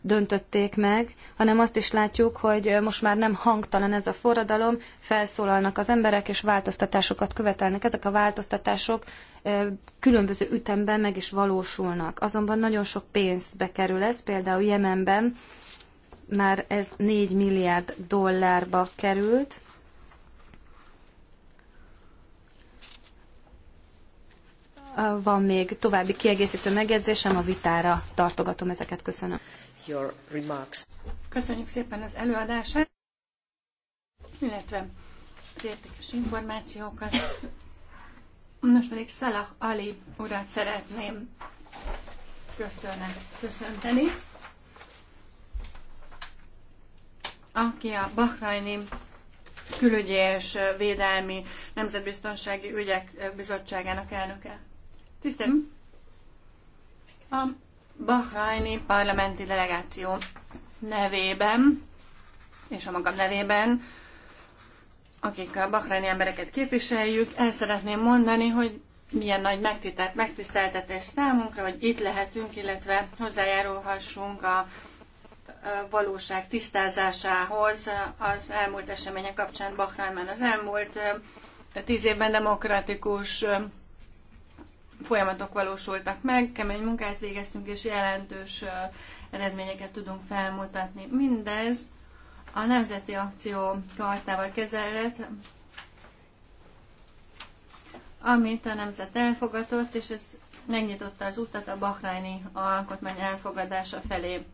döntötték meg, hanem azt is látjuk, hogy most már nem hangtalan ez a forradalom, felszólalnak az emberek, és változtatásokat követelnek. Ezek a változtatások különböző ütemben meg is valósulnak. Azonban nagyon sok pénzbe kerül ez, például Jemenben már ez 4 milliárd dollárba került, van még további kiegészítő megjegyzésem, a vitára tartogatom ezeket. Köszönöm. Your remarks. Köszönjük szépen az előadását, illetve az értékes információkat. Most pedig Szalah Ali urat szeretném köszönet, köszönteni, aki a Bahraini külügyi és védelmi nemzetbiztonsági ügyek bizottságának elnöke. Tisztelt! A Bahraini parlamenti delegáció nevében és a magam nevében, akik a bahraini embereket képviseljük, el szeretném mondani, hogy milyen nagy megtiszteltetés számunkra, hogy itt lehetünk, illetve hozzájárulhassunk a valóság tisztázásához az elmúlt események kapcsán Bahreinben. Az elmúlt tíz évben demokratikus folyamatok valósultak meg, kemény munkát végeztünk, és jelentős eredményeket tudunk felmutatni. Mindez a Nemzeti Akció kartával kezelett, amit a nemzet elfogadott, és ez megnyitotta az utat a Bahráni alkotmány elfogadása felé.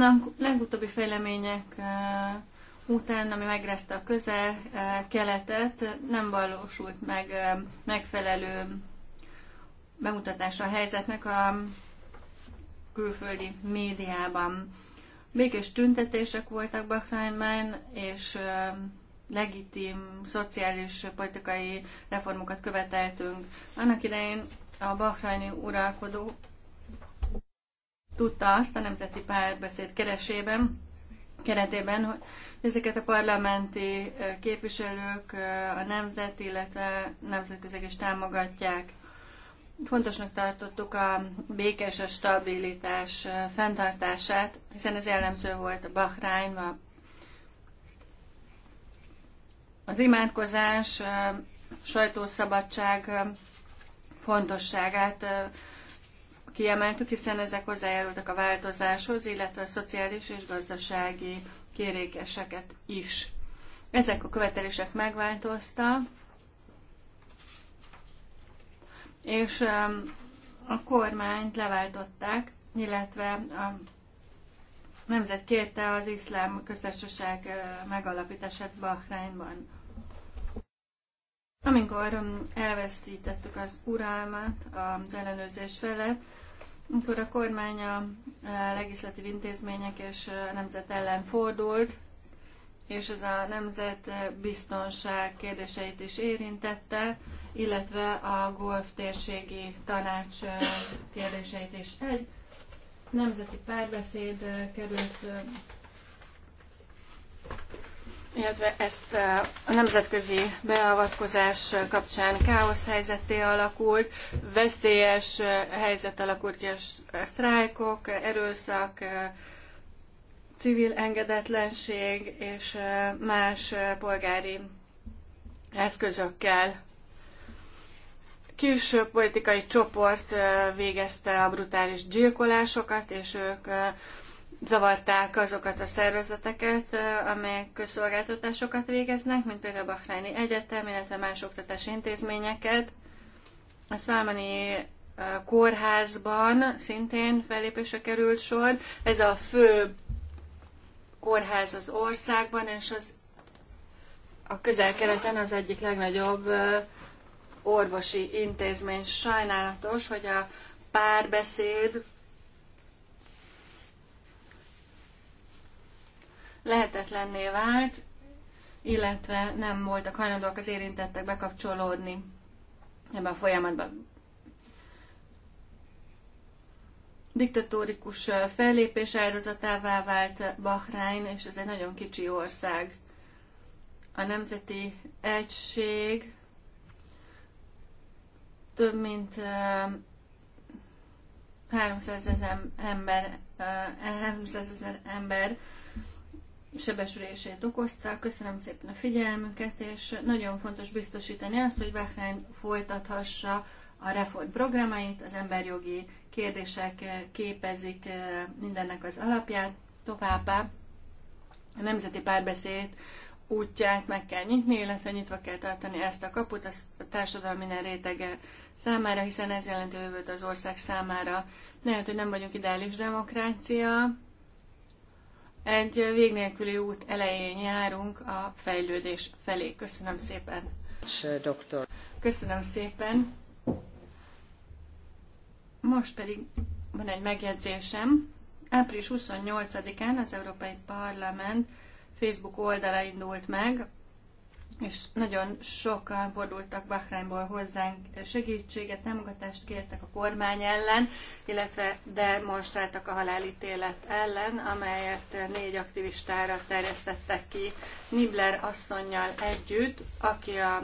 A legutóbbi fejlemények után, ami megrezte a közel-keletet, eh, nem valósult meg eh, megfelelő bemutatása a helyzetnek a külföldi médiában. Békés tüntetések voltak Bahreinben, és eh, legitim szociális politikai reformokat követeltünk. Annak idején a bahraini uralkodó tudta azt a nemzeti párbeszéd keresében, keretében, hogy ezeket a parlamenti képviselők a nemzet, illetve nemzetközileg is támogatják. Fontosnak tartottuk a békés a stabilitás fenntartását, hiszen ez jellemző volt a Bahrányban. Az imádkozás, sajtószabadság fontosságát kiemeltük, hiszen ezek hozzájárultak a változáshoz, illetve a szociális és gazdasági kérékeseket is. Ezek a követelések megváltoztak, és um, a kormányt leváltották, illetve a nemzet kérte az iszlám köztársaság uh, megalapítását Bahreinban. Amikor um, elveszítettük az uralmat az ellenőrzés felett, amikor a kormány a legislatív intézmények és a nemzet ellen fordult, és ez a nemzet biztonság kérdéseit is érintette, illetve a golf térségi tanács kérdéseit is. Egy nemzeti párbeszéd került illetve ezt eh, a nemzetközi beavatkozás kapcsán káosz helyzeté alakult, veszélyes eh, helyzet alakult ki a eh, sztrájkok, erőszak, civil engedetlenség és más polgári eszközökkel. Külső politikai csoport végezte a brutális gyilkolásokat, és ők zavarták azokat a szervezeteket, amelyek közszolgáltatásokat végeznek, mint például a Bahreini Egyetem, illetve más oktatási intézményeket. A Szalmani kórházban szintén fellépésre került sor. Ez a fő kórház az országban, és az a közel-keleten az egyik legnagyobb orvosi intézmény. Sajnálatos, hogy a párbeszéd lehetetlenné vált, illetve nem voltak hajlandóak az érintettek bekapcsolódni ebben a folyamatban. Diktatórikus fellépés áldozatává vált Bahrein, és ez egy nagyon kicsi ország. A Nemzeti Egység több mint 300 ezer ember, 300 ezer ember sebesülését okozta. Köszönöm szépen a figyelmüket, és nagyon fontos biztosítani azt, hogy Bahrein folytathassa a reform programait, az emberjogi kérdések eh, képezik eh, mindennek az alapját. Továbbá a nemzeti párbeszéd útját meg kell nyitni, illetve nyitva kell tartani ezt a kaput a társadalom minden rétege számára, hiszen ez jelenti jövőt az ország számára. Lehet, hogy nem vagyunk ideális demokrácia, egy vég nélküli út elején járunk a fejlődés felé. Köszönöm szépen. Doktor. Köszönöm szépen. Most pedig van egy megjegyzésem. Április 28-án az Európai Parlament Facebook oldala indult meg, és nagyon sokan fordultak Bahreinból hozzánk segítséget, támogatást kértek a kormány ellen, illetve demonstráltak a halálítélet ellen, amelyet négy aktivistára terjesztettek ki Nibler asszonynal együtt, aki a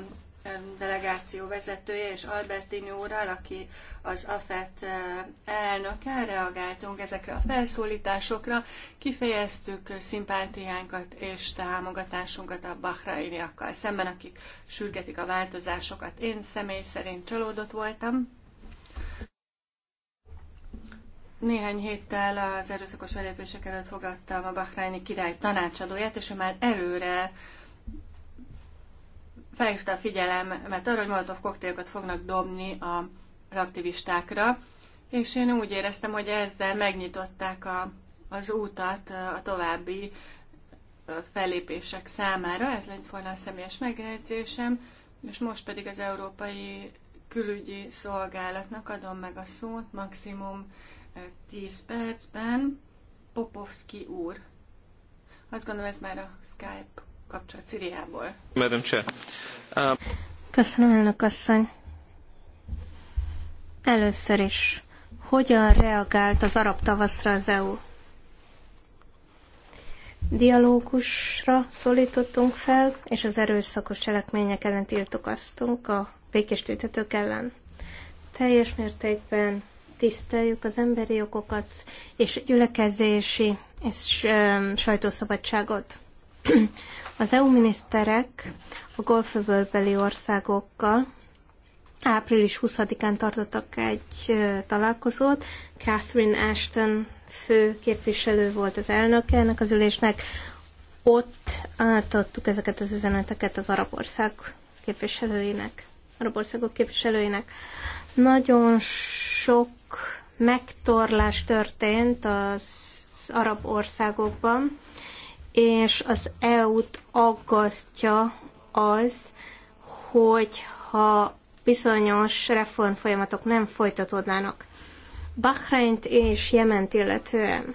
delegáció vezetője és Albertini úrral, aki az AFET eh, elnöke, reagáltunk ezekre a felszólításokra, kifejeztük szimpátiánkat és támogatásunkat a bahrainiakkal szemben, akik sürgetik a változásokat. Én személy szerint csalódott voltam. Néhány héttel az erőszakos felépések előtt fogadtam a bahraini király tanácsadóját, és ő már előre felhívta a figyelemet arra, hogy molotov koktélokat fognak dobni az aktivistákra, és én úgy éreztem, hogy ezzel megnyitották a, az útat a további fellépések számára. Ez lett volna a személyes megjegyzésem, és most pedig az Európai Külügyi Szolgálatnak adom meg a szót maximum 10 percben. Popovski úr. Azt gondolom, ez már a Skype kapcsolat Szíriából. Madam Chair. Um... Köszönöm, elnök asszony. Először is, hogyan reagált az arab tavaszra az EU? Dialógusra szólítottunk fel, és az erőszakos cselekmények ellen tiltokoztunk a békés tüntetők ellen. Teljes mértékben tiszteljük az emberi jogokat és gyülekezési és sajtószabadságot. Az EU miniszterek a golfövölbeli országokkal április 20-án tartottak egy találkozót. Catherine Ashton fő képviselő volt az elnöke ennek az ülésnek. Ott átadtuk ezeket az üzeneteket az arab ország képviselőinek, arab országok képviselőinek. Nagyon sok megtorlás történt az arab országokban, és az EU-t aggasztja az, hogy ha bizonyos reformfolyamatok nem folytatódnának. Bahreint és Jement illetően,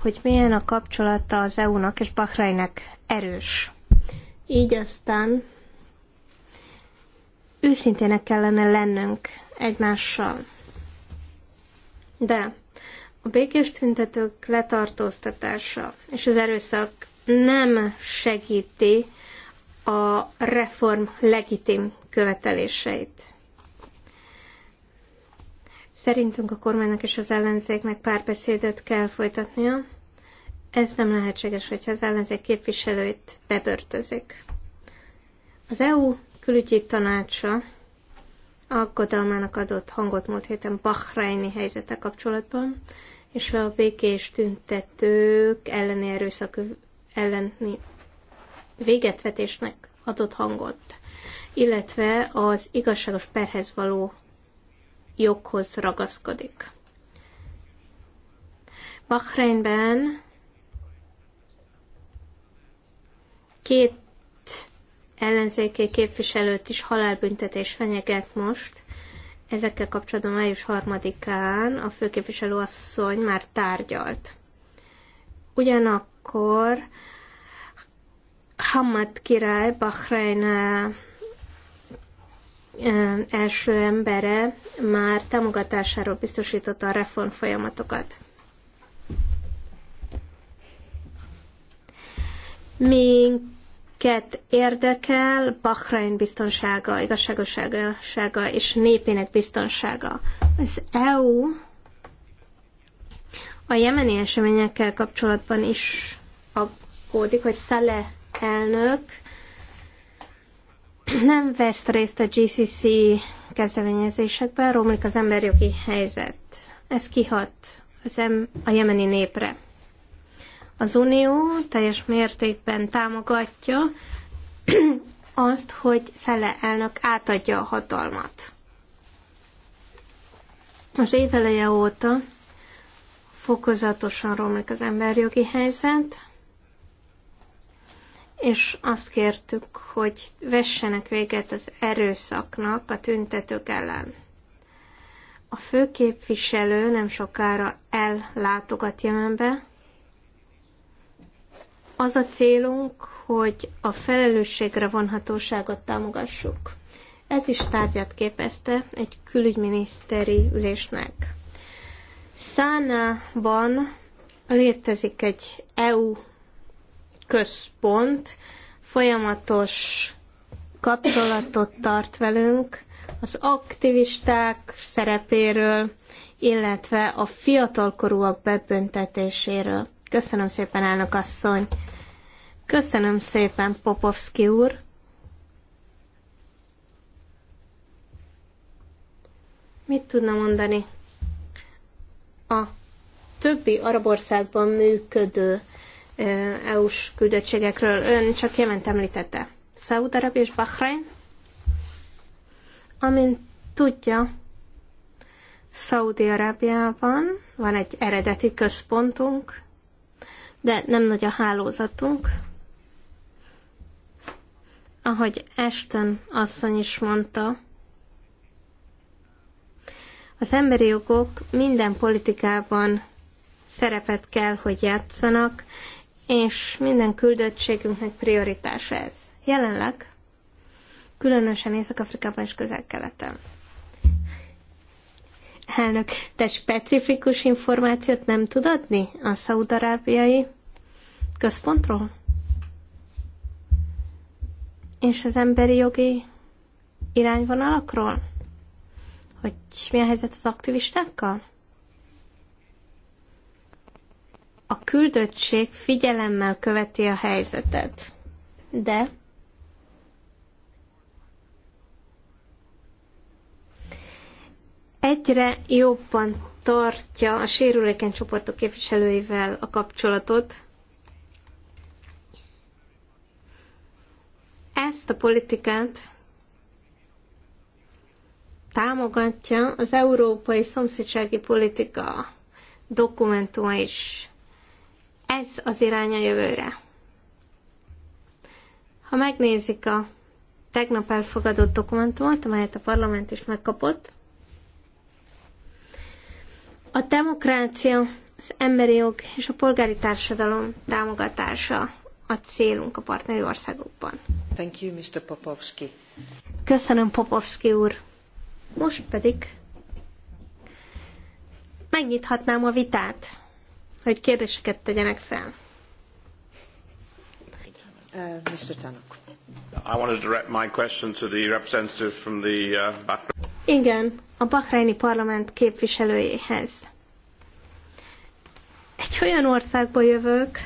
hogy milyen a kapcsolata az EU-nak és Bahreinnek erős. Így aztán őszintének kellene lennünk egymással. De a békés tüntetők letartóztatása és az erőszak nem segíti a reform legitim követeléseit. Szerintünk a kormánynak és az ellenzéknek párbeszédet kell folytatnia. Ez nem lehetséges, hogyha az ellenzék képviselőit bebörtözik. Az EU külügyi tanácsa aggodalmának adott hangot múlt héten Bahreini helyzete kapcsolatban, és a békés tüntetők elleni erőszak elleni végetvetésnek adott hangot, illetve az igazságos perhez való joghoz ragaszkodik. Bahreinben két ellenzéki képviselőt is halálbüntetés fenyeget most, Ezekkel kapcsolatban május 3-án a főképviselő asszony már tárgyalt. Ugyanakkor Hamad király, Bahrein eh, eh, első embere már támogatásáról biztosította a reform folyamatokat. Mink akiket érdekel Bahrain biztonsága, igazságosága és népének biztonsága. Az EU a jemeni eseményekkel kapcsolatban is aggódik, hogy Szale elnök nem vesz részt a GCC kezdeményezésekben, romlik az emberjogi helyzet. Ez kihat az em- a jemeni népre. Az Unió teljes mértékben támogatja azt, hogy Szele elnök átadja a hatalmat. Az éveleje óta fokozatosan romlik az emberjogi helyzet, és azt kértük, hogy vessenek véget az erőszaknak a tüntetők ellen. A főképviselő nem sokára ellátogat Jemenbe, az a célunk, hogy a felelősségre vonhatóságot támogassuk. Ez is tárgyat képezte egy külügyminiszteri ülésnek. Szánában létezik egy EU központ, folyamatos kapcsolatot tart velünk az aktivisták szerepéről, illetve a fiatalkorúak bebüntetéséről. Köszönöm szépen, elnök asszony. Köszönöm szépen, Popovski úr. Mit tudna mondani? A többi arab országban működő EU-s küldöttségekről ön csak jelent említette. Szaúd-Arab és Bahrein? Amint tudja, Szaudi-Arábiában van egy eredeti központunk, de nem nagy a hálózatunk. Ahogy Ashton asszony is mondta, az emberi jogok minden politikában szerepet kell, hogy játszanak, és minden küldöttségünknek prioritás ez. Jelenleg, különösen Észak-Afrikában és Közel-Keleten. Elnök, te specifikus információt nem tud adni a szaudarábiai központról? És az emberi jogi irányvonalakról? Hogy mi a helyzet az aktivistákkal? A küldöttség figyelemmel követi a helyzetet, de egyre jobban tartja a sérülékeny csoportok képviselőivel a kapcsolatot, Ezt a politikát támogatja az európai szomszédsági politika dokumentuma is. Ez az irány a jövőre. Ha megnézik a tegnap elfogadott dokumentumot, amelyet a parlament is megkapott, a demokrácia, az emberi jog és a polgári társadalom támogatása a célunk a partneri országokban. Thank you, Mr. Popovski. Köszönöm, Popovski úr. Most pedig megnyithatnám a vitát, hogy kérdéseket tegyenek fel. Uh, Mr. Tanok. I want to direct my question to the representative from the uh, Bahrain. Igen, a Bahraini parlament képviselőjéhez. Egy olyan országból jövök,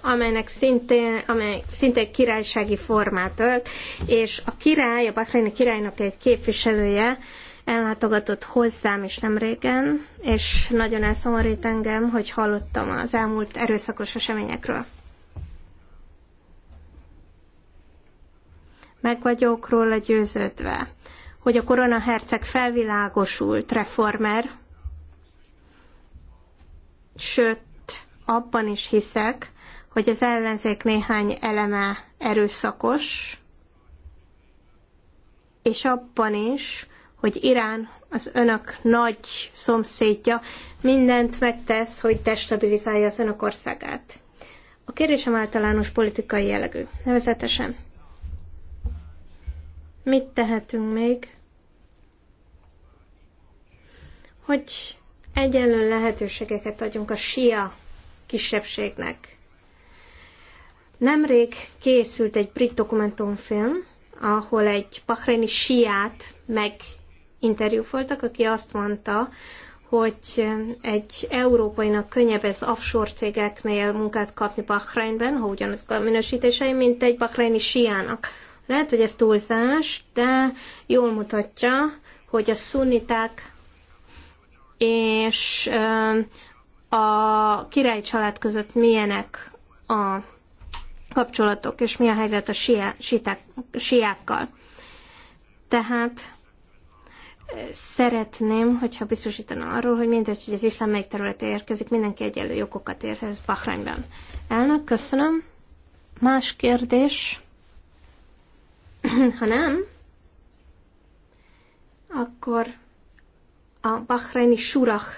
amelynek szintén, amely szintén királysági formát ölt, és a király, a Bahreini királynak egy képviselője ellátogatott hozzám is nem régen, és nagyon elszomorít engem, hogy hallottam az elmúlt erőszakos eseményekről. Meg vagyok róla győződve, hogy a korona herceg felvilágosult reformer, sőt, abban is hiszek, hogy az ellenzék néhány eleme erőszakos, és abban is, hogy Irán az önök nagy szomszédja mindent megtesz, hogy destabilizálja az önök országát. A kérdésem általános politikai jellegű, nevezetesen. Mit tehetünk még, hogy egyenlő lehetőségeket adjunk a sia kisebbségnek. Nemrég készült egy brit dokumentumfilm, ahol egy bahreini siát meginterjúfoltak, aki azt mondta, hogy egy európainak könnyebb ez offshore cégeknél munkát kapni Bahreinben, ha ugyanazok a minősítései, mint egy bahreini siának. Lehet, hogy ez túlzás, de jól mutatja, hogy a szuniták és a király család között milyenek a kapcsolatok, és mi a helyzet a siákkal. Tehát szeretném, hogyha biztosítana arról, hogy mindegy, hogy az iszlám melyik területe érkezik, mindenki egyenlő jogokat érhez Bahreinben. Elnök, köszönöm. Más kérdés? ha nem, akkor a Bahreini Surach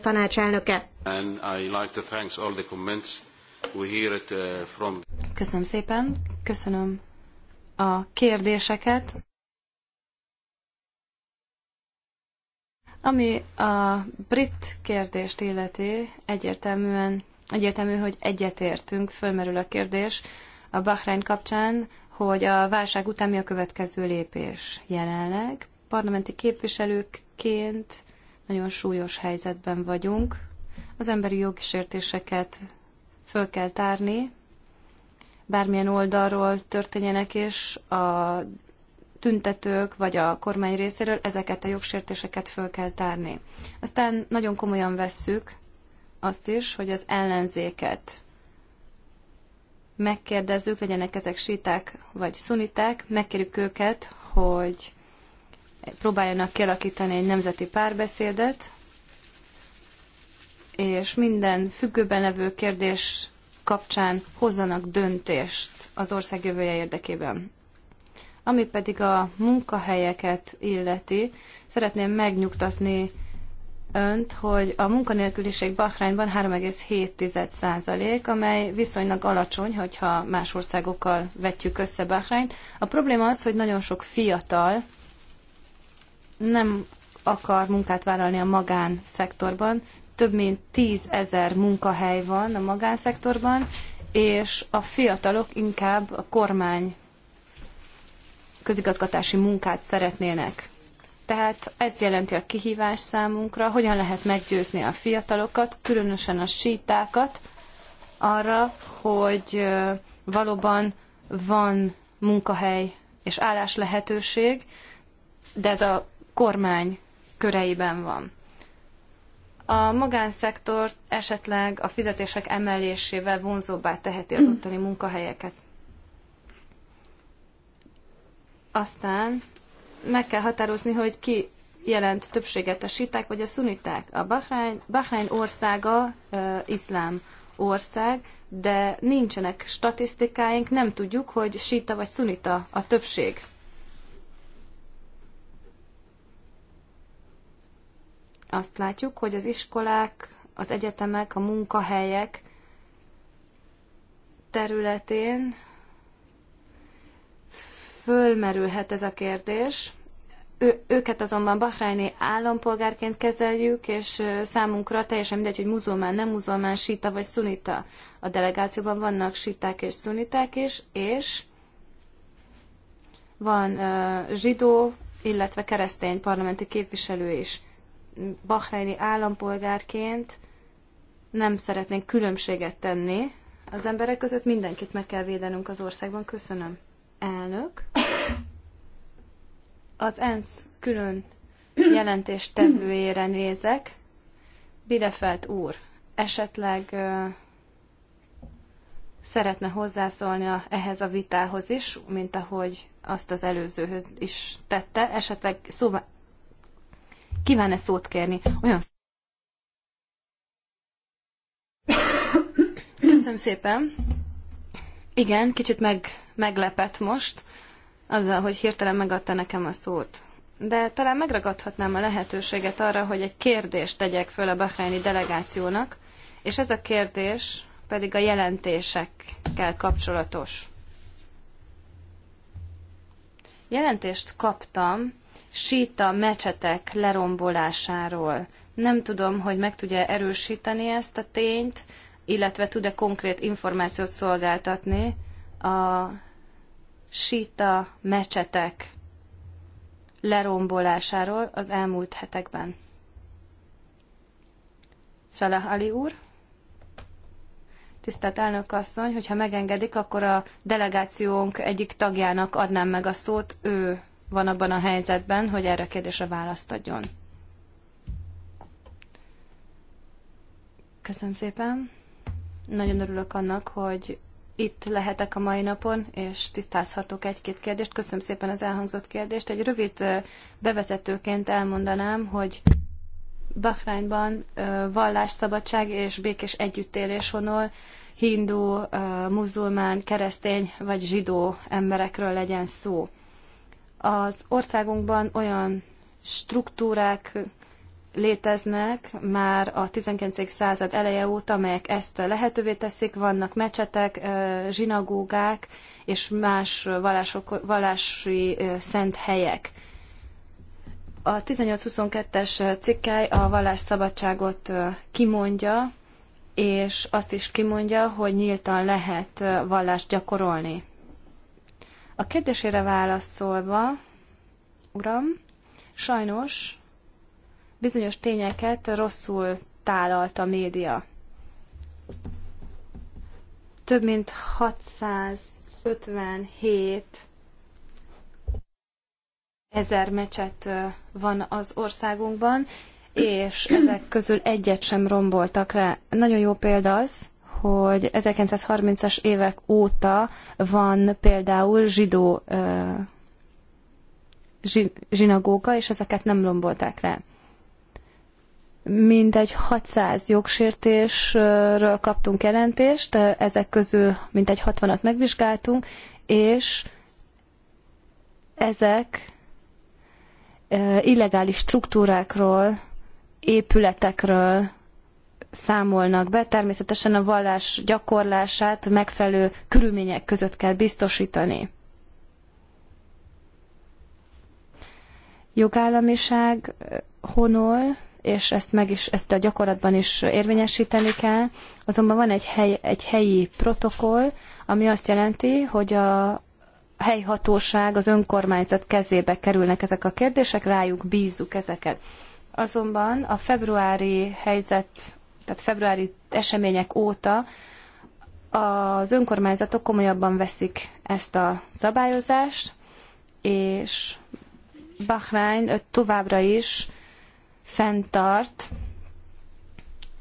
tanácselnöke And I like to thanks all the comments we hear it uh, from. Köszönöm szépen, köszönöm a kérdéseket. Ami a brit kérdést illeti, egyértelműen egyértelmű, hogy egyetértünk, fölmerül a kérdés a Bahrein kapcsán, hogy a válság után mi a következő lépés jelenleg. Parlamenti képviselőkként nagyon súlyos helyzetben vagyunk. Az emberi sértéseket föl kell tárni, bármilyen oldalról történjenek is a tüntetők vagy a kormány részéről, ezeket a jogsértéseket föl kell tárni. Aztán nagyon komolyan vesszük azt is, hogy az ellenzéket megkérdezzük, legyenek ezek síták vagy szuniták, megkérjük őket, hogy próbáljanak kialakítani egy nemzeti párbeszédet, és minden függőben levő kérdés kapcsán hozzanak döntést az ország jövője érdekében. Ami pedig a munkahelyeket illeti, szeretném megnyugtatni önt, hogy a munkanélküliség Bahrányban 3,7%, amely viszonylag alacsony, hogyha más országokkal vetjük össze Bahrányt. A probléma az, hogy nagyon sok fiatal nem akar munkát vállalni a magánszektorban, több mint 10 ezer munkahely van a magánszektorban, és a fiatalok inkább a kormány közigazgatási munkát szeretnének. Tehát ez jelenti a kihívás számunkra, hogyan lehet meggyőzni a fiatalokat, különösen a sítákat arra, hogy valóban van munkahely és álláslehetőség, de ez a kormány köreiben van a magánszektor esetleg a fizetések emelésével vonzóbbá teheti az ottani munkahelyeket. Aztán meg kell határozni, hogy ki jelent többséget a siták vagy a szuniták. A Bahrein országa e, iszlám ország, de nincsenek statisztikáink, nem tudjuk, hogy sita vagy szunita a többség. azt látjuk, hogy az iskolák, az egyetemek, a munkahelyek területén fölmerülhet ez a kérdés. Ő, őket azonban bahrajni állampolgárként kezeljük, és számunkra teljesen mindegy, hogy muzulmán, nem muzulmán, sita vagy szunita. A delegációban vannak siták és szuniták is, és van uh, zsidó, illetve keresztény parlamenti képviselő is bahreini állampolgárként nem szeretnénk különbséget tenni az emberek között. Mindenkit meg kell védenünk az országban. Köszönöm. Elnök. Az ENSZ külön tevőjére nézek. Bidefelt úr, esetleg uh, szeretne hozzászólni a, ehhez a vitához is, mint ahogy azt az előzőhöz is tette. Esetleg szóval. Kíván-e szót kérni? Olyan... Köszönöm szépen. Igen, kicsit meg, meglepett most azzal, hogy hirtelen megadta nekem a szót. De talán megragadhatnám a lehetőséget arra, hogy egy kérdést tegyek föl a bahreini delegációnak, és ez a kérdés pedig a jelentésekkel kapcsolatos. Jelentést kaptam síta mecsetek lerombolásáról. Nem tudom, hogy meg tudja erősíteni ezt a tényt, illetve tud-e konkrét információt szolgáltatni a síta mecsetek lerombolásáról az elmúlt hetekben. Salah Ali úr, tisztelt elnök asszony, hogyha megengedik, akkor a delegációnk egyik tagjának adnám meg a szót, ő van abban a helyzetben, hogy erre a kérdésre választ adjon. Köszönöm szépen. Nagyon örülök annak, hogy itt lehetek a mai napon, és tisztázhatok egy-két kérdést. Köszönöm szépen az elhangzott kérdést. Egy rövid bevezetőként elmondanám, hogy Bahrányban vallásszabadság és békés együttélés honol hindu, muzulmán, keresztény vagy zsidó emberekről legyen szó. Az országunkban olyan struktúrák léteznek már a 19. század eleje óta, amelyek ezt lehetővé teszik. Vannak mecsetek, zsinagógák és más vallások, vallási szent helyek. A 18-22-es cikkely a szabadságot kimondja, és azt is kimondja, hogy nyíltan lehet vallást gyakorolni. A kérdésére válaszolva, uram, sajnos bizonyos tényeket rosszul tálalt a média. Több mint 657 ezer mecset van az országunkban, és ezek közül egyet sem romboltak le. Nagyon jó példa az, hogy 1930-as évek óta van például zsidó zsinagóga, és ezeket nem lombolták le. Mintegy 600 jogsértésről kaptunk jelentést, ezek közül mintegy 60-at megvizsgáltunk, és ezek illegális struktúrákról, épületekről számolnak be. Természetesen a vallás gyakorlását megfelelő körülmények között kell biztosítani. Jogállamiság eh, honol, és ezt, meg is, ezt a gyakorlatban is érvényesíteni kell. Azonban van egy, hely, egy helyi protokoll, ami azt jelenti, hogy a helyhatóság, az önkormányzat kezébe kerülnek ezek a kérdések, rájuk bízzuk ezeket. Azonban a februári helyzet tehát februári események óta az önkormányzatok komolyabban veszik ezt a szabályozást, és Bahrein továbbra is fenntart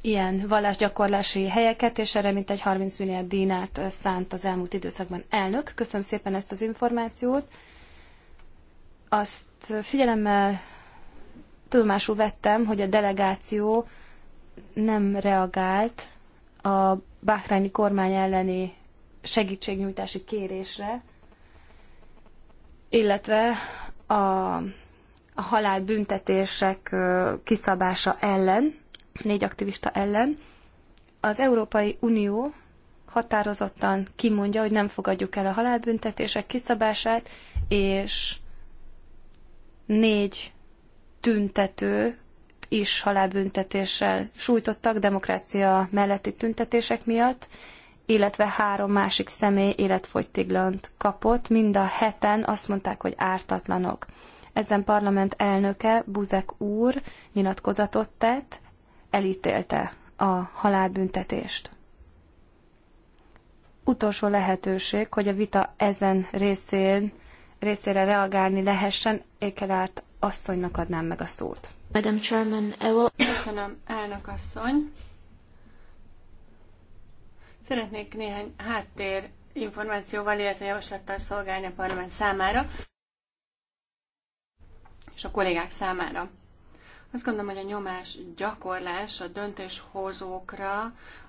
ilyen vallásgyakorlási helyeket, és erre mintegy 30 milliárd dinát szánt az elmúlt időszakban elnök. Köszönöm szépen ezt az információt. Azt figyelemmel tudomásul vettem, hogy a delegáció nem reagált a báhrányi kormány elleni segítségnyújtási kérésre, illetve a, a halálbüntetések kiszabása ellen, négy aktivista ellen. Az Európai Unió határozottan kimondja, hogy nem fogadjuk el a halálbüntetések kiszabását, és négy tüntető is halálbüntetéssel sújtottak demokrácia melletti tüntetések miatt, illetve három másik személy életfogytiglant kapott, mind a heten azt mondták, hogy ártatlanok. Ezen parlament elnöke, Buzek úr nyilatkozatot tett, elítélte a halálbüntetést. Utolsó lehetőség, hogy a vita ezen részén, részére reagálni lehessen, Ékelárt asszonynak adnám meg a szót. Madam Chairman, I will... Köszönöm, elnök asszony. Szeretnék néhány háttér információval, illetve javaslattal szolgálni a parlament számára és a kollégák számára. Azt gondolom, hogy a nyomás gyakorlás a döntéshozókra,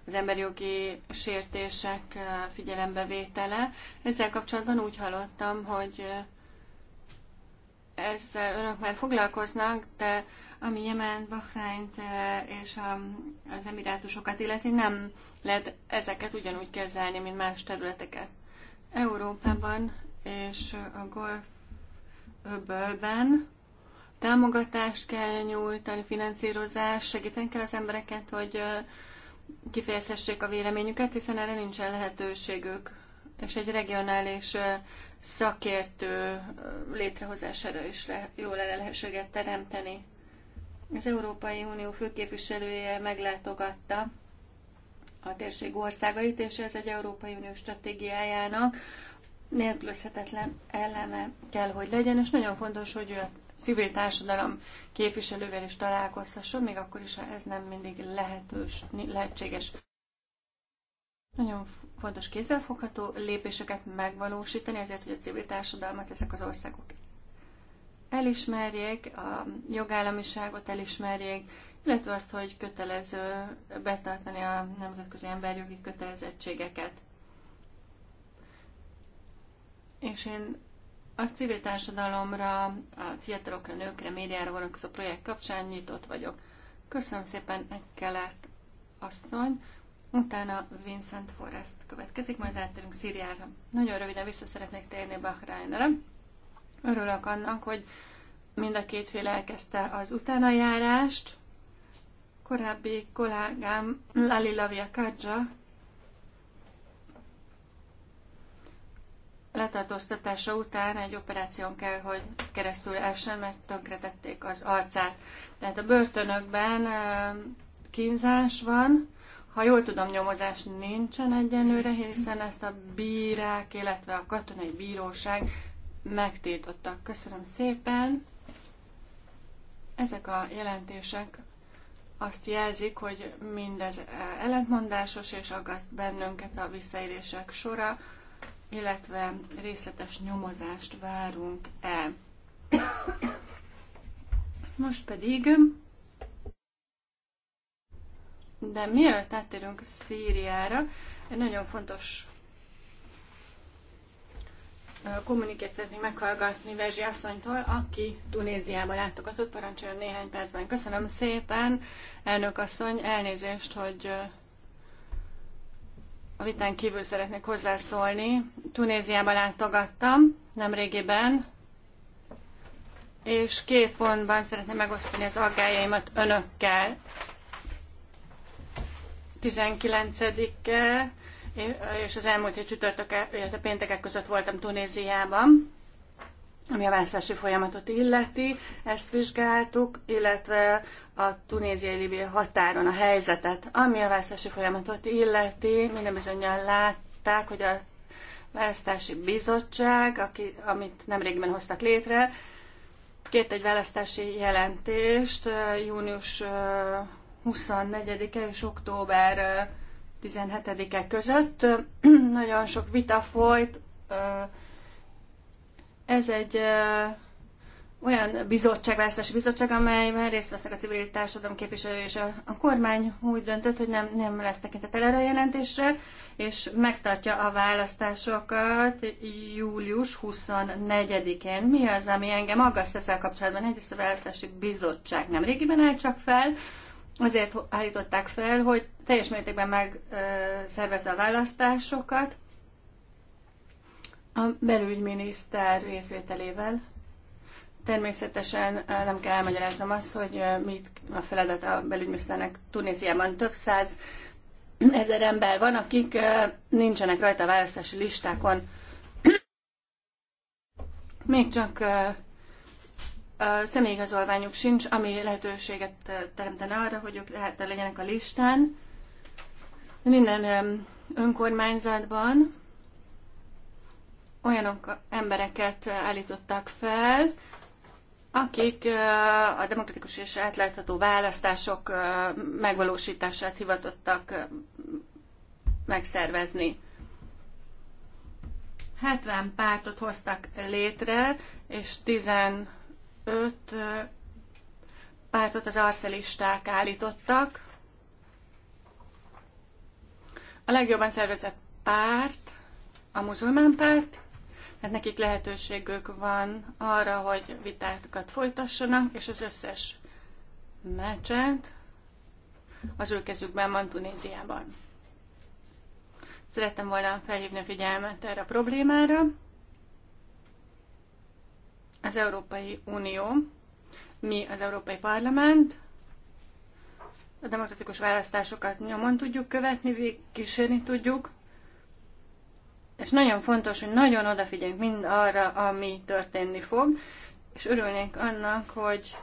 az emberi jogi sértések eh, figyelembevétele. Ezzel kapcsolatban úgy hallottam, hogy eh, ezzel önök már foglalkoznak, de ami Jemen, Bahreint eh, és az emirátusokat illeti, nem lehet ezeket ugyanúgy kezelni, mint más területeket. Európában és a golf öbölben támogatást kell nyújtani, finanszírozás, segíteni kell az embereket, hogy eh, kifejezhessék a véleményüket, hiszen erre nincsen lehetőségük és egy regionális szakértő létrehozására is le, jó lehetőséget teremteni. Az Európai Unió főképviselője meglátogatta a térség országait, és ez egy Európai Unió stratégiájának nélkülözhetetlen eleme kell, hogy legyen, és nagyon fontos, hogy ő a civil társadalom képviselővel is találkozhasson, még akkor is, ha ez nem mindig lehetős, lehetséges. Nagyon fontos kézzelfogható lépéseket megvalósítani, ezért, hogy a civil társadalmat ezek az országok elismerjék, a jogállamiságot elismerjék, illetve azt, hogy kötelező betartani a nemzetközi emberjogi kötelezettségeket. És én a civil társadalomra, a fiatalokra, nőkre, médiára vonatkozó projekt kapcsán nyitott vagyok. Köszönöm szépen, Kelet asszony. Utána Vincent Forrest következik, majd áttérünk Szíriára. Nagyon röviden vissza szeretnék térni Bahreinre. Örülök annak, hogy mind a két fél elkezdte az utánajárást. Korábbi kollégám Lali Lavia Kadja letartóztatása után egy operáción kell, hogy keresztül essen, mert tönkretették az arcát. Tehát a börtönökben kínzás van, ha jól tudom, nyomozás nincsen egyenlőre, hiszen ezt a bírák, illetve a katonai bíróság megtiltottak. Köszönöm szépen! Ezek a jelentések azt jelzik, hogy mindez ellentmondásos és aggaszt bennünket a visszaérések sora, illetve részletes nyomozást várunk el. Most pedig de mielőtt áttérünk Szíriára, egy nagyon fontos kommunikét szeretnék meghallgatni Vezsi asszonytól, aki Tunéziába látogatott, parancsoljon néhány percben. Köszönöm szépen, elnök asszony, elnézést, hogy a vitán kívül szeretnék hozzászólni. Tunéziába látogattam nemrégiben, és két pontban szeretném megosztani az aggájaimat önökkel. 19-e és az elmúlt hét csütörtök, illetve péntekek között voltam Tunéziában, ami a választási folyamatot illeti, ezt vizsgáltuk, illetve a tunéziai libia határon a helyzetet, ami a választási folyamatot illeti, minden bizonyal látták, hogy a választási bizottság, aki, amit nemrégiben hoztak létre, kért egy választási jelentést június 24-e és október 17-e között. Nagyon sok vita folyt. Ez egy olyan bizottság, választási bizottság, amelyben részt vesznek a civil társadalom képviselői, és a, a kormány úgy döntött, hogy nem, nem lesz tekintetel erre a jelentésre, és megtartja a választásokat július 24-én. Mi az, ami engem aggaszt ezzel kapcsolatban? Egyrészt a választási bizottság nem régiben áll csak fel, azért állították fel, hogy teljes mértékben megszervezze a választásokat a belügyminiszter részvételével. Természetesen eh, nem kell elmagyaráznom azt, hogy eh, mit a feladat a belügyminiszternek Tunéziában több száz ezer ember van, akik eh, nincsenek rajta a választási listákon. Még csak a személyigazolványuk sincs, ami lehetőséget teremtene arra, hogy ők lehet legyenek a listán. Minden önkormányzatban olyanok embereket állítottak fel, akik a demokratikus és átlátható választások megvalósítását hivatottak megszervezni. 70 pártot hoztak létre, és 10 öt pártot az arszelisták állítottak. A legjobban szervezett párt a muzulmán párt, mert nekik lehetőségük van arra, hogy vitákat folytassanak, és az összes meccset az ő kezükben van Tunéziában. Szerettem volna felhívni a figyelmet erre a problémára az Európai Unió, mi az Európai Parlament, a demokratikus választásokat nyomon tudjuk követni, kísérni tudjuk, és nagyon fontos, hogy nagyon odafigyeljünk mind arra, ami történni fog, és örülnénk annak, hogy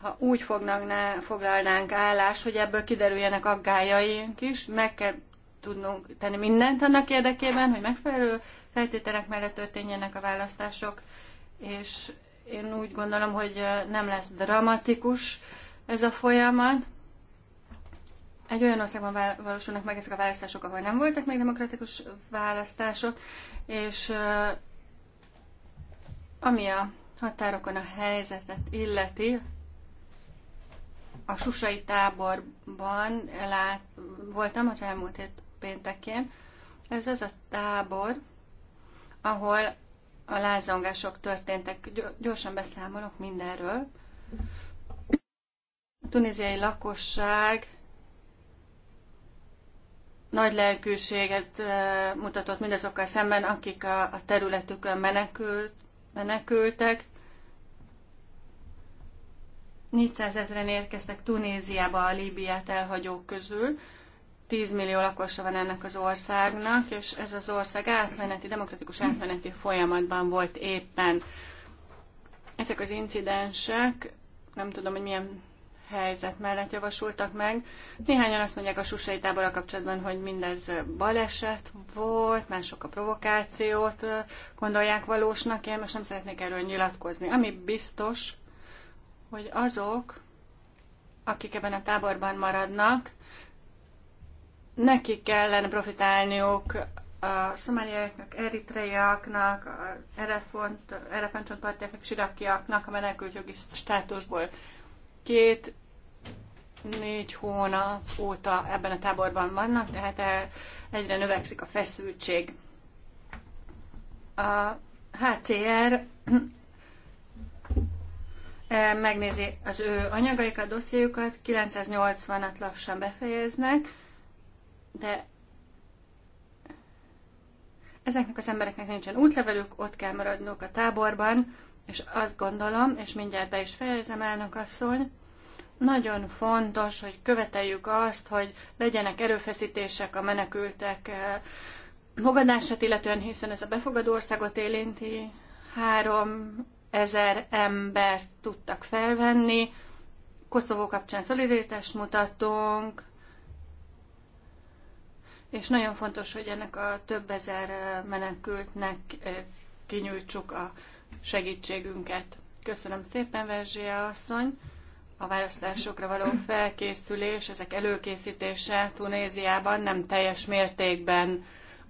ha úgy fognak ne, foglalnánk állást, hogy ebből kiderüljenek aggájaink is, meg kell tudnunk tenni mindent annak érdekében, hogy megfelelő feltételek mellett történjenek a választások, és én úgy gondolom, hogy nem lesz dramatikus ez a folyamat. Egy olyan országban valósulnak meg ezek a választások, ahol nem voltak még demokratikus választások, és ami a határokon a helyzetet illeti, a susai táborban lát, voltam az elmúlt hét péntekén. Ez az a tábor, ahol a lázongások történtek. Gyorsan beszámolok mindenről. A tunéziai lakosság nagy lelkűséget mutatott mindazokkal szemben, akik a, területükön menekült, menekültek. 400 ezeren érkeztek Tunéziába a Líbiát elhagyók közül, 10 millió lakosa van ennek az országnak, és ez az ország átmeneti, demokratikus átmeneti folyamatban volt éppen. Ezek az incidensek, nem tudom, hogy milyen helyzet mellett javasultak meg. Néhányan azt mondják a susai táborral kapcsolatban, hogy mindez baleset volt, mások a provokációt gondolják valósnak. Én most nem szeretnék erről nyilatkozni. Ami biztos, hogy azok, akik ebben a táborban maradnak, nekik kellene profitálniuk a szomáliaiaknak, eritreiaknak, elefántcsontpartiaknak, sirakiaknak a jogi státusból. Két négy hónap óta ebben a táborban vannak, tehát e- egyre növekszik a feszültség. A HCR e megnézi az ő anyagaikat, dossziukat, 980-at lassan befejeznek, de ezeknek az embereknek nincsen útlevelük, ott kell maradnunk a táborban, és azt gondolom, és mindjárt be is fejezem, elnök asszony, nagyon fontos, hogy követeljük azt, hogy legyenek erőfeszítések a menekültek eh, fogadását illetően, hiszen ez a befogadó országot érinti. Három ezer embert tudtak felvenni. Koszovó kapcsán szolidaritást mutatunk és nagyon fontos, hogy ennek a több ezer menekültnek eh, kinyújtsuk a segítségünket. Köszönöm szépen, Verzsia asszony! A választásokra való felkészülés, ezek előkészítése Tunéziában nem teljes mértékben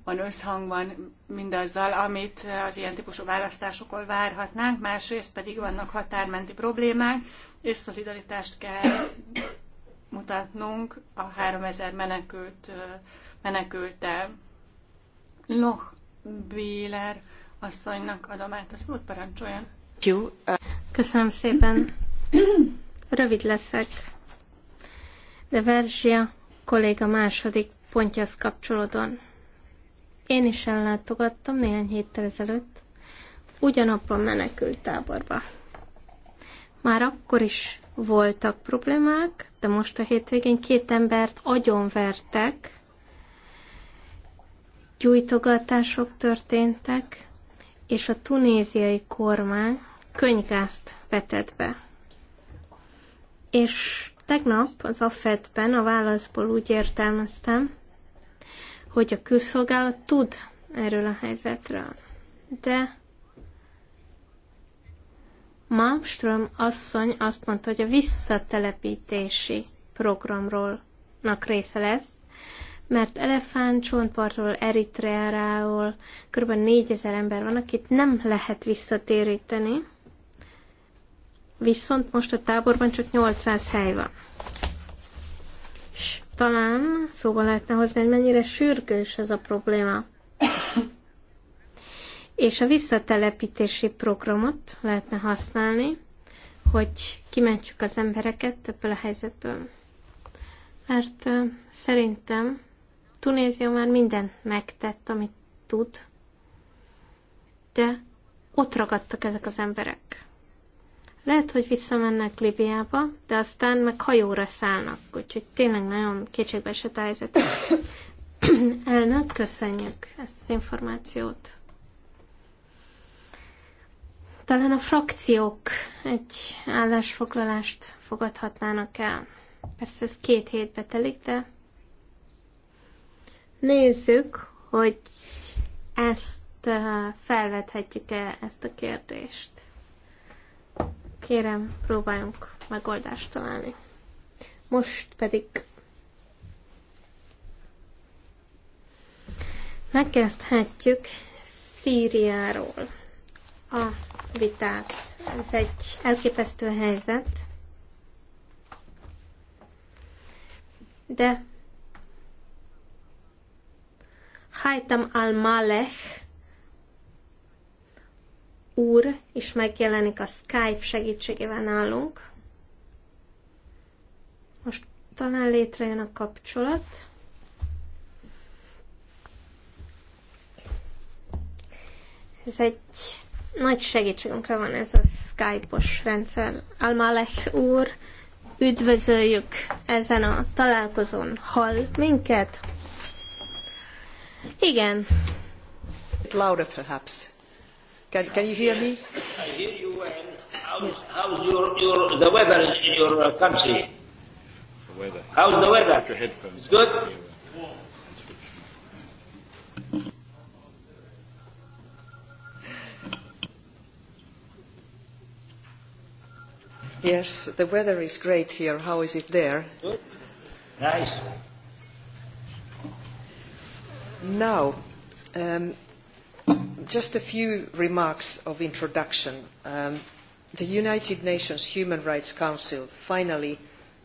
van összhangban mindazzal, amit az ilyen típusú választásokon várhatnánk, másrészt pedig vannak határmenti problémák, és szolidaritást kell mutatnunk a 3000 menekült eh, menekült el. Loch Béler asszonynak adom át a szót, parancsoljon. Köszönöm szépen. Rövid leszek. De Verzsia kolléga második pontjához kapcsolódóan. Én is ellátogattam néhány héttel ezelőtt, ugyanabban menekült táborba. Már akkor is voltak problémák, de most a hétvégén két embert agyonvertek, gyújtogatások történtek, és a tunéziai kormány könyvgázt vetett be. És tegnap az AFED-ben a válaszból úgy értelmeztem, hogy a külszolgálat tud erről a helyzetről. De Malmström asszony azt mondta, hogy a visszatelepítési programról része lesz, mert csontpartról, Eritreáról kb. 4000 ember van, akit nem lehet visszatéríteni, viszont most a táborban csak 800 hely van. S talán szóval lehetne hozni, hogy mennyire sürgős ez a probléma. És a visszatelepítési programot lehetne használni, hogy kimentsük az embereket ebből a helyzetből. Mert uh, szerintem Tunézia már mindent megtett, amit tud, de ott ragadtak ezek az emberek. Lehet, hogy visszamennek Libiába, de aztán meg hajóra szállnak, úgyhogy tényleg nagyon kétségbe esett a helyzet. Elnök, köszönjük ezt az információt. Talán a frakciók egy állásfoglalást fogadhatnának el. Persze ez két hétbe telik, de Nézzük, hogy ezt uh, felvethetjük-e ezt a kérdést. Kérem, próbáljunk megoldást találni. Most pedig megkezdhetjük Szíriáról a vitát. Ez egy elképesztő helyzet, de Haitam al Malech úr is megjelenik a Skype segítségével nálunk. Most talán létrejön a kapcsolat. Ez egy nagy segítségünkre van ez a Skype-os rendszer. Almalech úr, üdvözöljük ezen a találkozón. Hall minket? Igen. It's louder perhaps. Can, can you hear me? I hear you and how's, how's your, your, the weather in your uh, country? The weather. How's the weather? Put your headphones Good? Yes, the weather is great here. How is it there? Good. Nice. Now, um, just a few remarks of introduction. Um, the United Nations Human Rights Council finally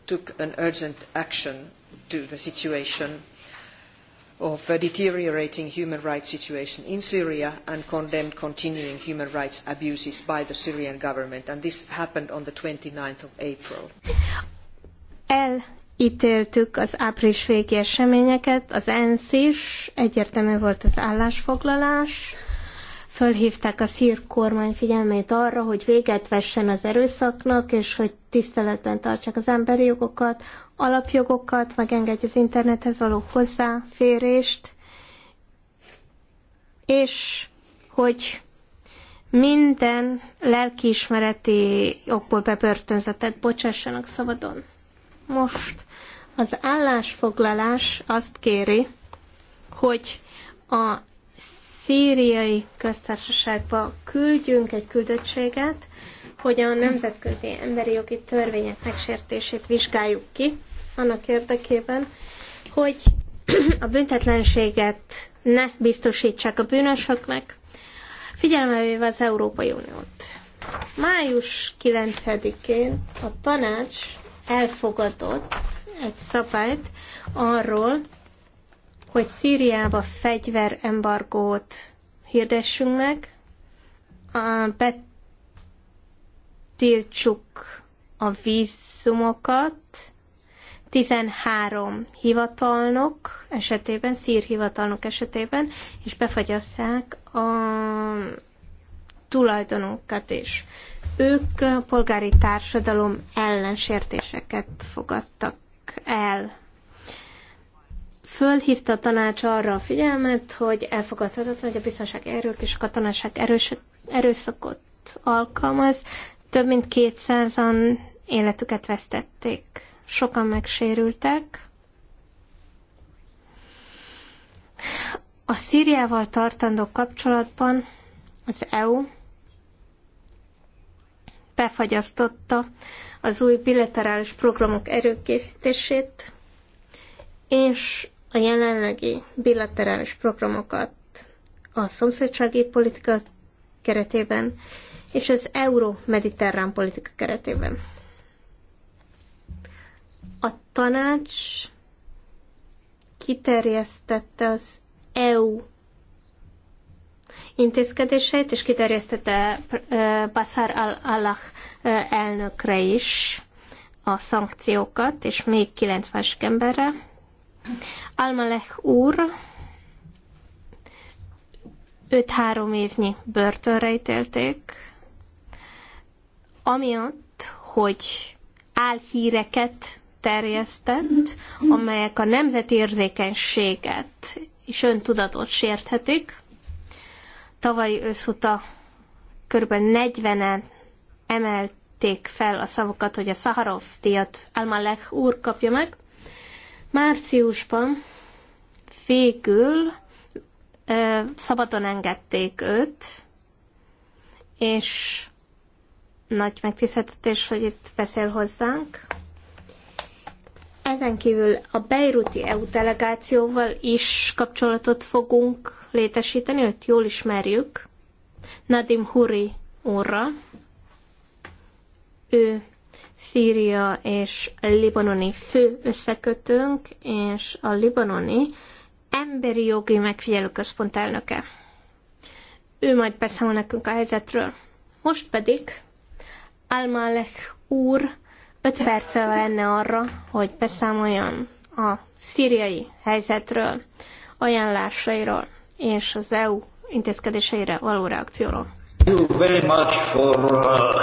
took an urgent action to the situation of a deteriorating human rights situation in Syria and condemned continuing human rights abuses by the Syrian government. And this happened on the 29th of April. El ítéltük az április végi eseményeket, az ENSZ is, egyértelmű volt az állásfoglalás, fölhívták a szír kormány figyelmét arra, hogy véget vessen az erőszaknak, és hogy tiszteletben tartsák az emberi jogokat, alapjogokat, megengedje az internethez való hozzáférést, és hogy minden lelkiismereti okból bebörtönzetet bocsássanak szabadon. Most az állásfoglalás azt kéri, hogy a szíriai köztársaságba küldjünk egy küldöttséget, hogy a nemzetközi emberi jogi törvények megsértését vizsgáljuk ki, annak érdekében, hogy a büntetlenséget ne biztosítsák a bűnösöknek, figyelembe véve az Európai Uniót. Május 9-én a tanács elfogadott egy szabályt arról, hogy Szíriába fegyverembargót hirdessünk meg, betiltsuk a vízumokat, 13 hivatalnok esetében, szír hivatalnok esetében, és befagyasszák a tulajdonunkat is. Ők polgári társadalom ellensértéseket fogadtak el. Fölhívta a tanács arra a figyelmet, hogy elfogadhatatlan, hogy a biztonság erők és a katonaság erős, erőszakot alkalmaz. Több mint 200-an életüket vesztették. Sokan megsérültek. A Szíriával tartandó kapcsolatban az EU befagyasztotta az új bilaterális programok erőkészítését, és a jelenlegi bilaterális programokat a szomszédsági politika keretében és az euró-mediterrán politika keretében. A tanács kiterjesztette az EU intézkedéseit, és kiterjesztette eh, Bashar al-Allah eh, elnökre is a szankciókat, és még 90 emberre. Almalech úr 5-3 évnyi börtönre ítélték, amiatt, hogy álhíreket terjesztett, amelyek a nemzeti érzékenységet és öntudatot sérthetik, tavalyi őszuta kb. 40-en emelték fel a szavukat, hogy a Szaharov díjat Almalek úr kapja meg. Márciusban végül ö, szabadon engedték őt, és nagy megtiszteltetés, hogy itt beszél hozzánk. Ezen kívül a Beiruti EU delegációval is kapcsolatot fogunk létesíteni, őt jól ismerjük, Nadim Huri úrra. Ő Szíria és libanoni fő összekötőnk, és a libanoni emberi jogi megfigyelő központ elnöke. Ő majd beszámol nekünk a helyzetről. Most pedig Almalek úr 5 perccel lenne arra, hogy beszámoljon a szíriai helyzetről, ajánlásairól és az EU intézkedéseire való reakcióról. Thank you very much for uh,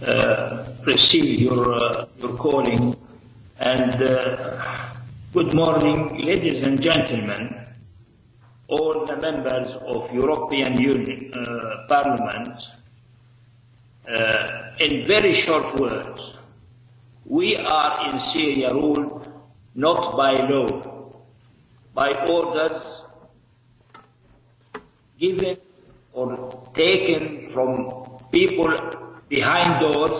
uh, receive your, uh, your calling and uh, good morning, ladies and gentlemen, all the members of European Union uh, Parliament. Uh, in very short words, we are in Syria ruled not by law, by orders given or taken from people behind doors.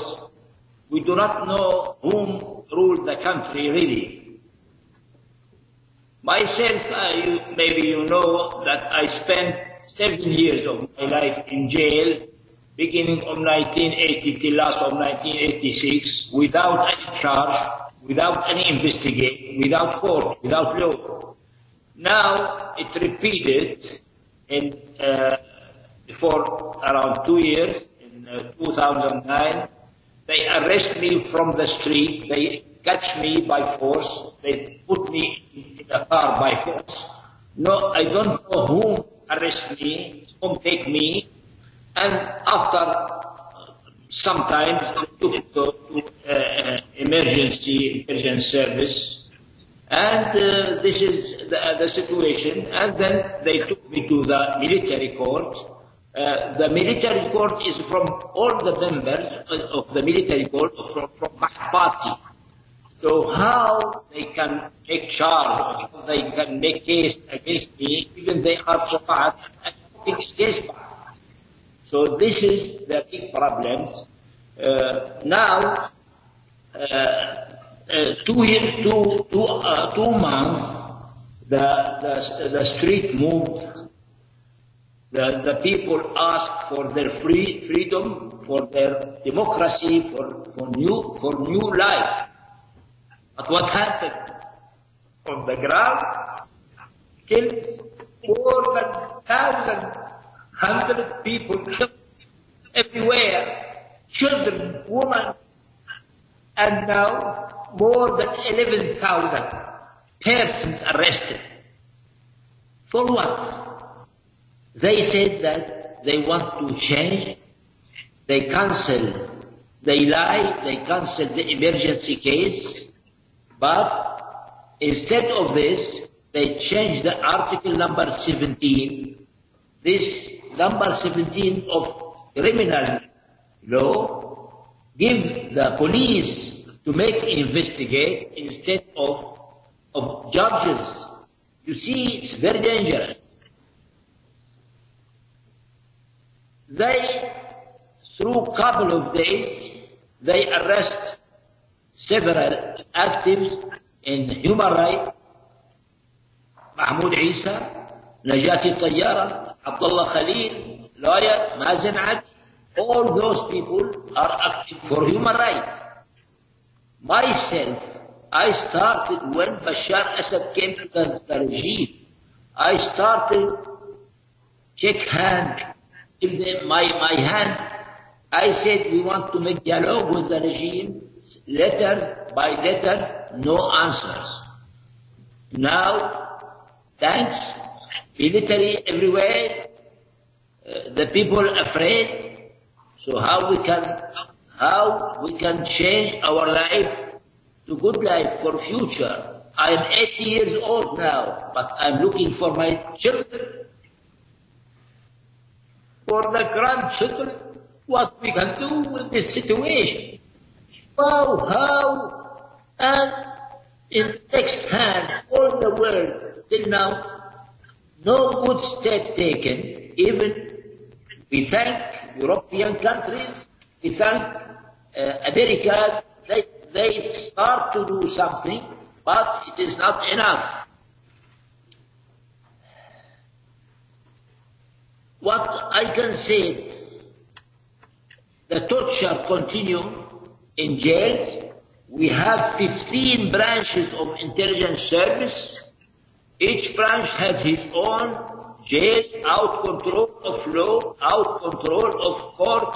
We do not know whom ruled the country really. Myself, I, maybe you know that I spent seven years of my life in jail, beginning of 1980 till last of 1986, without any charge, without any investigation, without court, without law. Now it repeated in uh, for around two years, in uh, 2009, they arrest me from the street, they catch me by force, they put me in the car by force. No, I don't know who arrest me, who take me, and after uh, sometimes took to, to uh, emergency intelligence service, And uh, this is the, uh, the situation. And then they took me to the military court. Uh, the military court is from all the members of the military court from, from my party. So how they can take charge, how they can make case against me, even they are so bad and against me. So this is the big problems. Uh, now, uh, Eh, two years, two, two, uh, two months, the, the, the street moved. The, the people asked for their free freedom, for their democracy, for, for new, for new life. But what happened? On the ground, killed more than thousand, hundred people killed everywhere. Children, women, and now more than 11,000 persons arrested. For what? They said that they want to change, they cancel, they lie, they cancel the emergency case, but instead of this, they changed the article number 17, this number 17 of criminal law give the police to make investigate instead of, of judges. You see, it's very dangerous. They, through couple of days, they arrest several actives in human rights, Mahmoud Isa, Najati Tayyara, Abdullah Khalil, lawyer, Mazen مازن all those people are active for human rights. Myself, I started when Bashar Assad came to the, the regime. I started check hand, give them my, my hand. I said we want to make dialogue with the regime, letter by letter, no answers. Now, thanks, military everywhere, uh, the people afraid, So how we can how we can change our life to good life for future. I am 80 years old now, but I'm looking for my children, for the grandchildren, what we can do with this situation. How, how, and in next hand, all the world, till now, no good step taken, even we thank European countries, in some uh, America, they, they start to do something, but it is not enough. What I can say, the torture continue in jails. We have 15 branches of intelligence service. Each branch has his own Jail, out control of law, out control of court,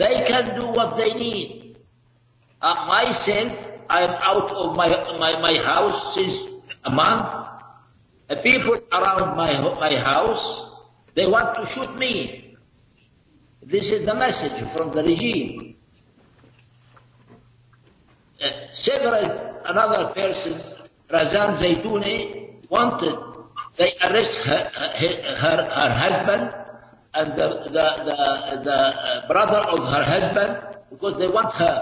They can do what they need. Uh, myself, I'm out of my, my, my house since a month. The people around my, my house, they want to shoot me. This is the message from the regime. Uh, several, another person, Razan Zaytouni, wanted They arrest her, her, her husband and the, the, the, the uh, brother of her husband because they want her.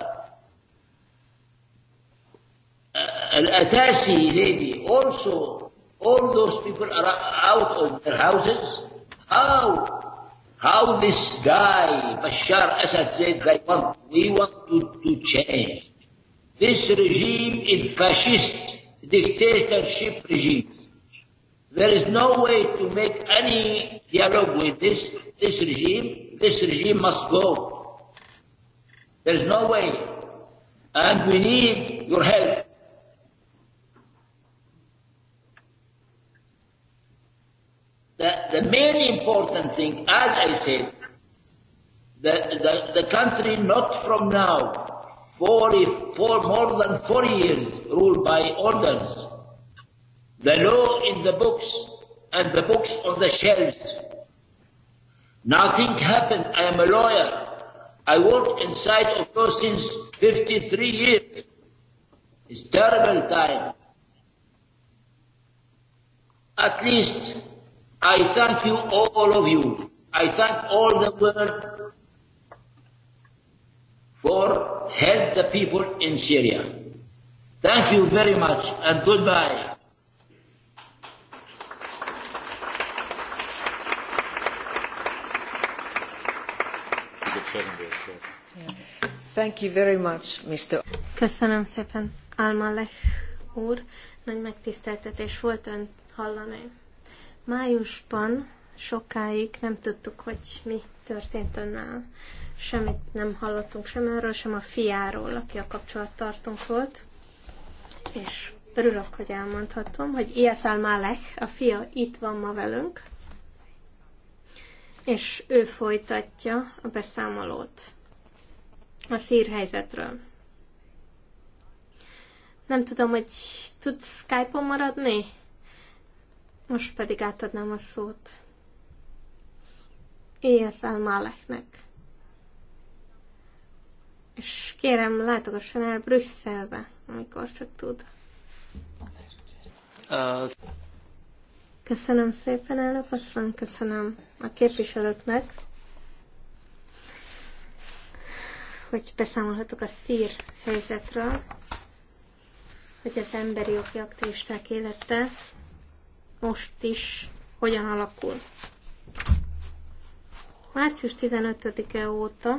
Uh, Al-Atasi lady also, all those people are out of their houses. How? How this guy, Bashar Assad said, they want, we want to, to change. This regime is fascist dictatorship regime. There is no way to make any dialogue with this, this regime. This regime must go. There is no way. And we need your help. The, the main important thing, as I said, the, the, the country not from now, 40, for more than four years ruled by orders the law in the books and the books on the shelves. Nothing happened. I am a lawyer. I worked inside of those since 53 years. It's terrible time. At least I thank you, all of you. I thank all the world for help the people in Syria. Thank you very much and goodbye. Thank you very much, Mr. Köszönöm szépen, Almalech úr. Nagy megtiszteltetés volt ön hallani. Májusban sokáig nem tudtuk, hogy mi történt önnel. Semmit nem hallottunk sem erről, sem a fiáról, aki a kapcsolattartónk volt. És örülök, hogy elmondhatom, hogy Ilyes Almalech, a fia itt van ma velünk és ő folytatja a beszámolót a szírhelyzetről. Nem tudom, hogy tudsz Skype-on maradni? Most pedig átadnám a szót. Éjjelsz el Máleknek. És kérem, látogasson el Brüsszelbe, amikor csak tud. Uh, Köszönöm szépen, elnök asszony, köszönöm a képviselőknek, hogy beszámolhatok a szír helyzetről, hogy az emberi jogi aktivisták élete most is hogyan alakul. Március 15-e óta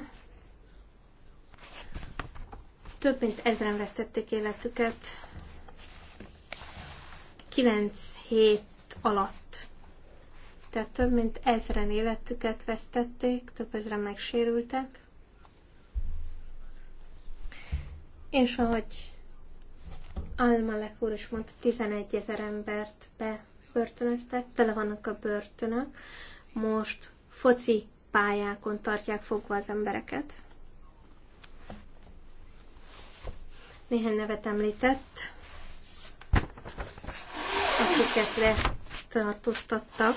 több mint ezeren vesztették életüket. 9 hét alatt. Tehát több mint ezren életüket vesztették, több ezren megsérültek. És ahogy Almalek úr is mondta, 11 ezer embert bebörtönöztek, tele vannak a börtönök. Most foci pályákon tartják fogva az embereket. Néhány nevet említett, akiket le tartóztattak.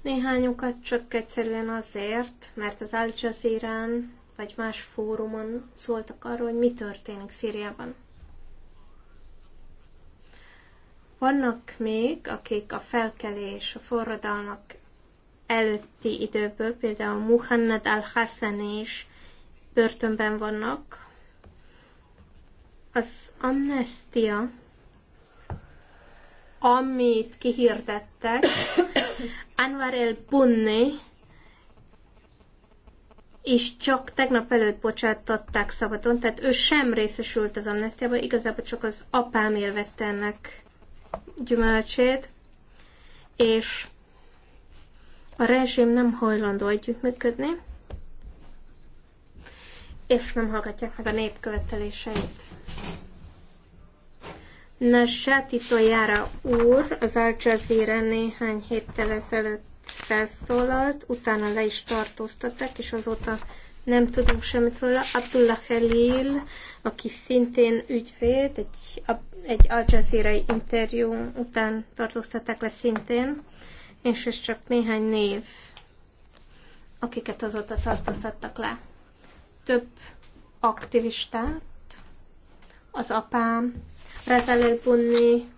Néhányukat csak egyszerűen azért, mert az Al jazeera vagy más fórumon szóltak arról, hogy mi történik Szíriában. Vannak még, akik a felkelés, a forradalmak előtti időből, például Muhannad al-Hassan is börtönben vannak. Az amnestia amit kihirdettek, Anwar el Bunni, és csak tegnap előtt bocsátották szabadon, tehát ő sem részesült az amnestiába, igazából csak az apám élvezte ennek gyümölcsét, és a rezsim nem hajlandó együttműködni, és nem hallgatják meg a népköveteléseit. Na, Sáti Tojára úr az Al Jazeera néhány héttel ezelőtt felszólalt, utána le is tartóztatták, és azóta nem tudunk semmit róla. Abdullah Khalil, aki szintén ügyvéd, egy, egy Al jazeera interjú után tartóztatták le szintén, és ez csak néhány név, akiket azóta tartóztattak le. Több aktivistát, az apám, Rezel el Bunni,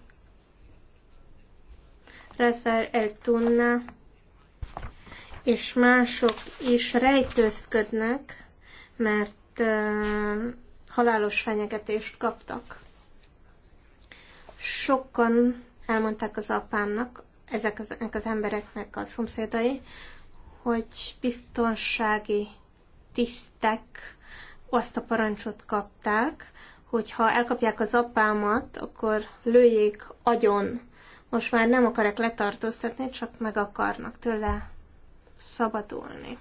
Rezel el Tunna, és mások is rejtőzködnek, mert uh, halálos fenyegetést kaptak. Sokan elmondták az apámnak, ezek az, ezek az embereknek a szomszédai, hogy biztonsági tisztek azt a parancsot kapták, hogyha elkapják az apámat, akkor lőjék agyon. Most már nem akarok letartóztatni, csak meg akarnak tőle szabadulni.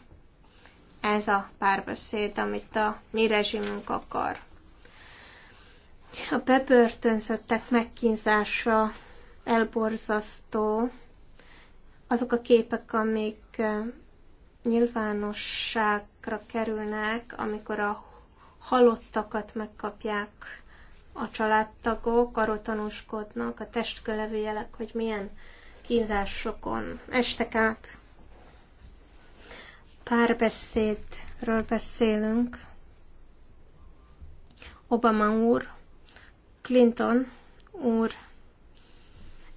Ez a párbeszéd, amit a mi rezsimünk akar. A bebörtönzöttek megkínzása elborzasztó. Azok a képek, amik eh, nyilvánosságra kerülnek, amikor a halottakat megkapják a családtagok, arról tanúskodnak a testkölevő jelek, hogy milyen kínzásokon estek át. Párbeszédről beszélünk. Obama úr, Clinton úr,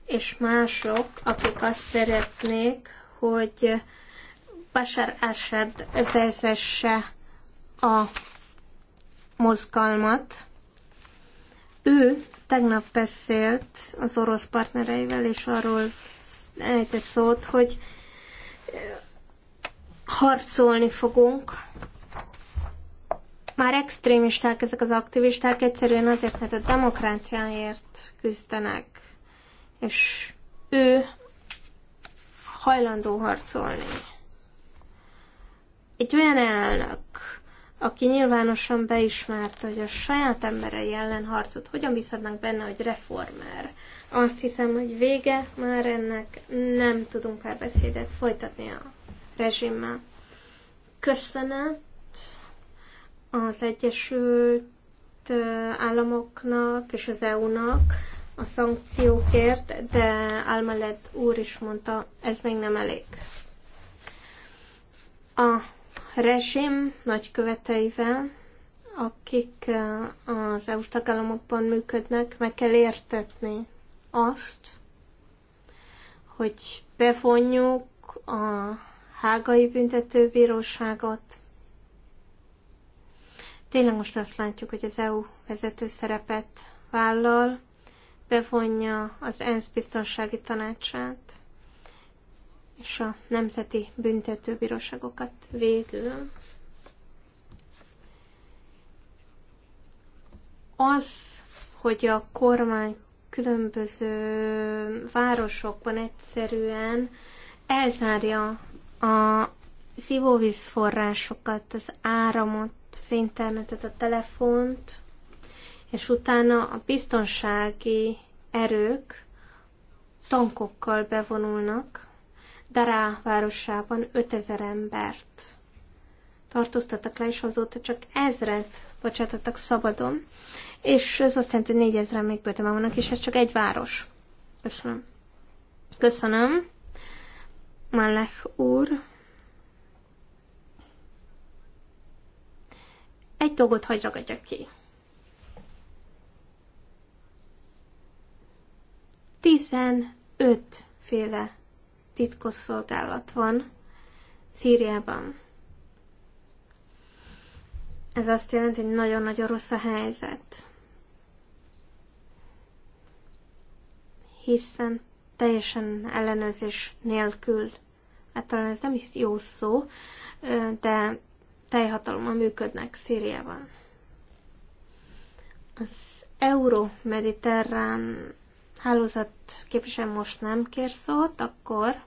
és mások, akik azt szeretnék, hogy Bashar Assad vezesse a mozgalmat. Ő tegnap beszélt az orosz partnereivel, és arról ejtett szót, hogy eh, harcolni fogunk. Már extrémisták ezek az aktivisták egyszerűen azért, mert a demokráciáért küzdenek, és ő hajlandó harcolni. Egy olyan elnök, aki nyilvánosan beismerte, hogy a saját emberei ellen harcot, hogyan bízhatnánk benne, hogy reformer. Azt hiszem, hogy vége már ennek nem tudunk párbeszédet folytatni a rezsimmel. Köszönet az Egyesült Államoknak és az EU-nak a szankciókért, de Almalet úr is mondta, ez még nem elég. A rezsim nagyköveteivel, akik eh, az EU-s tagállamokban működnek, meg kell értetni azt, hogy bevonjuk a hágai büntetőbíróságot. Tényleg most azt látjuk, hogy az EU vezető szerepet vállal, bevonja az ENSZ biztonsági tanácsát, és a nemzeti büntetőbíróságokat végül. Az, hogy a kormány különböző városokban egyszerűen elzárja a szivóvíz forrásokat, az áramot, az internetet, a telefont, és utána a biztonsági erők tankokkal bevonulnak, Dará városában 5000 embert tartóztattak le, és azóta csak ezret bocsátottak szabadon. És ez azt jelenti, hogy 4000 még börtönben vannak, és ez csak egy város. Köszönöm. Köszönöm. Malek úr. Egy dolgot hagy ragadjak ki. Tizenöt féle szolgálat van Szíriában. Ez azt jelenti, hogy nagyon-nagyon rossz a helyzet. Hiszen teljesen ellenőrzés nélkül, hát talán ez nem is jó szó, de teljhatalommal működnek Szíriában. Az euró-mediterrán hálózat képviselő most nem kér szót, akkor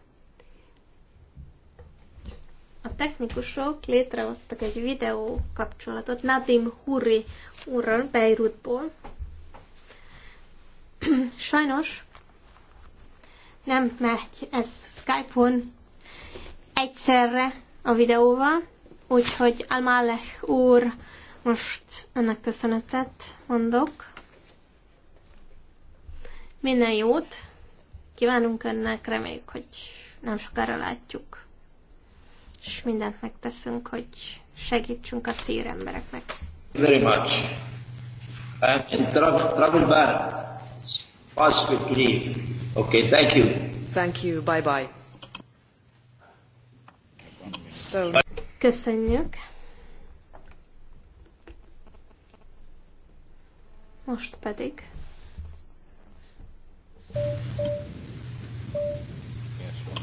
a technikusok létrehoztak egy videó kapcsolatot Nadim Huri úrral Beirutból. Sajnos nem megy ez Skype-on egyszerre a videóval, úgyhogy Almálech úr most ennek köszönetet mondok. Minden jót! Kívánunk önnek, reméljük, hogy nem sokára látjuk. És mindent megteszünk, hogy segítsünk a szír embereknek. Very much. I'm in trouble, trouble bar. Pass leave. Okay, thank you. Thank you, bye bye. So... Köszönjük. Most pedig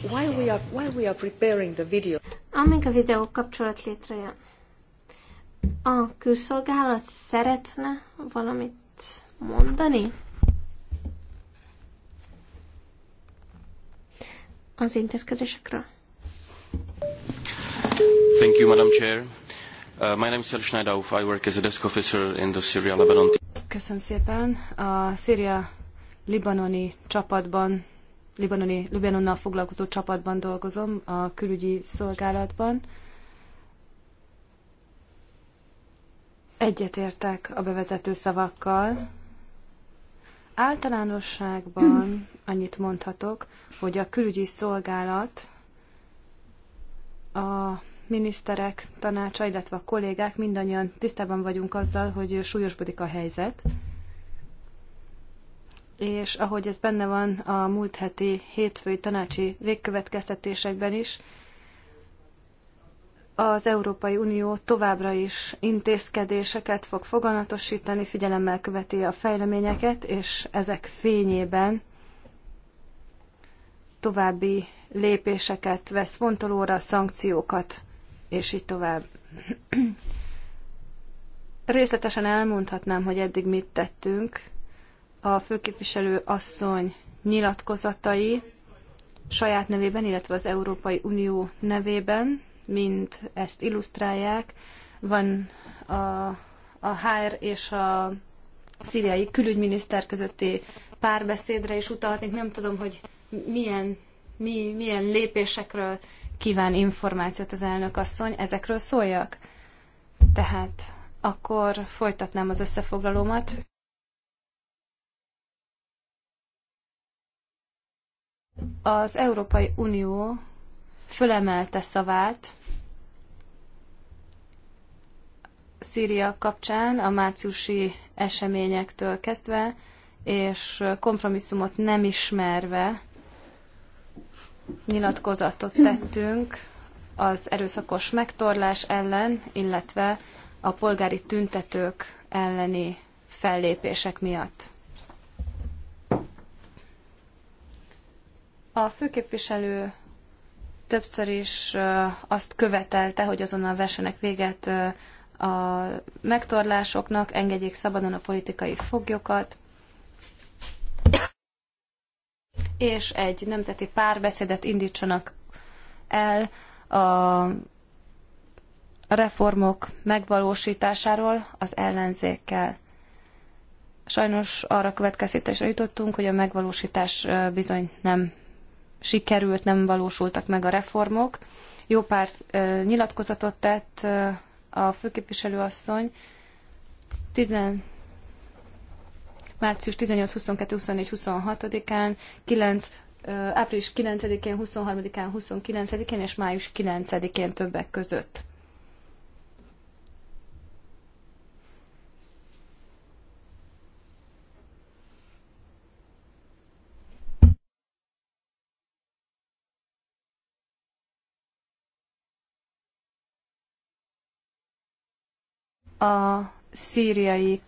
while we are, while we are preparing the video. Amíg a videó kapcsolat létrejön, a külszolgálat szeretne valamit mondani? Az intézkedésekre. Thank you, Madam Chair. Uh, my name is El Schneidauf. I work as a desk officer in the Syria-Lebanon Köszönöm szépen. A Szíria-Libanoni csapatban Libanoni, Libanonnal foglalkozó csapatban dolgozom, a külügyi szolgálatban. Egyetértek a bevezető szavakkal. Általánosságban annyit mondhatok, hogy a külügyi szolgálat a miniszterek tanácsa, illetve a kollégák mindannyian tisztában vagyunk azzal, hogy súlyosbodik a helyzet és ahogy ez benne van a múlt heti hétfői tanácsi végkövetkeztetésekben is, az Európai Unió továbbra is intézkedéseket fog foganatosítani, figyelemmel követi a fejleményeket, és ezek fényében további lépéseket vesz fontolóra, szankciókat, és így tovább. Részletesen elmondhatnám, hogy eddig mit tettünk, a főképviselő asszony nyilatkozatai saját nevében, illetve az Európai Unió nevében, mind ezt illusztrálják. Van a, a HR és a szíriai külügyminiszter közötti párbeszédre is utalhatnék. Nem tudom, hogy milyen, mi, milyen lépésekről kíván információt az elnök asszony. Ezekről szóljak? Tehát akkor folytatnám az összefoglalómat. Az Európai Unió fölemelte szavát Szíria kapcsán a márciusi eseményektől kezdve, és kompromisszumot nem ismerve nyilatkozatot tettünk az erőszakos megtorlás ellen, illetve a polgári tüntetők elleni fellépések miatt. A főképviselő többször is azt követelte, hogy azonnal vessenek véget a megtorlásoknak, engedjék szabadon a politikai foglyokat, és egy nemzeti párbeszédet indítsanak el a reformok megvalósításáról az ellenzékkel. Sajnos arra következtetésre jutottunk, hogy a megvalósítás bizony nem sikerült, nem valósultak meg a reformok. Jó pár nyilatkozatot tett a főképviselőasszony. 10, március 18, 22, 24, 26-án, 9, április 9-én, 23-án, 29-én és május 9-én többek között. a szíriai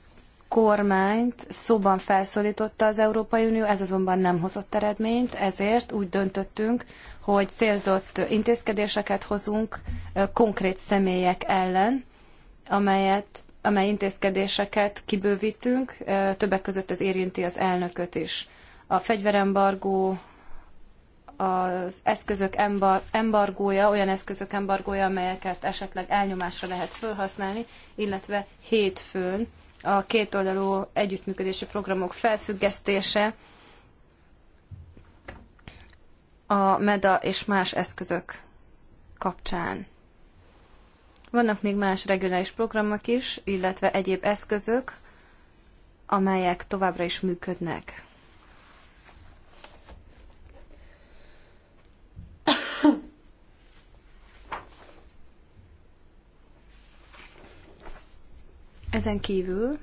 kormányt szóban felszólította az Európai Unió, ez azonban nem hozott eredményt, ezért úgy döntöttünk, hogy célzott intézkedéseket hozunk konkrét személyek ellen, amelyet, amely intézkedéseket kibővítünk, többek között ez érinti az elnököt is. A fegyverembargó az eszközök embar, embargója, olyan eszközök embargója, amelyeket esetleg elnyomásra lehet felhasználni, illetve hétfőn a kétoldalú együttműködési programok felfüggesztése, a MEDA és más eszközök kapcsán. Vannak még más regionális programok is, illetve egyéb eszközök, amelyek továbbra is működnek. Ezen kívül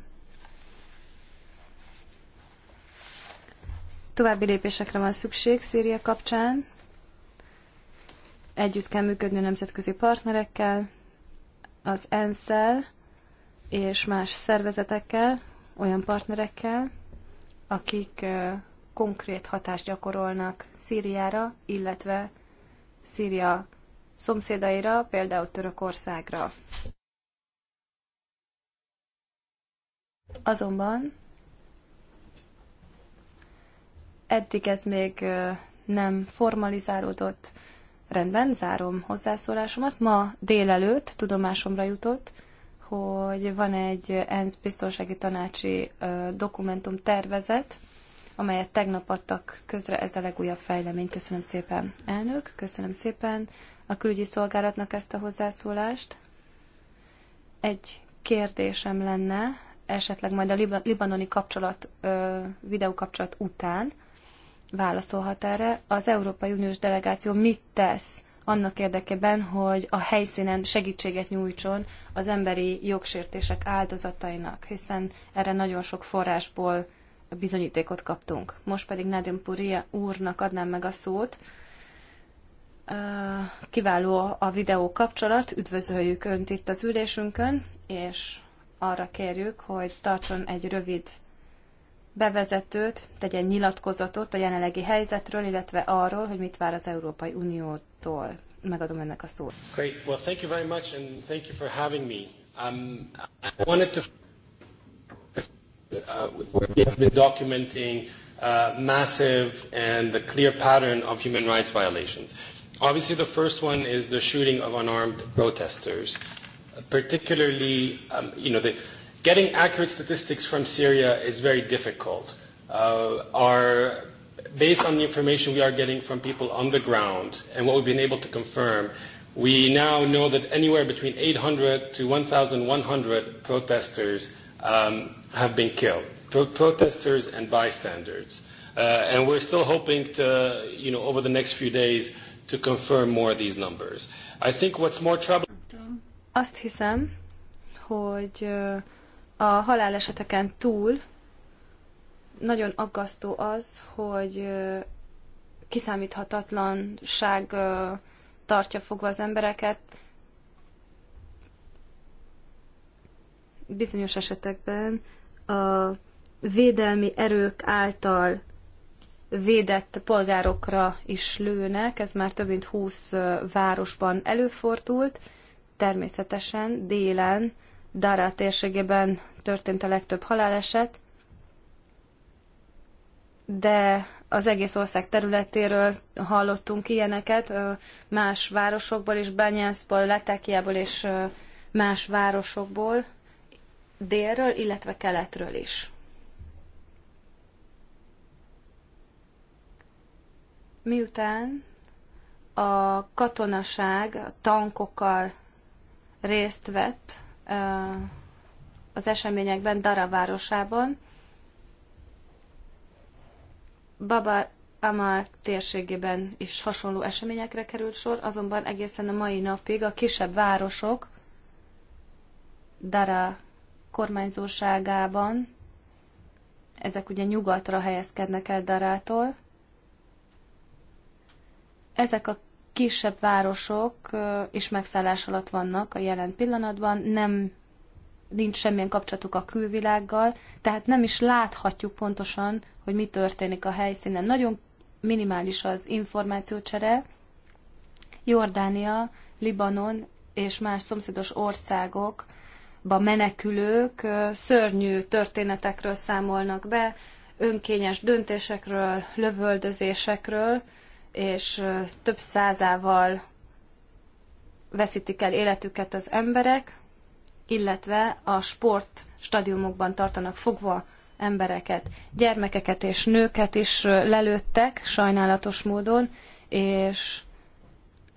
további lépésekre van szükség Szíria kapcsán. Együtt kell működni a nemzetközi partnerekkel, az ensz és más szervezetekkel, olyan partnerekkel, akik konkrét hatást gyakorolnak Szíriára, illetve Szíria szomszédaira, például Törökországra. Azonban eddig ez még nem formalizálódott. Rendben, zárom hozzászólásomat. Ma délelőtt tudomásomra jutott, hogy van egy ENSZ biztonsági tanácsi dokumentum tervezet, amelyet tegnap adtak közre, ez a legújabb fejlemény. Köszönöm szépen, elnök, köszönöm szépen a külügyi szolgálatnak ezt a hozzászólást. Egy kérdésem lenne esetleg majd a libanoni kapcsolat, videókapcsolat után válaszolhat erre. Az Európai Uniós delegáció mit tesz annak érdekében, hogy a helyszínen segítséget nyújtson az emberi jogsértések áldozatainak, hiszen erre nagyon sok forrásból bizonyítékot kaptunk. Most pedig Nadim Puria úrnak adnám meg a szót. Kiváló a videó kapcsolat, üdvözöljük Önt itt az ülésünkön, és arra kérjük, hogy tartson egy rövid bevezetőt, tegyen nyilatkozatot a jelenlegi helyzetről, illetve arról, hogy mit vár az Európai Uniótól. Megadom ennek a szót. Great. Well, thank you very much and thank you for having me. Um, I wanted to uh, we have been documenting uh, massive and the clear pattern of human rights violations. Obviously, the first one is the shooting of unarmed protesters particularly, um, you know, the, getting accurate statistics from Syria is very difficult. Uh, our, based on the information we are getting from people on the ground and what we've been able to confirm, we now know that anywhere between 800 to 1,100 protesters um, have been killed, pro- protesters and bystanders. Uh, and we're still hoping to, you know, over the next few days to confirm more of these numbers. I think what's more troubling azt hiszem, hogy a haláleseteken túl nagyon aggasztó az, hogy kiszámíthatatlanság tartja fogva az embereket. Bizonyos esetekben a védelmi erők által védett polgárokra is lőnek, ez már több mint 20 városban előfordult, természetesen délen, Dara térségében történt a legtöbb haláleset, de az egész ország területéről hallottunk ilyeneket, más városokból is, Banyanszból, Letekiából és más városokból, délről, illetve keletről is. Miután a katonaság a tankokkal részt vett az eseményekben Dara városában, Baba Amar térségében is hasonló eseményekre került sor, azonban egészen a mai napig a kisebb városok Dara kormányzóságában, ezek ugye nyugatra helyezkednek el Darától, ezek a kisebb városok is megszállás alatt vannak a jelen pillanatban, nem nincs semmilyen kapcsolatuk a külvilággal, tehát nem is láthatjuk pontosan, hogy mi történik a helyszínen. Nagyon minimális az információcsere. Jordánia, Libanon és más szomszédos országokba menekülők szörnyű történetekről számolnak be, önkényes döntésekről, lövöldözésekről, és több százával veszítik el életüket az emberek, illetve a sportstadiumokban tartanak fogva embereket, gyermekeket és nőket is lelőttek sajnálatos módon, és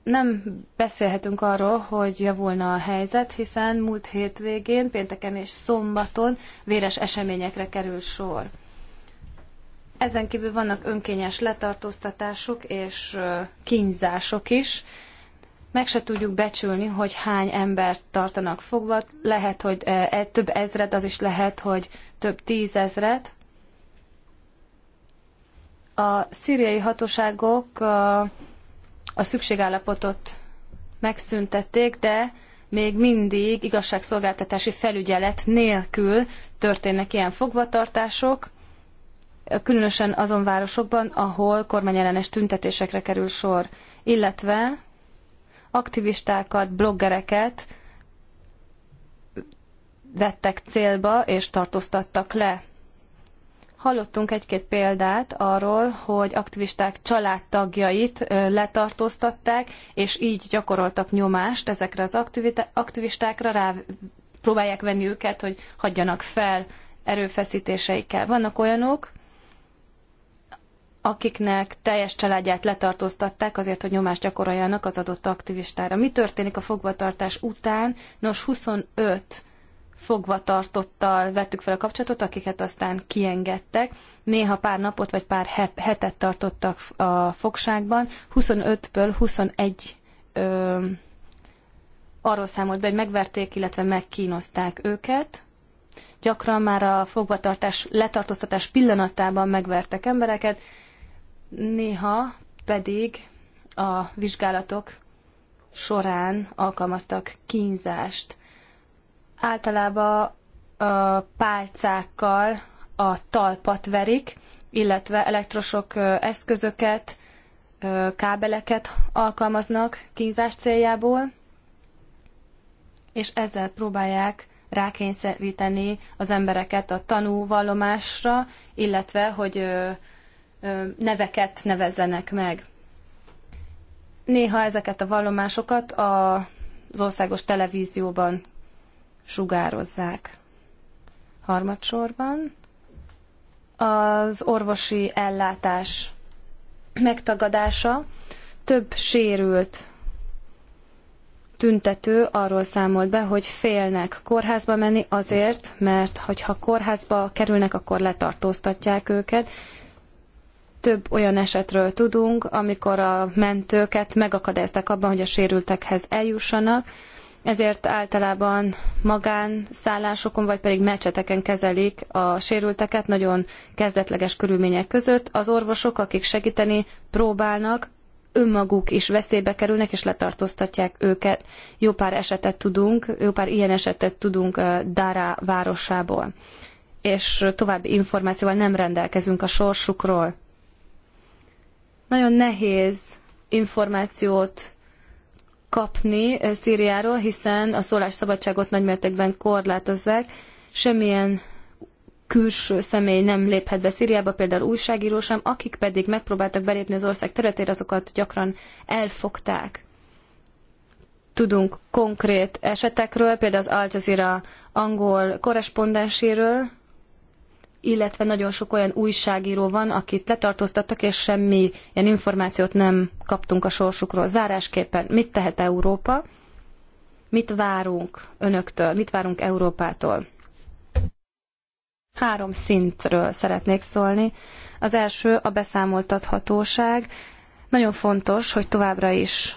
nem beszélhetünk arról, hogy javulna a helyzet, hiszen múlt hétvégén, pénteken és szombaton véres eseményekre kerül sor. Ezen kívül vannak önkényes letartóztatások és kínzások is. Meg se tudjuk becsülni, hogy hány embert tartanak fogva. Lehet, hogy e, több ezret, az is lehet, hogy több tízezret. A szíriai hatóságok a szükségállapotot megszüntették, de még mindig igazságszolgáltatási felügyelet nélkül történnek ilyen fogvatartások különösen azon városokban, ahol kormányellenes tüntetésekre kerül sor, illetve aktivistákat, bloggereket vettek célba és tartóztattak le. Hallottunk egy-két példát arról, hogy aktivisták családtagjait letartóztatták, és így gyakoroltak nyomást ezekre az aktivistákra, rá próbálják venni őket, hogy hagyjanak fel erőfeszítéseikkel. Vannak olyanok, akiknek teljes családját letartóztatták azért, hogy nyomást gyakoroljanak az adott aktivistára. Mi történik a fogvatartás után? Nos, 25 fogvatartottal vettük fel a kapcsolatot, akiket aztán kiengedtek. Néha pár napot vagy pár hetet tartottak a fogságban. 25-ből 21 ö, arról számolt be, hogy megverték, illetve megkínozták őket. Gyakran már a fogvatartás, letartóztatás pillanatában megvertek embereket, néha pedig a vizsgálatok során alkalmaztak kínzást. Általában a pálcákkal a talpat verik, illetve elektrosok eszközöket, kábeleket alkalmaznak kínzás céljából, és ezzel próbálják rákényszeríteni az embereket a tanúvallomásra, illetve hogy neveket nevezzenek meg. Néha ezeket a vallomásokat az országos televízióban sugározzák. Harmadsorban az orvosi ellátás megtagadása több sérült tüntető arról számolt be, hogy félnek kórházba menni azért, mert hogyha kórházba kerülnek, akkor letartóztatják őket, több olyan esetről tudunk, amikor a mentőket megakadályozták abban, hogy a sérültekhez eljussanak, ezért általában magánszállásokon vagy pedig mecseteken kezelik a sérülteket nagyon kezdetleges körülmények között. Az orvosok, akik segíteni próbálnak, önmaguk is veszélybe kerülnek és letartóztatják őket. Jó pár esetet tudunk, jó pár ilyen esetet tudunk Dára városából és további információval nem rendelkezünk a sorsukról. Nagyon nehéz információt kapni eh, Szíriáról, hiszen a szólásszabadságot nagymértékben korlátozzák. Semmilyen külső személy nem léphet be Szíriába, például újságíró sem, akik pedig megpróbáltak belépni az ország területére, azokat gyakran elfogták. Tudunk konkrét esetekről, például az Al Jazeera angol korrespondenséről, illetve nagyon sok olyan újságíró van, akit letartóztattak, és semmi ilyen információt nem kaptunk a sorsukról. Zárásképpen mit tehet Európa? Mit várunk önöktől? Mit várunk Európától? Három szintről szeretnék szólni. Az első a beszámoltathatóság. Nagyon fontos, hogy továbbra is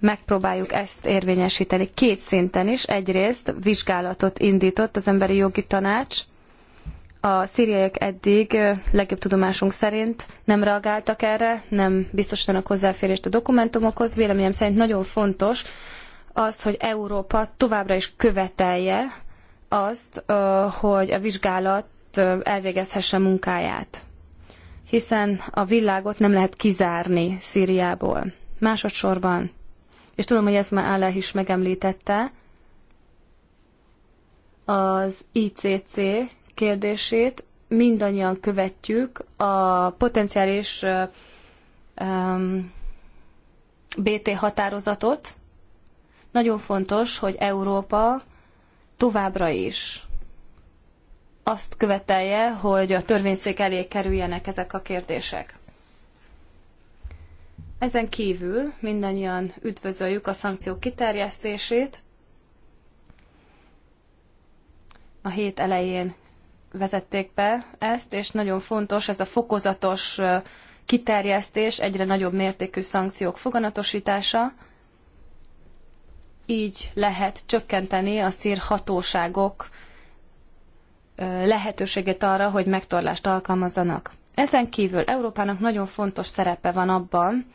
megpróbáljuk ezt érvényesíteni két szinten is. Egyrészt vizsgálatot indított az Emberi Jogi Tanács, a szíriaiak eddig legjobb tudomásunk szerint nem reagáltak erre, nem biztosítanak hozzáférést a dokumentumokhoz. Véleményem szerint nagyon fontos az, hogy Európa továbbra is követelje azt, hogy a vizsgálat elvégezhesse munkáját. Hiszen a világot nem lehet kizárni Szíriából. Másodszorban, és tudom, hogy ezt már Álleh is megemlítette, az ICC kérdését mindannyian követjük a potenciális um, BT határozatot. Nagyon fontos, hogy Európa továbbra is azt követelje, hogy a törvényszék elé kerüljenek ezek a kérdések. Ezen kívül mindannyian üdvözöljük a szankciók kiterjesztését. A hét elején vezették be ezt, és nagyon fontos ez a fokozatos kiterjesztés, egyre nagyobb mértékű szankciók foganatosítása. Így lehet csökkenteni a szír hatóságok lehetőségét arra, hogy megtorlást alkalmazzanak. Ezen kívül Európának nagyon fontos szerepe van abban,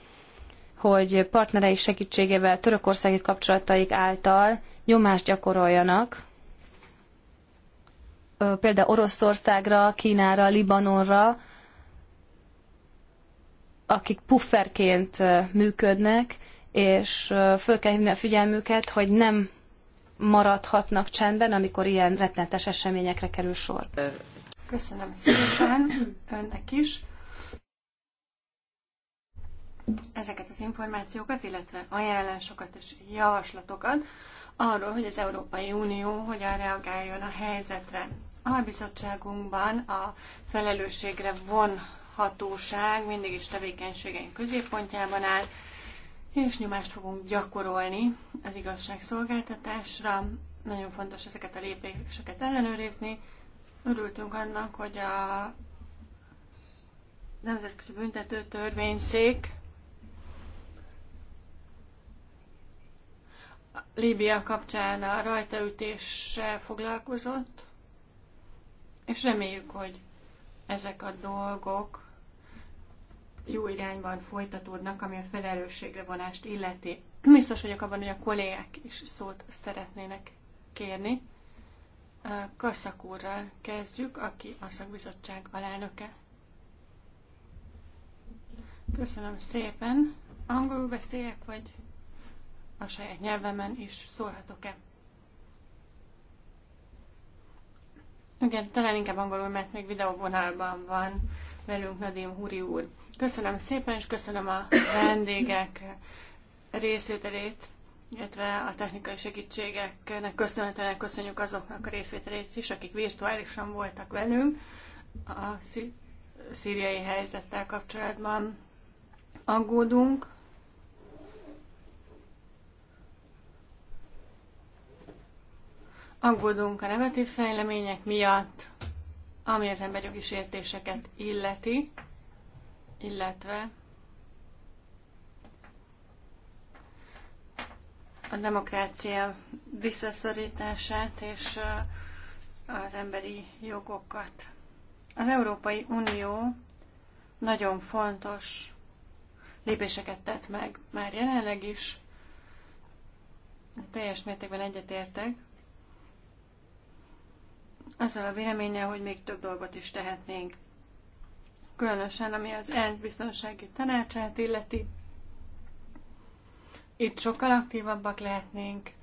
hogy partnerei segítségével, törökországi kapcsolataik által nyomást gyakoroljanak például Oroszországra, Kínára, Libanonra, akik pufferként működnek, és föl kell hívni a figyelmüket, hogy nem maradhatnak csendben, amikor ilyen rettenetes eseményekre kerül sor. Köszönöm szépen önnek is ezeket az információkat, illetve ajánlásokat és javaslatokat arról, hogy az Európai Unió hogyan reagáljon a helyzetre. Albizottságunkban a felelősségre vonhatóság mindig is tevékenységeink középpontjában áll, és nyomást fogunk gyakorolni az igazságszolgáltatásra. Nagyon fontos ezeket a lépéseket ellenőrizni. Örültünk annak, hogy a Nemzetközi Büntető Törvényszék Líbia kapcsán a rajtaütéssel foglalkozott, és reméljük, hogy ezek a dolgok jó irányban folytatódnak, ami a felelősségre vonást illeti. Biztos vagyok abban, hogy a kollégák is szót szeretnének kérni. Kasszak úrral kezdjük, aki a szakbizottság alelnöke. Köszönöm szépen. Angolul beszéljek, vagy a saját nyelvemen is szólhatok-e? Igen, talán inkább angolul, mert még videóvonalban van velünk Nadim Huri úr. Köszönöm szépen, és köszönöm a vendégek részvételét, illetve a technikai segítségeknek köszönhetően köszönjük azoknak a részvételét is, akik virtuálisan voltak velünk a szíriai helyzettel kapcsolatban. Aggódunk, Aggódunk a negatív fejlemények miatt, ami az emberjogi sértéseket illeti, illetve a demokrácia visszaszorítását és az emberi jogokat. Az Európai Unió nagyon fontos lépéseket tett meg már jelenleg is. Teljes mértékben egyetértek azzal a véleménnyel, hogy még több dolgot is tehetnénk. Különösen, ami az ENSZ biztonsági tanácsát illeti. Itt sokkal aktívabbak lehetnénk a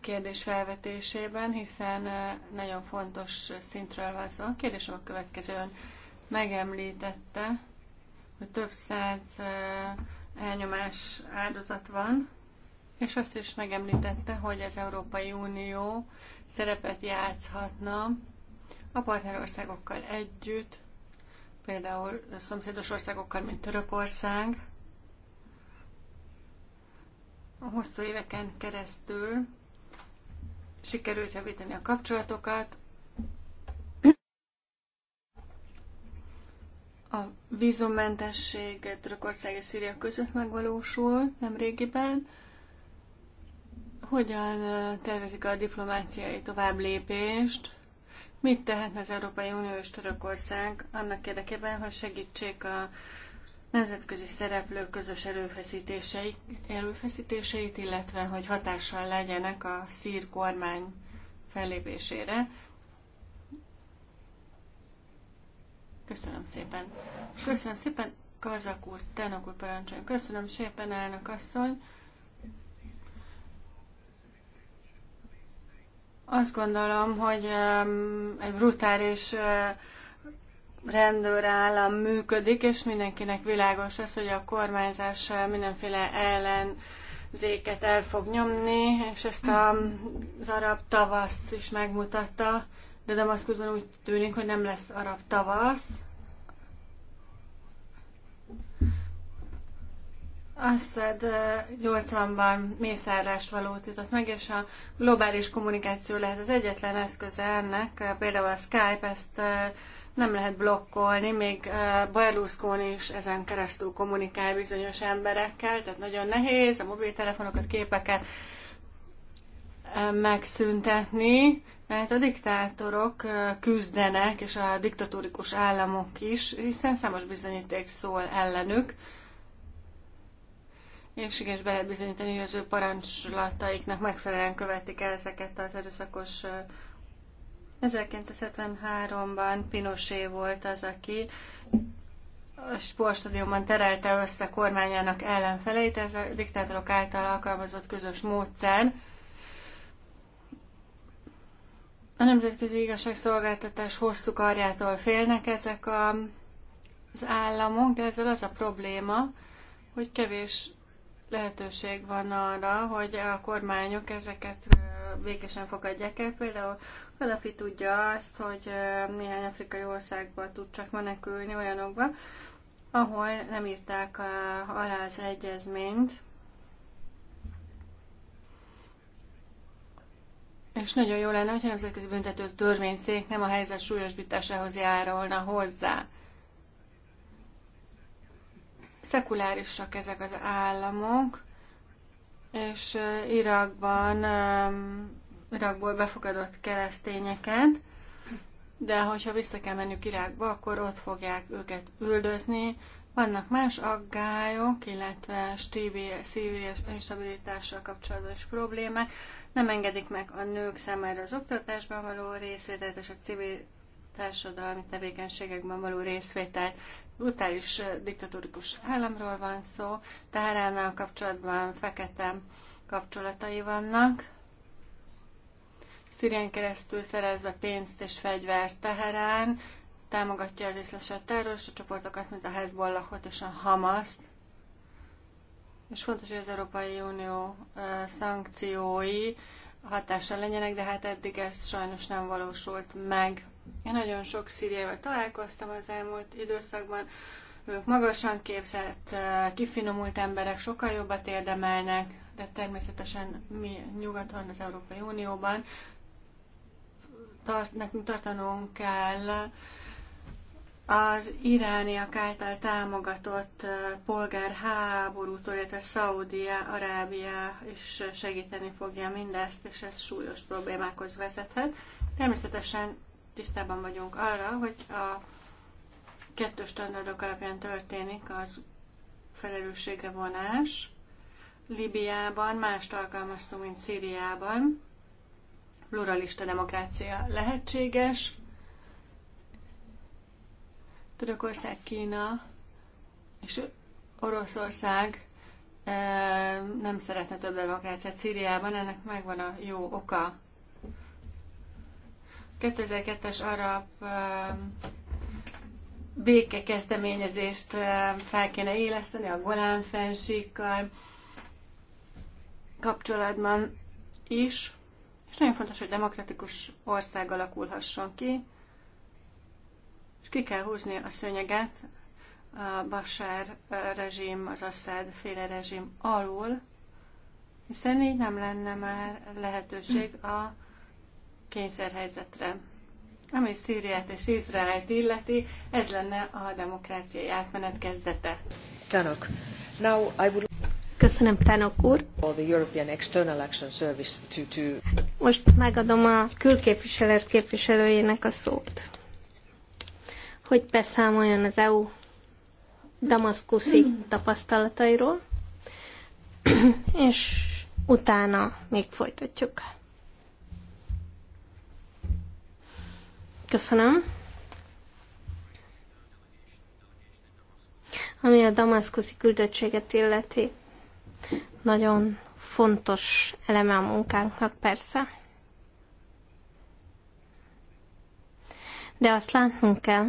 kérdés felvetésében, hiszen nagyon fontos szintről van szó. A kérdésem a következőn megemlítette, hogy több száz elnyomás áldozat van, és azt is megemlítette, hogy az Európai Unió szerepet játszhatna a partnerországokkal együtt, például a szomszédos országokkal, mint Törökország, a hosszú éveken keresztül sikerült javítani a kapcsolatokat, a vízummentesség Törökország és Szíria között megvalósul nem régiben. Hogyan eh, tervezik a diplomáciai tovább lépést? Mit tehetne az Európai Unió és Törökország annak érdekében, hogy segítsék a nemzetközi szereplők közös erőfeszítéseit, erőfeszítéseit, illetve hogy hatással legyenek a szír kormány fellépésére. Köszönöm szépen. Köszönöm szépen, Kazak úr, Tenok úr parancsoljon. Köszönöm szépen, elnök asszony. Azt gondolom, hogy egy brutális rendőrállam működik, és mindenkinek világos az, hogy a kormányzás mindenféle ellen zéket el fog nyomni, és ezt az arab tavasz is megmutatta, de Damaszkuszban úgy tűnik, hogy nem lesz arab tavasz, Assad 80-ban mészárlást valótított meg, és a globális kommunikáció lehet az egyetlen eszköze ennek, például a Skype ezt nem lehet blokkolni, még Berlusconi is ezen keresztül kommunikál bizonyos emberekkel, tehát nagyon nehéz a mobiltelefonokat, képeket megszüntetni. Tehát a diktátorok küzdenek, és a diktatórikus államok is, hiszen számos bizonyíték szól ellenük és és be lehet bizonyítani, hogy az ő parancslataiknak megfelelően követik el ezeket az erőszakos 1973-ban Pinochet volt az, aki a sportstadionban terelte össze kormányának ellenfeleit, ez a diktátorok által alkalmazott közös módszer. A nemzetközi igazságszolgáltatás hosszú karjától félnek ezek a, az államok, de ezzel az a probléma, hogy kevés lehetőség van arra, hogy a kormányok ezeket végesen fogadják el. Például Kadafi tudja azt, hogy néhány afrikai országban tud csak menekülni olyanokba, ahol nem írták alá az egyezményt, És nagyon jó lenne, hogyha az büntető törvényszék nem a helyzet súlyosbításához járulna hozzá szekulárisak ezek az államok, és Irakban, Irakból befogadott keresztényeket, de hogyha vissza kell mennünk Irakba, akkor ott fogják őket üldözni. Vannak más aggályok, illetve szívi instabilitással kapcsolatban is problémák. Nem engedik meg a nők számára az oktatásban való részvételt és a civil társadalmi tevékenységekben való részvételt brutális diktatórikus államról van szó, Teheránnal kapcsolatban fekete kapcsolatai vannak. Szirén keresztül szerezve pénzt és fegyvert Teherán, támogatja az iszlás terrorista csoportokat, mint a Hezbollahot és a Hamaszt. És fontos, hogy az Európai Unió szankciói hatással legyenek, de hát eddig ez sajnos nem valósult meg. Én nagyon sok szíriával találkoztam az elmúlt időszakban, ők magasan képzett, eh, kifinomult emberek sokkal jobbat érdemelnek, de természetesen mi nyugaton, az Európai Unióban tart, nekünk tartanunk kell az irániak által támogatott eh, polgárháborútól, illetve Szaudia, Arábia is segíteni fogja mindezt, és ez súlyos problémákhoz vezethet. Természetesen tisztában vagyunk arra, hogy a kettős standardok alapján történik az felelősségre vonás. Libiában mást alkalmaztunk, mint Szíriában. Pluralista demokrácia lehetséges. Törökország, Kína és Oroszország eh, nem szeretne több demokráciát Szíriában, ennek megvan a jó oka. 2002-es arab um, békekezdeményezést um, fel kéne éleszteni a Golán fensíkkal kapcsolatban is, és nagyon fontos, hogy demokratikus ország alakulhasson ki, és ki kell húzni a szönyeget a Bashar rezsim, az Assad féle rezsim alul, hiszen így nem lenne már lehetőség a kényszerhelyzetre. Ami Szíriát és Izraelt illeti, ez lenne a demokráciai átmenet kezdete. Tanok. Now I would... Köszönöm, Tanok úr. The European External Action Service to, to... Most megadom a külképviselet képviselőjének a szót, hogy beszámoljon az EU damaszkuszi tapasztalatairól, és utána még folytatjuk. Köszönöm. Ami a damaszkuszi küldöttséget illeti, nagyon fontos eleme a munkánknak persze. De azt látnunk kell,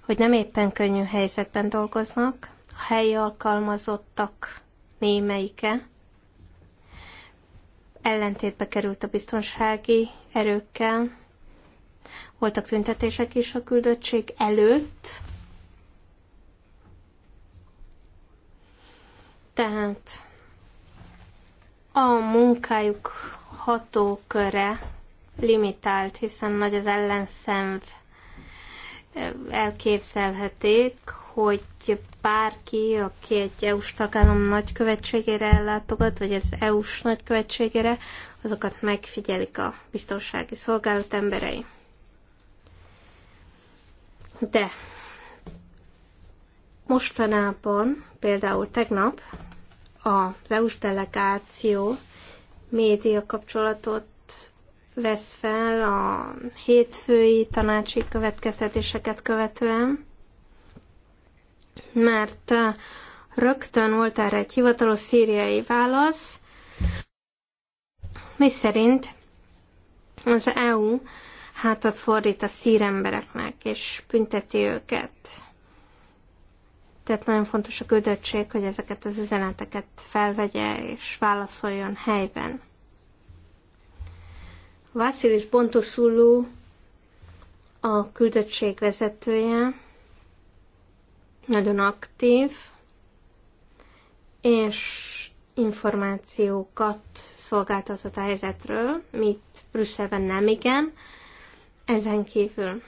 hogy nem éppen könnyű helyzetben dolgoznak, a helyi alkalmazottak némelyike ellentétbe került a biztonsági erőkkel, voltak tüntetések is a küldöttség előtt. Tehát a munkájuk hatóköre limitált, hiszen nagy az ellenszenv. Elképzelhetik, hogy bárki, aki egy EU-s tagállam nagykövetségére ellátogat, vagy az EU-s nagykövetségére, azokat megfigyelik a biztonsági szolgálat emberei. De mostanában, például tegnap, az EU-s delegáció média kapcsolatot vesz fel a hétfői tanácsi következtetéseket követően, mert uh, rögtön volt erre egy hivatalos szíriai válasz, mi szerint az EU hátat fordít a szírembereknek, és bünteti őket. Tehát nagyon fontos a küldöttség, hogy ezeket az üzeneteket felvegye és válaszoljon helyben. Vasilis Bontoszulú a küldöttség vezetője, nagyon aktív, és információkat szolgáltatott a helyzetről, mit Brüsszelben nem igen, ezen kívül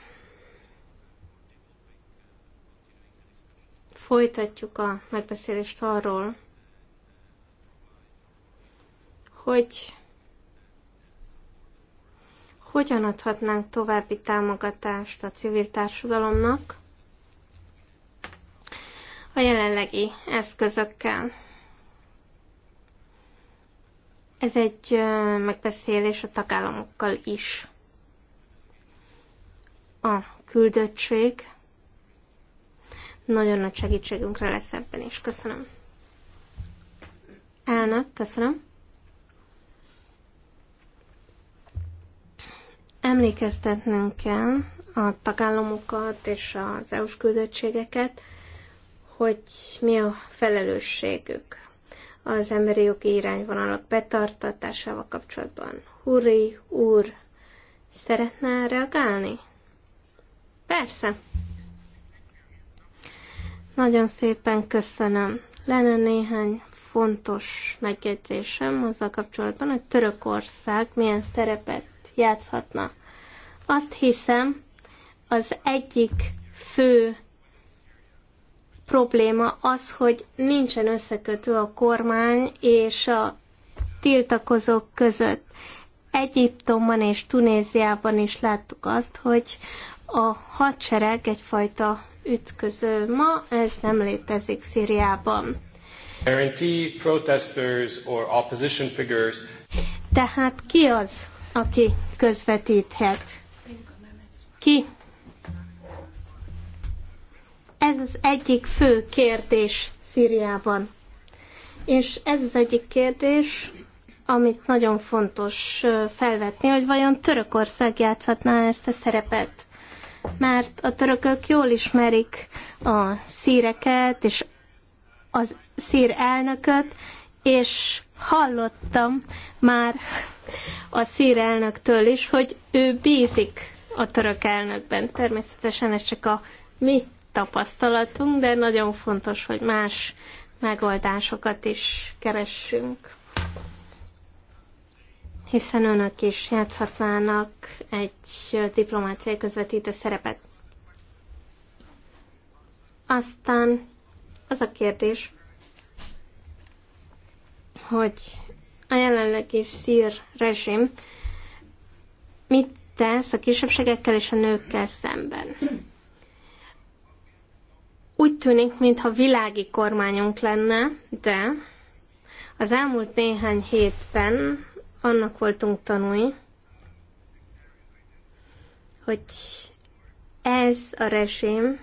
folytatjuk a megbeszélést arról, hogy hogyan adhatnánk további támogatást a civil társadalomnak a jelenlegi eszközökkel. Ez egy megbeszélés a tagállamokkal is a küldöttség nagyon nagy segítségünkre lesz ebben is. Köszönöm. Elnök, köszönöm. Emlékeztetnünk kell a tagállamokat és az EU-s küldöttségeket, hogy mi a felelősségük az emberi jogi irányvonalak betartatásával kapcsolatban. Huri úr, szeretne reagálni? Persze. Nagyon szépen köszönöm. Lenne néhány fontos megjegyzésem azzal kapcsolatban, hogy Törökország milyen szerepet játszhatna. Azt hiszem, az egyik fő probléma az, hogy nincsen összekötő a kormány és a tiltakozók között. Egyiptomban és Tunéziában is láttuk azt, hogy a hadsereg egyfajta ütköző. Ma ez nem létezik Szíriában. Tehát ki az, aki közvetíthet? Ki? Ez az egyik fő kérdés Szíriában. És ez az egyik kérdés, amit nagyon fontos felvetni, hogy vajon Törökország játszhatná ezt a szerepet mert a törökök jól ismerik a szíreket, és az szír elnököt, és hallottam már a szír elnöktől is, hogy ő bízik a török elnökben. Természetesen ez csak a mi tapasztalatunk, de nagyon fontos, hogy más megoldásokat is keressünk hiszen önök is játszhatnának egy diplomáciai közvetítő szerepet. Aztán az a kérdés, hogy a jelenlegi szír rezsim mit tesz a kisebbségekkel és a nőkkel szemben. Úgy tűnik, mintha világi kormányunk lenne, de az elmúlt néhány hétben annak voltunk tanúi, hogy ez a rezsim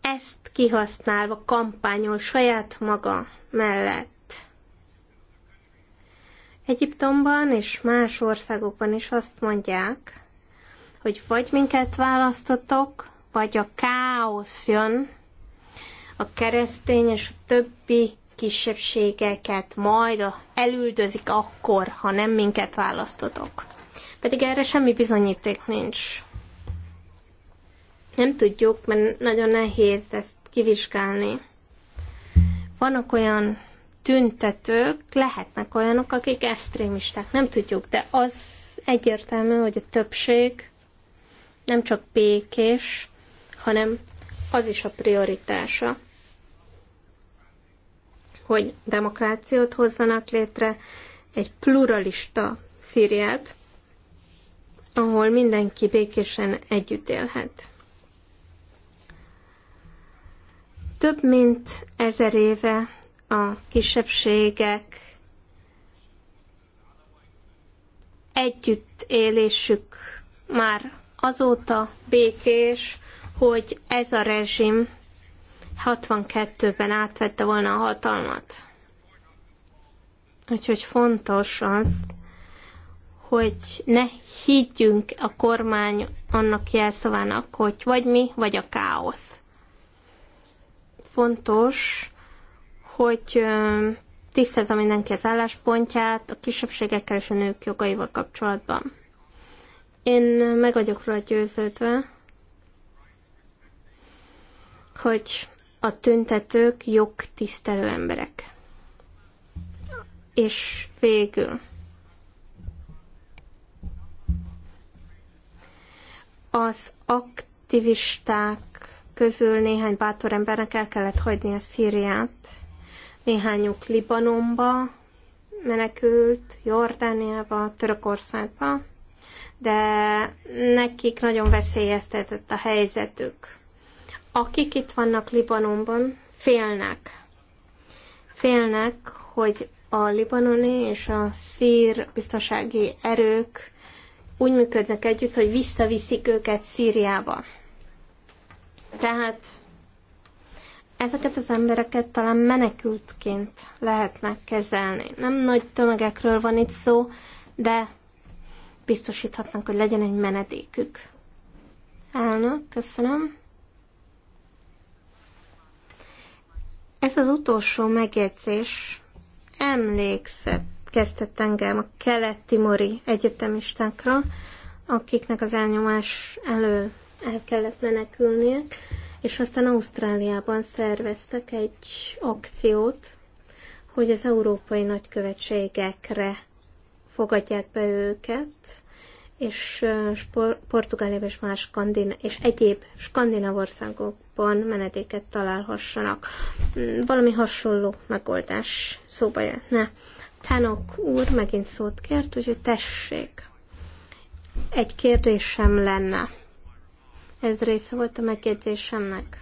ezt kihasználva kampányol saját maga mellett. Egyiptomban és más országokban is azt mondják, hogy vagy minket választotok, vagy a káosz jön, a keresztény és a többi kisebbségeket majd elüldözik akkor, ha nem minket választotok. Pedig erre semmi bizonyíték nincs. Nem tudjuk, mert nagyon nehéz ezt kivizsgálni. Vannak olyan tüntetők, lehetnek olyanok, akik extrémisták, nem tudjuk, de az egyértelmű, hogy a többség nem csak békés, hanem az is a prioritása, hogy demokrációt hozzanak létre, egy pluralista Szíriát, ahol mindenki békésen együtt élhet. Több mint ezer éve a kisebbségek együtt élésük már azóta békés, hogy ez a rezsim 62-ben átvette volna a hatalmat. Úgyhogy fontos az, hogy ne higgyünk a kormány annak jelszavának, hogy vagy mi, vagy a káosz. Fontos, hogy tisztázza mindenki az álláspontját a kisebbségekkel és a nők jogaival kapcsolatban. Én meg vagyok róla győződve, hogy a tüntetők jogtisztelő emberek. És végül. Az aktivisták közül néhány bátor embernek el kellett hagyni a Szíriát. Néhányuk Libanonba menekült, Jordániába, Törökországba, de nekik nagyon veszélyeztetett a helyzetük akik itt vannak Libanonban, félnek. Félnek, hogy a libanoni és a szír biztonsági erők úgy működnek együtt, hogy visszaviszik őket Szíriába. Tehát ezeket az embereket talán menekültként lehetnek kezelni. Nem nagy tömegekről van itt szó, de biztosíthatnak, hogy legyen egy menedékük. Elnök, köszönöm. Ez az utolsó megjegyzés kezdett engem a kelet-timori egyetemistákra, akiknek az elnyomás elől el kellett menekülnie, és aztán Ausztráliában szerveztek egy akciót, hogy az európai nagykövetségekre fogadják be őket, és Portugáliában és más skandin és egyéb skandináv országokban menedéket találhassanak. Mm, valami hasonló megoldás szóba jönne. Tánok úr megint szót kért, úgyhogy tessék. Egy kérdésem lenne. Ez része volt a megjegyzésemnek.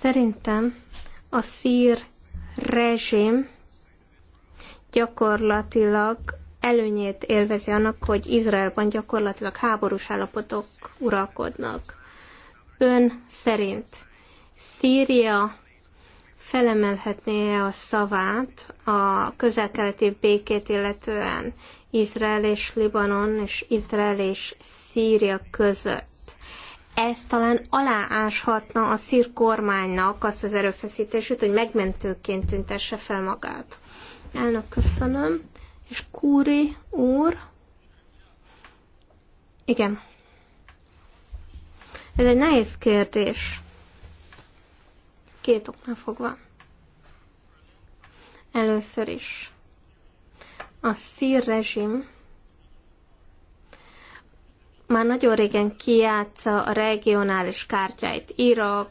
Szerintem a szír rezsim gyakorlatilag előnyét élvezi annak, hogy Izraelban gyakorlatilag háborús állapotok uralkodnak. Ön szerint Szíria felemelhetné a szavát a közel-keleti békét illetően Izrael és Libanon és Izrael és Szíria között? ez talán alááshatna a szír kormánynak azt az erőfeszítését, hogy megmentőként tüntesse fel magát. Elnök, köszönöm. És Kúri úr, igen. Ez egy nehéz kérdés. Két oknál fogva. Először is. A szír rezsim már nagyon régen kiátsza a regionális kártyáit. Irak,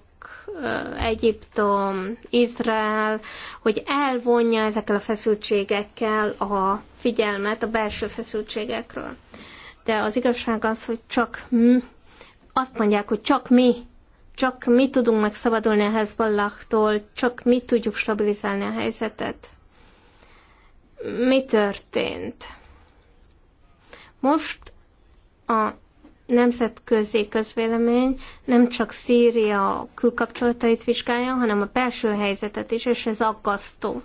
Egyiptom, Izrael, hogy elvonja ezekkel a feszültségekkel a figyelmet a belső feszültségekről. De az igazság az, hogy csak azt mondják, hogy csak mi, csak mi tudunk megszabadulni a Hezballahtól, csak mi tudjuk stabilizálni a helyzetet. Mi történt? Most a nemzetközi közvélemény nem csak Szíria külkapcsolatait vizsgálja, hanem a belső helyzetet is, és ez aggasztó.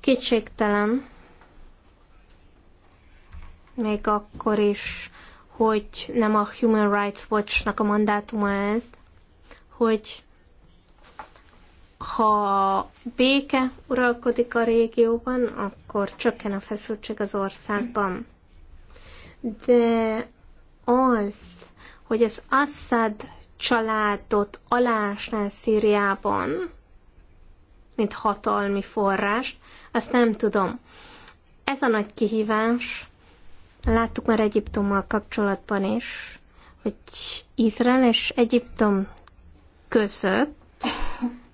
Kétségtelen, még akkor is, hogy nem a Human Rights Watch-nak a mandátuma ez, hogy ha béke uralkodik a régióban, akkor csökken a feszültség az országban. De az, hogy az Assad családot alásnál Szíriában, mint hatalmi forrást, azt nem tudom. Ez a nagy kihívás, láttuk már Egyiptommal kapcsolatban is, hogy Izrael és Egyiptom között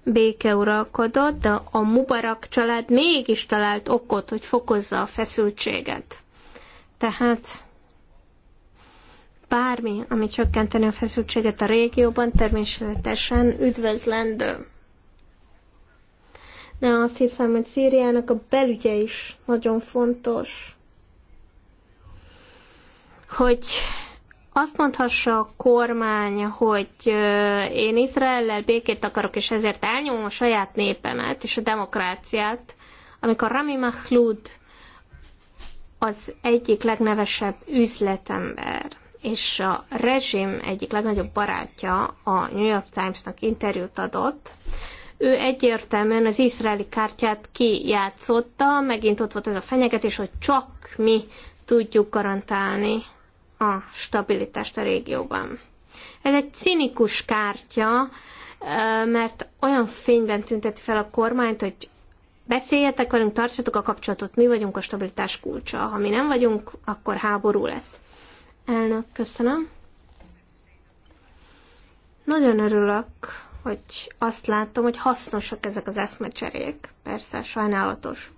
béke uralkodott, de a Mubarak család mégis talált okot, hogy fokozza a feszültséget. Tehát bármi, ami csökkenteni a feszültséget a régióban, természetesen üdvözlendő. De azt hiszem, hogy Szíriának a belügye is nagyon fontos, hogy azt mondhassa a kormány, hogy én Izraellel békét akarok, és ezért elnyomom a saját népemet és a demokráciát, amikor Rami Mahlud az egyik legnevesebb üzletember, és a rezsim egyik legnagyobb barátja a New York Timesnak interjút adott, ő egyértelműen az izraeli kártyát kijátszotta, megint ott volt ez a fenyegetés, hogy csak mi tudjuk garantálni a stabilitást a régióban. Ez egy cinikus kártya, mert olyan fényben tünteti fel a kormányt, hogy beszéljetek velünk, tartsatok a kapcsolatot, mi vagyunk a stabilitás kulcsa. Ha mi nem vagyunk, akkor háború lesz. Elnök, köszönöm. Nagyon örülök, hogy azt látom, hogy hasznosak ezek az eszmecserék. Persze, sajnálatos,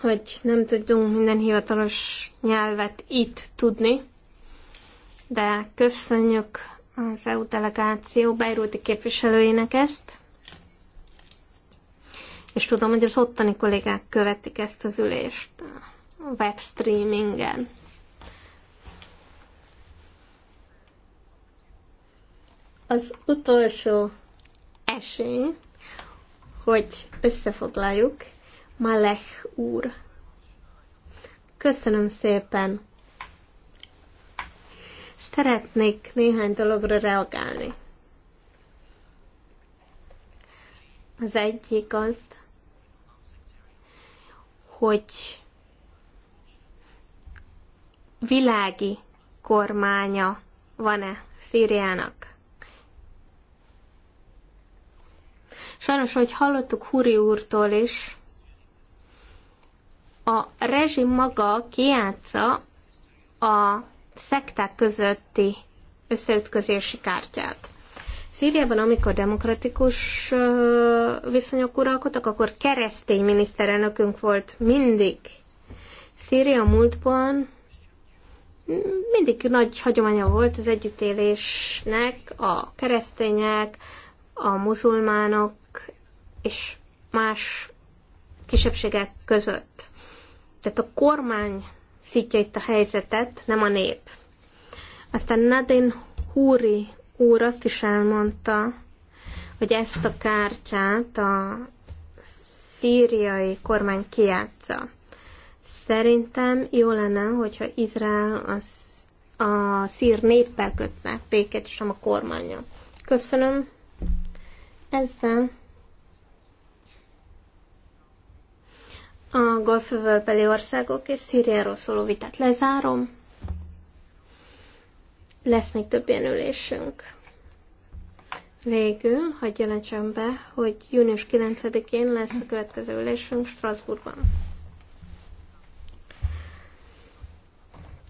hogy nem tudunk minden hivatalos nyelvet itt tudni, de köszönjük az EU delegáció beiruti képviselőinek ezt, és tudom, hogy az ottani kollégák követik ezt az ülést webstreamingen. Az utolsó esély, hogy összefoglaljuk, Malech úr. Köszönöm szépen! Szeretnék néhány dologra reagálni. Az egyik az, hogy világi kormánya van-e Szíriának? Sajnos, hogy hallottuk Huri úrtól is, a rezsim maga kiátsza a szekták közötti összeütközési kártyát. Szíriában, amikor demokratikus viszonyok uralkodtak, akkor keresztény miniszterelnökünk volt mindig. Szíria múltban mindig nagy hagyománya volt az együttélésnek a keresztények, a muzulmánok és más kisebbségek között. Tehát a kormány szítja itt a helyzetet, nem a nép. Aztán Nadin Húri úr azt is elmondta, hogy ezt a kártyát a szíriai kormány kiátsza. Szerintem jó lenne, hogyha Izrael az, a szír néppel kötne péket és nem a kormánya. Köszönöm. Ezzel a golfövölbeli országok és Szíriáról szóló vitát lezárom. Lesz még több ilyen ülésünk. Végül, hagyj jelentsem be, hogy június 9-én lesz a következő ülésünk Strasbourgban.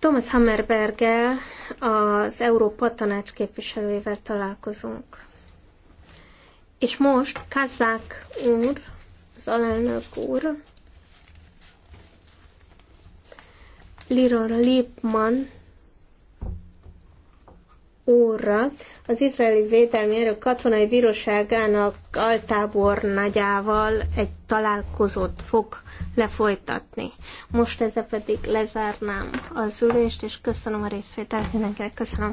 Thomas Hammerberggel, az Európa Tanács képviselőjével találkozunk. És most Kazák úr, az alelnök úr, Liron Lipman úrra, az Izraeli Védelmi erő Katonai Bíróságának altábor nagyával egy találkozót fog lefolytatni. Most ezzel pedig lezárnám az ülést, és köszönöm a részvételt mindenkinek, köszönöm.